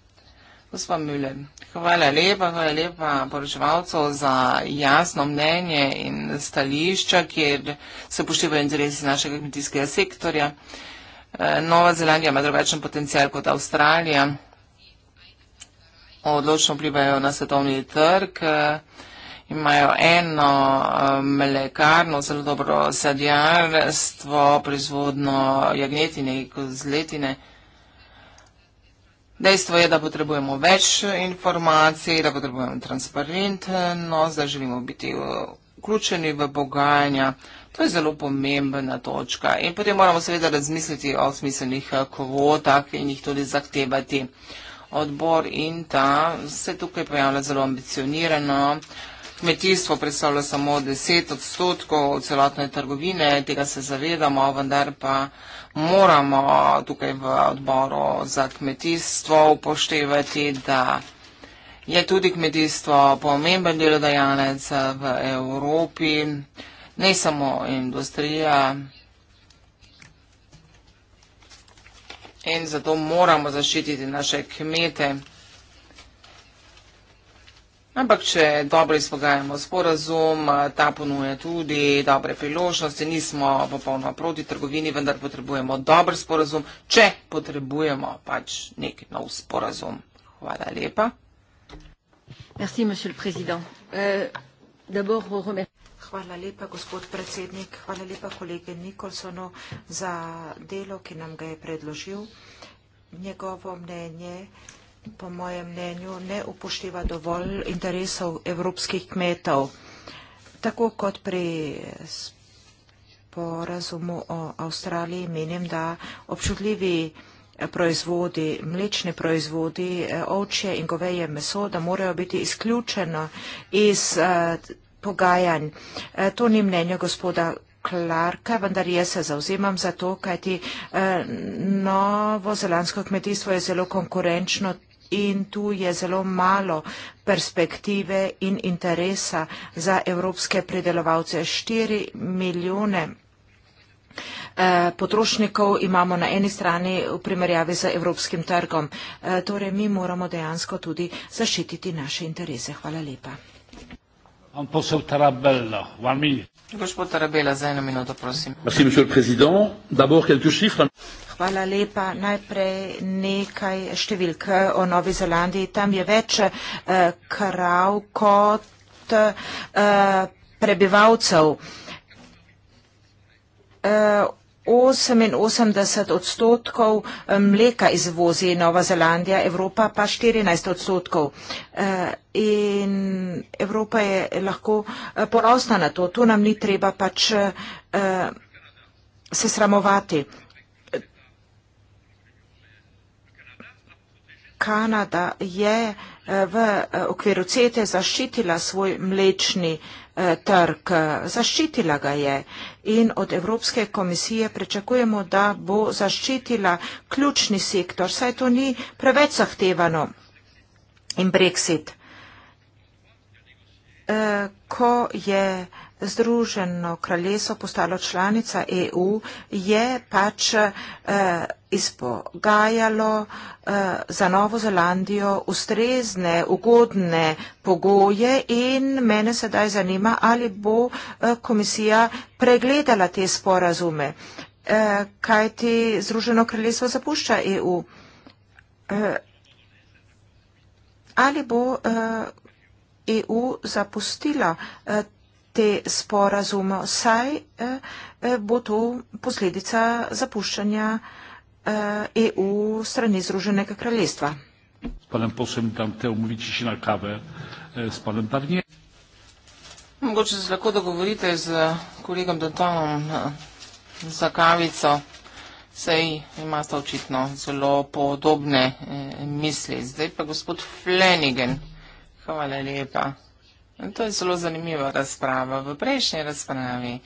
Gospa Müller, hvala lepa, hvala lepa poročevalcev za jasno mnenje in stališča, kjer se poštevajo interesi našega kmetijskega sektorja. Eh, Nova Zelandija ima drugačen potencial kot Avstralija. Odločno vplivajo na svetovni trg, eh, imajo eno eh, mlekarno, zelo dobro sadjarstvo, proizvodno jagnetine in kozletine. Dejstvo je, da potrebujemo več informacij, da potrebujemo transparentnost, da želimo biti eh, vključeni v pogajanja. To je zelo pomembna točka in potem moramo seveda razmisliti o smiselnih eh, kvotah in jih tudi zahtevati. Odbor in ta se tukaj pojavlja zelo ambicionirano. Uh, Kmetijstvo predstavlja samo 10 odstotkov celotne trgovine, tega se zavedamo, vendar pa moramo tukaj v odboru za kmetijstvo upoštevati, da je tudi kmetijstvo pomemben delodajalec v Evropi, ne samo industrija. In zato moramo zaščititi naše kmete. Ampak, če dobro izpogajamo sporazum, ta ponuje tudi dobre priložnosti, nismo popolnoma proti trgovini, vendar potrebujemo dober sporazum, če potrebujemo pač nek nov sporazum. Hvala lepa. Merci, euh, Hvala lepa, gospod predsednik. Hvala lepa kolege Nikolsonu za delo, ki nam ga je predložil. Njegovo mnenje po mojem mnenju, ne upošteva dovolj interesov evropskih kmetov, tako kot pri porazumu o Avstraliji, menim, da občutljivi proizvodi, mlečni proizvodi, ovčje in goveje meso, da morajo biti izključeno iz eh, pogajanj. Eh, to ni mnenje gospoda Klarka, vendar jaz se zauzemam za to, kajti eh, novo zelansko kmetijstvo je zelo konkurenčno in tu je zelo malo perspektive in interesa za evropske pridelovalce. 4 milijone eh, potrošnikov imamo na eni strani v primerjavi z evropskim trgom. Eh, torej mi moramo dejansko tudi zaščititi naše interese. Hvala lepa. Gospod Tarabela, za eno minuto, prosim. Hvala lepa. Najprej nekaj številk eh, o Novi Zelandiji. Tam je več eh, krav kot eh, prebivalcev. 88 odstotkov mleka izvozi Nova Zelandija, Evropa pa 14 odstotkov. In Evropa je lahko ponosna na to. Tu nam ni treba pač se sramovati. Kanada je eh, v eh, okviru CETE zaščitila svoj mlečni eh, trg, zaščitila ga je in od Evropske komisije pričakujemo, da bo zaščitila ključni sektor, saj to ni preveč zahtevano in brexit. Ko je Združeno kraljestvo postalo članica EU, je pač eh, izpogajalo eh, za Novo Zelandijo ustrezne, ugodne pogoje in mene sedaj zanima, ali bo eh, komisija pregledala te sporazume. Eh, kaj ti Združeno kraljestvo zapušča EU? Eh, ali bo eh, EU zapustila? Eh, te sporazume, saj eh, bo to posledica zapuščanja EU eh, e strani Združenega kraljestva. Eh, Mogoče se lahko dogovorite z kolegom Dotonom za kavico, saj imate očitno zelo podobne misli. Zdaj pa gospod Flanagan. Hvala lepa. To je zelo zanimiva razprava. V prejšnji razpravi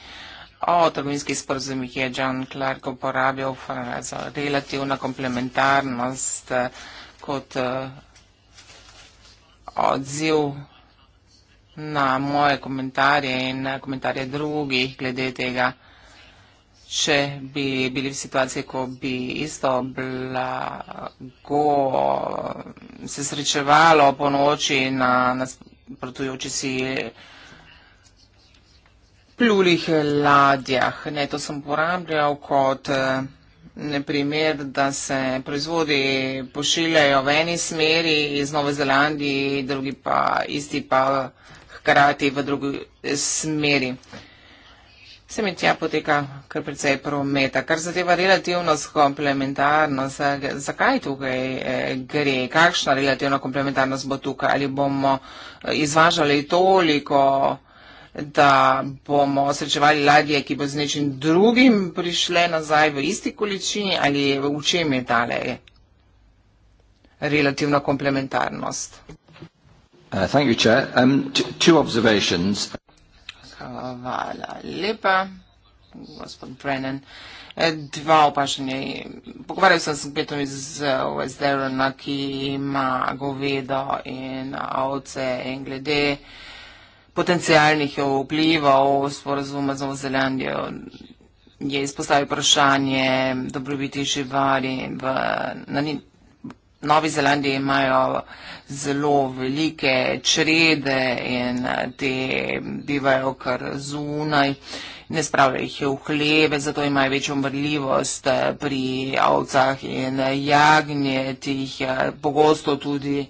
o trgovinskih sporozumih je John Clark uporabil frazo relativna komplementarnost eh, kot eh, odziv na moje komentarje in na komentarje drugih glede tega, če bi bili v situaciji, ko bi isto blago eh, se srečevalo po noči na, na protujoči si plulih ladjah. Ne, to sem uporabljal kot eh, primer, da se proizvodi pošiljajo v eni smeri iz Nove Zelandije, drugi pa isti pa hkrati v drugi smeri se mi tja poteka kar precej prometa, kar zadeva relativno komplementarnost. Zakaj tukaj e, gre? Kakšna relativna komplementarnost bo tukaj? Ali bomo e, izvažali toliko, da bomo srečevali ladje, ki bo z nečim drugim prišle nazaj v isti količini? Ali v čem je tale relativna komplementarnost? Uh, thank you, Chair. Um, two observations. Hvala lepa, gospod Brennan. E, dva vprašanja. Pogovarjal sem se z kmetom iz Westerona, ki ima govedo in ovce in glede potencijalnih vplivov sporazuma z Novo Zelandijo je izpostavil vprašanje dobrobiti živali v, na Novi Zelandiji imajo zelo velike črede in te bivajo kar zunaj, ne spravljajo jih v hleve, zato imajo večjo mrljivost pri avcah in jagnjetih, ja, pogosto tudi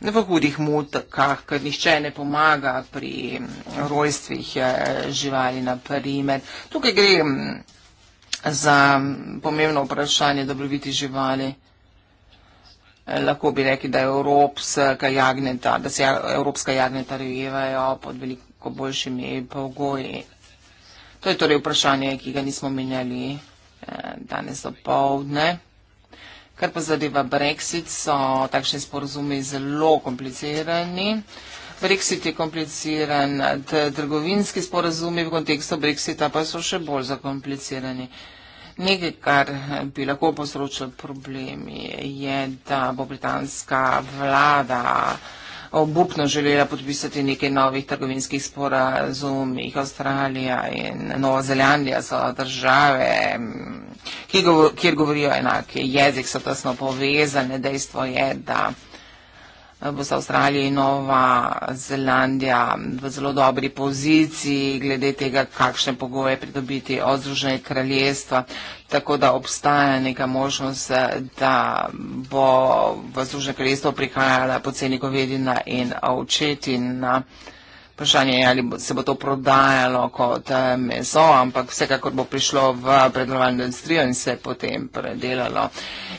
v hudih mutkah, ker nišče ne pomaga pri rojstvih ja, živali, na primer. Tukaj gre mm, za pomembno vprašanje dobrobiti živali. Eh, lahko bi rekli, da, jagneta, da se ja, evropska jagneta rojevajo pod veliko boljšimi pogoji. To je torej vprašanje, ki ga nismo menjali eh, danes do povdne. Kar pa zadeva Brexit, so takšni sporozumi zelo komplicirani. Brexit je kompliciran, trgovinski sporozumi v kontekstu Brexita pa so še bolj zakomplicirani. Nekaj, kar bi lahko povzročilo problemi, je, da bo britanska vlada obupno želela podpisati nekaj novih trgovinskih sporazumih. Avstralija in Nova Zelandija so države, govor, kjer govorijo enake jezik, so tesno povezane. Dejstvo je, da bo sta Avstralija in Nova Zelandija v zelo dobri poziciji glede tega, kakšne pogoje pridobiti od Združenja kraljestva. Tako da obstaja neka možnost, da bo v Združenje kraljestvo prihajala poceni govedina in očetina. Uh, Vprašanje je, ali se bo to prodajalo kot eh, meso, ampak vsekakor bo prišlo v predelovalno industrijo in se potem predelalo.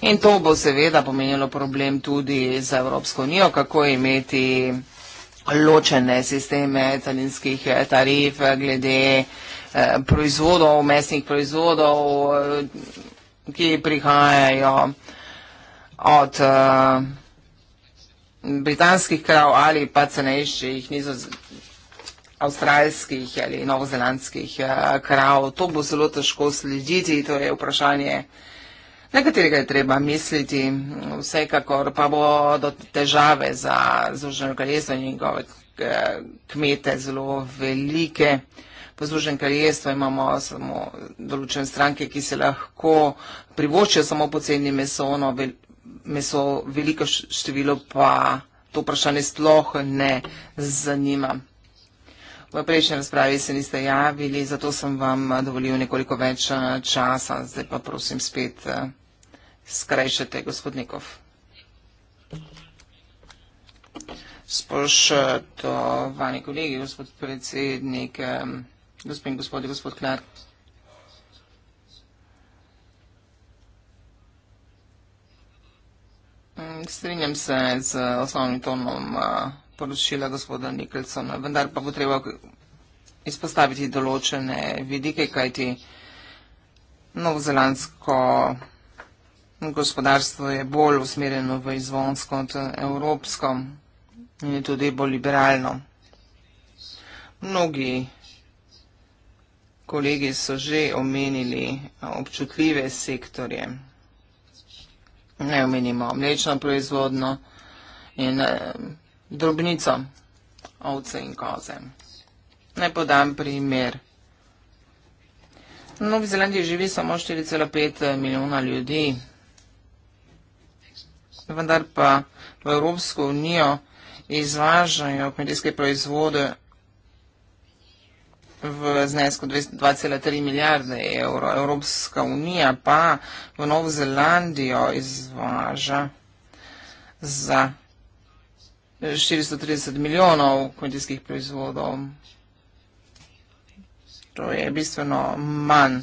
In to bo seveda pomenilo problem tudi za Evropsko unijo, kako imeti ločene sisteme carinskih eh, tarif eh, glede proizvodov, mesnih proizvodov, ki prihajajo od britanskih krav ali pa cenejših nizozemskih avstralskih ali novozelandskih uh, krav. To bo zelo težko slediti, to je vprašanje, na katerega je treba misliti. Vsekakor pa bo do težave za združeno kraljestvo in njegove eh, kmete zelo velike. Po združenem kraljestvu imamo samo določene stranke, ki se lahko privoščijo samo poceni meso, ono vel, meso veliko število pa. To vprašanje sploh ne zanima. V prejšnji razpravi se niste javili, zato sem vam eh, dovolil nekoliko več eh, časa. Zdaj pa prosim spet eh, skrajšate, gospod Nikov. Spoštovani kolegi, gospod predsednik, gospod in gospod, gospod Klark. Mm, strinjam se z osnovnim tonom poročila gospoda Nikolsona, vendar pa bo treba izpostaviti določene vidike, kajti novozelandsko gospodarstvo je bolj usmerjeno v izvonsko kot evropsko in je tudi bolj liberalno. Mnogi kolegi so že omenili občutljive sektorje. Ne omenimo mlečno proizvodno in eh, drobnico ovce in koze. Naj podam primer. V Novi Zelandiji živi samo 4,5 milijona ljudi, vendar pa v Evropsko unijo izvažajo kmetijske proizvode v znesku 2,3 milijarde evro. Evropska unija pa v Novo Zelandijo izvaža za 430 milijonov kmetijskih proizvodov. To je bistveno manj.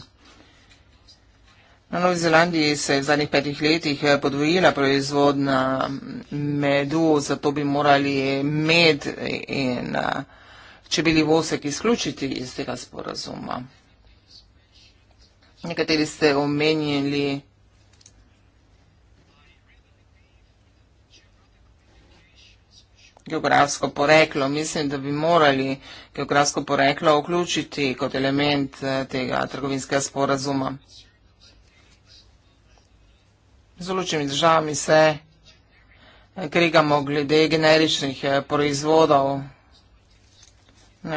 Na Novi Zelandiji se je v zadnjih petih letih eh, podvojila proizvodna mm, medu, zato bi morali med in eh, čebeli vosek izključiti iz tega sporazuma. Nekateri ste omenjili, geografsko poreklo. Mislim, da bi morali geografsko poreklo vključiti kot element eh, tega trgovinskega sporazuma. Z vločimi državami se eh, krigamo glede generičnih eh, proizvodov.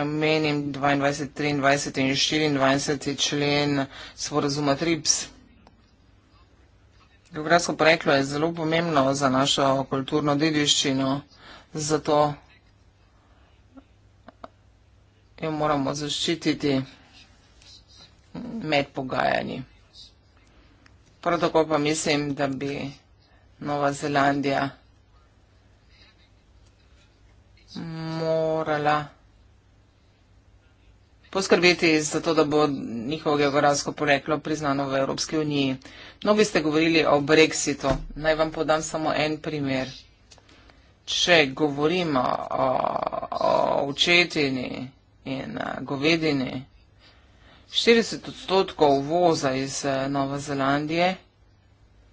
Menim 22, 23 in 24 člen sporazuma TRIPS. Geografsko poreklo je zelo pomembno za našo kulturno dediščino zato jo moramo zaščititi med pogajanji. Prav tako pa mislim, da bi Nova Zelandija morala poskrbeti za to, da bo njihovo geografsko poreklo priznano v Evropski uniji. Mnogi ste govorili o brexitu. Naj vam podam samo en primer če govorimo o, o očetini in eh, govedini, 40 odstotkov voza iz eh, Nove Zelandije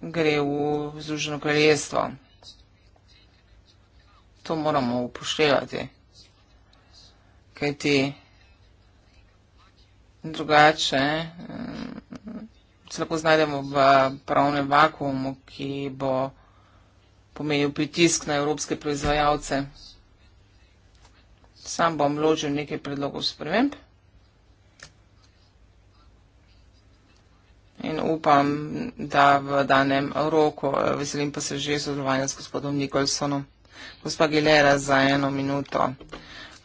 gre v Združeno kraljestvo. To moramo upoštevati, kajti drugače eh, se lahko znajdemo v pravnem vakumu, ki bo pomenil pritisk na evropske proizvajalce. Sam bom vložil nekaj predlogov sprememb. In upam, da v danem roku, eh, veselim pa se že sodelovanja s gospodom Nikolsonom. Gospa Gilera, za eno minuto.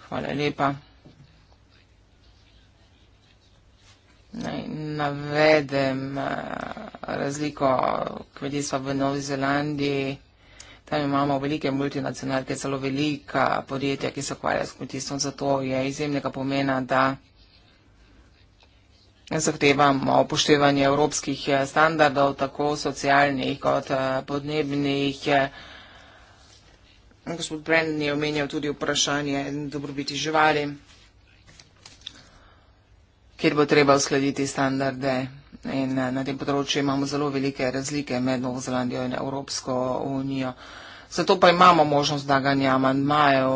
Hvala lepa. Naj navedem eh, razliko kmetijstva v Novi Zelandiji. Tam imamo velike multinacionalke, zelo velika podjetja, ki se ukvarjajo s kmetijstvom, zato je izjemnega pomena, da zahtevamo upoštevanje evropskih eh, standardov, tako socialnih kot eh, podnebnih. Eh, gospod Brennan je omenjal tudi vprašanje dobrobiti živali, kjer bo treba uskladiti standarde. In eh, na tem področju imamo zelo velike razlike med Novo Zelandijo in Evropsko unijo. Zato pa imamo možnost daganja amandmajev,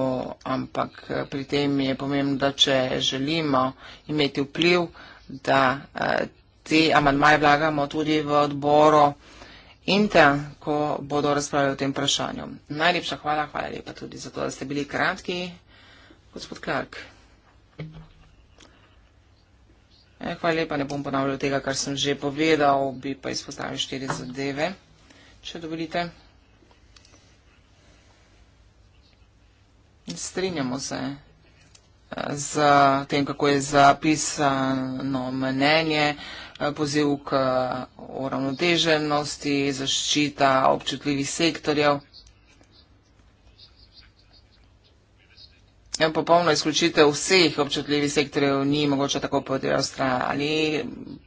ampak eh, pri tem je pomembno, da če želimo imeti vpliv, da eh, te amandmaje vlagamo tudi v odboro Inta, ko bodo razpravljali o tem vprašanju. Najlepša hvala, hvala lepa tudi za to, da ste bili kratki, gospod Klark. Thank you. Eh, hvala lepa, ne bom ponavljal tega, kar sem že povedal, bi pa izpostavil štiri zadeve, če dovolite. Strinjamo se eh, z tem, kako je zapisano mnenje, eh, poziv k uravnoteženosti, zaščita občutljivih sektorjev. popolno izključitev vseh občutljivih sektorjev ni mogoče tako po drugi strani ali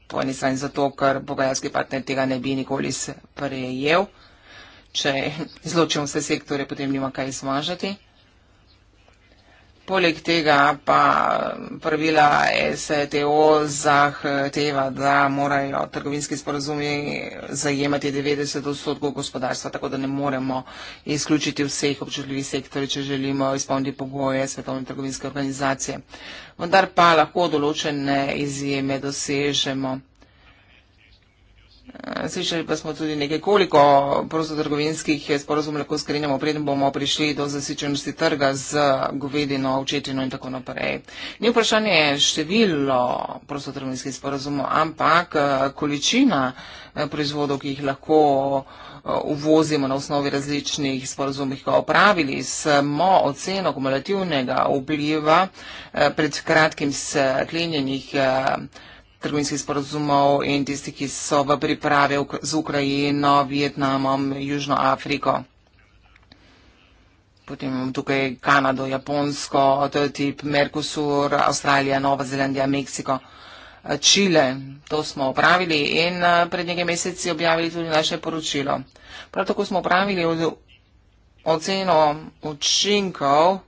po eni strani zato, ker pogajalski partner tega ne bi nikoli prejel. Če izločimo vse sektore, potem nima kaj izmažati. Poleg tega pa pravila STO zahteva, da morajo trgovinski sporazumi zajemati 90 odstotkov gospodarstva, tako da ne moremo izključiti vseh občutljivih sektorjev, če želimo izpolniti pogoje Svetovne trgovinske organizacije. Vendar pa lahko določene izjeme dosežemo. Slišali pa smo tudi nekaj, koliko prostotrgovinskih sporozum lahko skrenjamo, preden bomo prišli do zasičenosti trga z govedino, očetino in tako naprej. Ni vprašanje število prostotrgovinskih sporozumov, ampak eh, količina eh, proizvodov, ki jih lahko eh, uvozimo na osnovi različnih sporozumih, ko opravili smo oceno kumulativnega vpliva pred kratkim sklenjenih trgovinskih sporozumov in tisti, ki so v priprave z Ukrajino, Vietnamom, Južno Afriko. Potem imamo tukaj Kanado, Japonsko, to je tip Mercosur, Avstralija, Nova Zelandija, Meksiko, Čile. To smo opravili in pred nekaj meseci objavili tudi naše poročilo. Prav tako smo opravili oceno učinkov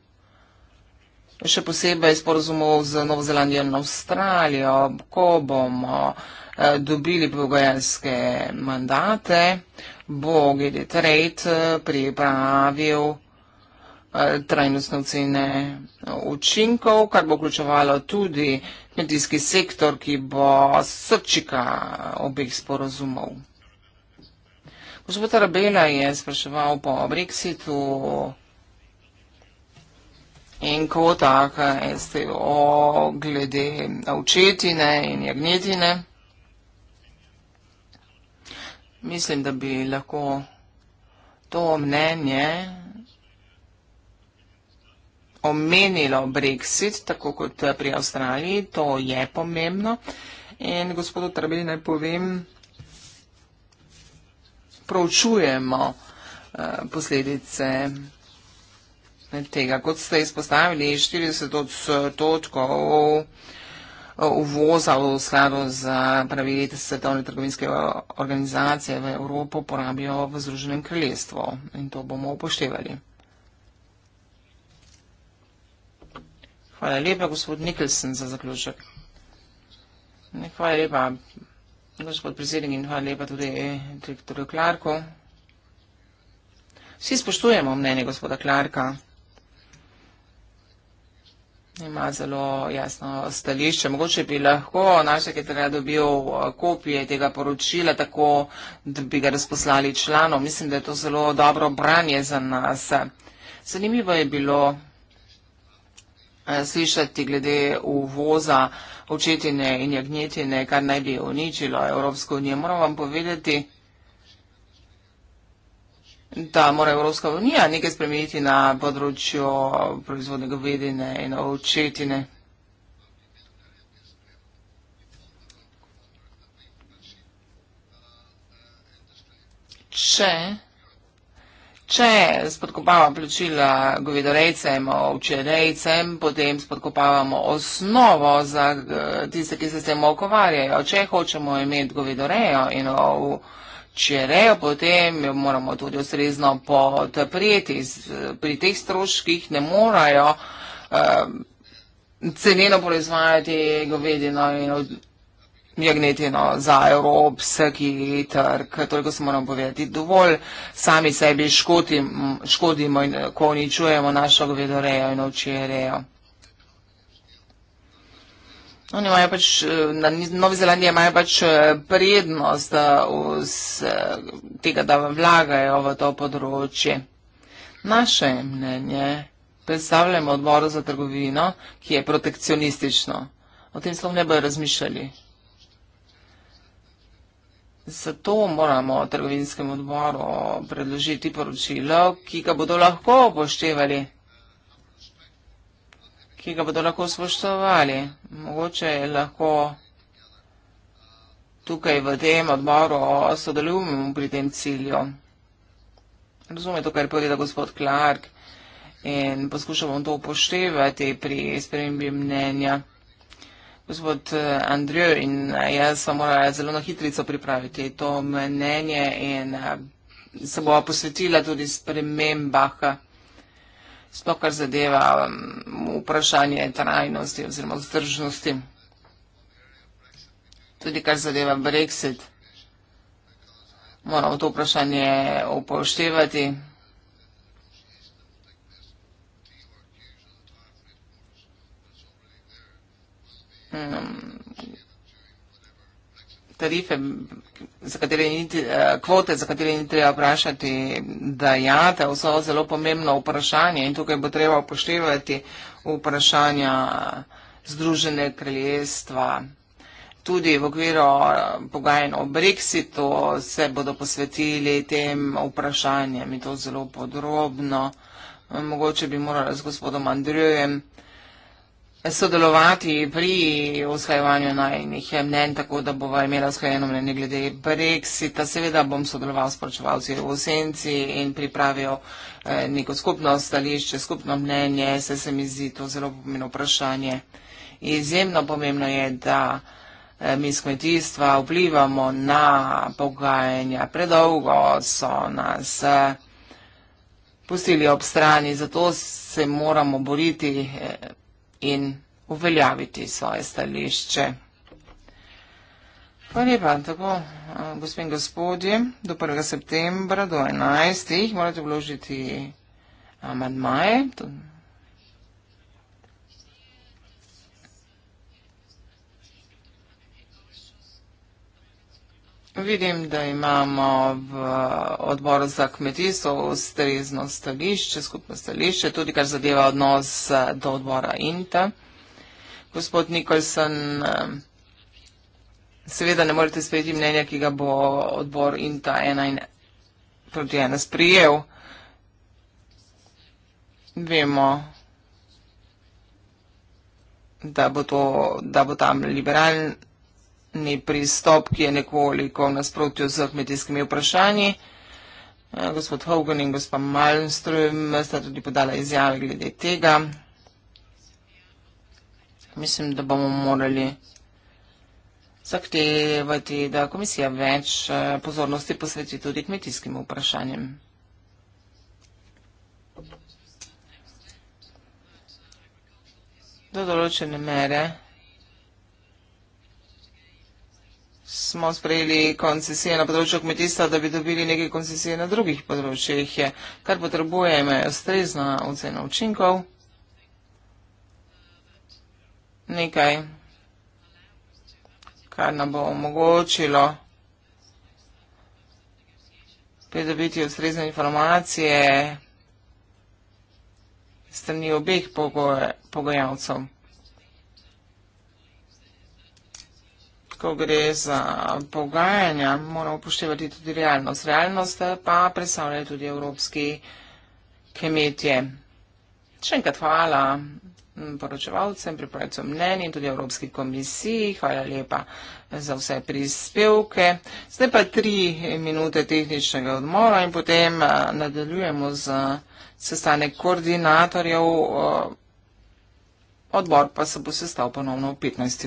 še posebej sporozumov z Novo Zelandijo in Avstralijo, ko bomo eh, dobili pogajalske mandate, bo GD Trade eh, pripravil eh, trajnostne ocene učinkov, kar bo vključevalo tudi kmetijski sektor, ki bo srčika obeh sporozumov. Gospod Arabela je spraševal po Brexitu in kot taka STO glede očetine in jagnetine. Mislim, da bi lahko to mnenje omenilo Brexit, tako kot eh, pri Avstraliji, to je pomembno. In gospodu Trabeli naj povem, proučujemo uh, posledice tega. Kot ste izpostavili, 40 odstotkov eh, uvoza v skladu z pravili Svetovne trgovinske eh, organizacije v Evropo porabijo v Združenem kraljestvu in to bomo upoštevali. Hvala lepa, gospod Nikelsen, za zaključek. Hvala lepa, gospod predsednik in hvala lepa tudi direktorju Klarku. Vsi spoštujemo mnenje gospoda Klarka ima zelo jasno stališče. Mogoče bi lahko naše, ki je treba dobil eh, kopije tega poročila, tako da bi ga razposlali članom. Mislim, da je to zelo dobro branje za nas. Zanimivo je bilo eh, slišati glede uvoza očetine in jagnjetine, kar naj bi uničilo Evropsko unijo. Moram vam povedati, da mora Evropska unija nekaj spremeniti na področju proizvodnega vedenja in očetine. Če, če spodkopava plačila govedorejcem, ovčerejcem, potem spodkopavamo osnovo za eh, tiste, ki se s tem okovarjajo. Če hočemo imeti govedorejo in ovčerejo, če rejo, potem moramo tudi ustrezno potprijeti. Pri teh stroških ne morajo uh, ceneno proizvajati govedino in jagnetino za evropski trg. Toliko se moramo povedati. Dovolj sami sebi škodimo, škodimo in ko uničujemo našo govedorejo in ovčjerejo. Oni imajo pač, eh, na Novi Zelandiji imajo pač eh, prednost z eh, tega, da vlagajo v to področje. Naše mnenje predstavljamo odboru za trgovino, ki je protekcionistično. O tem slov ne bojo razmišljali. Zato moramo trgovinskem odboru predložiti poročilo, ki ga bodo lahko upoštevali ki ga bodo lahko spoštovali. Mogoče je lahko tukaj v tem odboru sodelujemo pri tem cilju. Razume to, kar povede gospod Clark in poskušal bom to upoštevati pri spremembi mnenja. Gospod eh, Andrej in eh, jaz sem morala zelo na hitrico pripraviti to mnenje in eh, se bova posvetila tudi spremembah sploh kar zadeva um, vprašanje trajnosti oziroma vzdržnosti. Tudi kar zadeva Brexit, moramo to vprašanje upoštevati. Hmm tarife, za katere ni, eh, kvote, za katere ni treba vprašati, da ja, da so zelo pomembno vprašanje in tukaj bo treba upoštevati vprašanja Združene kraljestva. Tudi v okviru eh, pogajanj o Brexitu se bodo posvetili tem vprašanjem in to zelo podrobno. Mogoče bi morala z gospodom Andrejem sodelovati pri usklajevanju najnih mnen, tako da bova imela usklajeno mnenje glede Brexita. Seveda bom sodeloval s poročevalci v Osenci in pripravijo eh, neko skupno stališče, skupno mnenje, se se mi zdi to zelo pomembno vprašanje. Izjemno pomembno je, da eh, mi iz kmetijstva vplivamo na pogajanja. Predolgo so nas eh, pustili ob strani, zato se moramo boriti in uveljaviti svoje stališče. Pa lepa, tako, eh, gospod in gospodje, do 1. septembra, do 11. morate vložiti amadmaje. To... Vidim, da imamo v odboru za kmetijstvo ustrezno stališče, skupno stališče, tudi kar zadeva odnos eh, do odbora INTA. Gospod Nikolson, eh, seveda ne morete sprejeti mnenja, ki ga bo odbor INTA 1 in proti 1 sprijel. Vemo, da bo, to, da bo tam liberalen ni pristop, ki je nekoliko v nasprotju z kmetijskimi vprašanji. Eh, gospod Hogan in gospa Malmström sta tudi podala izjave glede tega. Mislim, da bomo morali zahtevati, da komisija več eh, pozornosti posveti tudi kmetijskim vprašanjem. Do določene mere. smo sprejeli koncesije na področju kmetijstva, da bi dobili neke koncesije na drugih področjih. Kar potrebuje, imajo strezna ocena učinkov, nekaj, kar nam bo omogočilo predobiti ustrezne informacije strani obeh pogojavcev. ko gre za pogajanja, moramo upoštevati tudi realnost. Realnost pa predstavljajo tudi evropski kmetje. Še enkrat hvala poročevalcem, pripravljalcem mnenji in tudi Evropski komisiji. Hvala lepa za vse prispevke. Zdaj pa tri minute tehničnega odmora in potem nadaljujemo z sestanek koordinatorjev. Odbor pa se bo sestal ponovno v 15.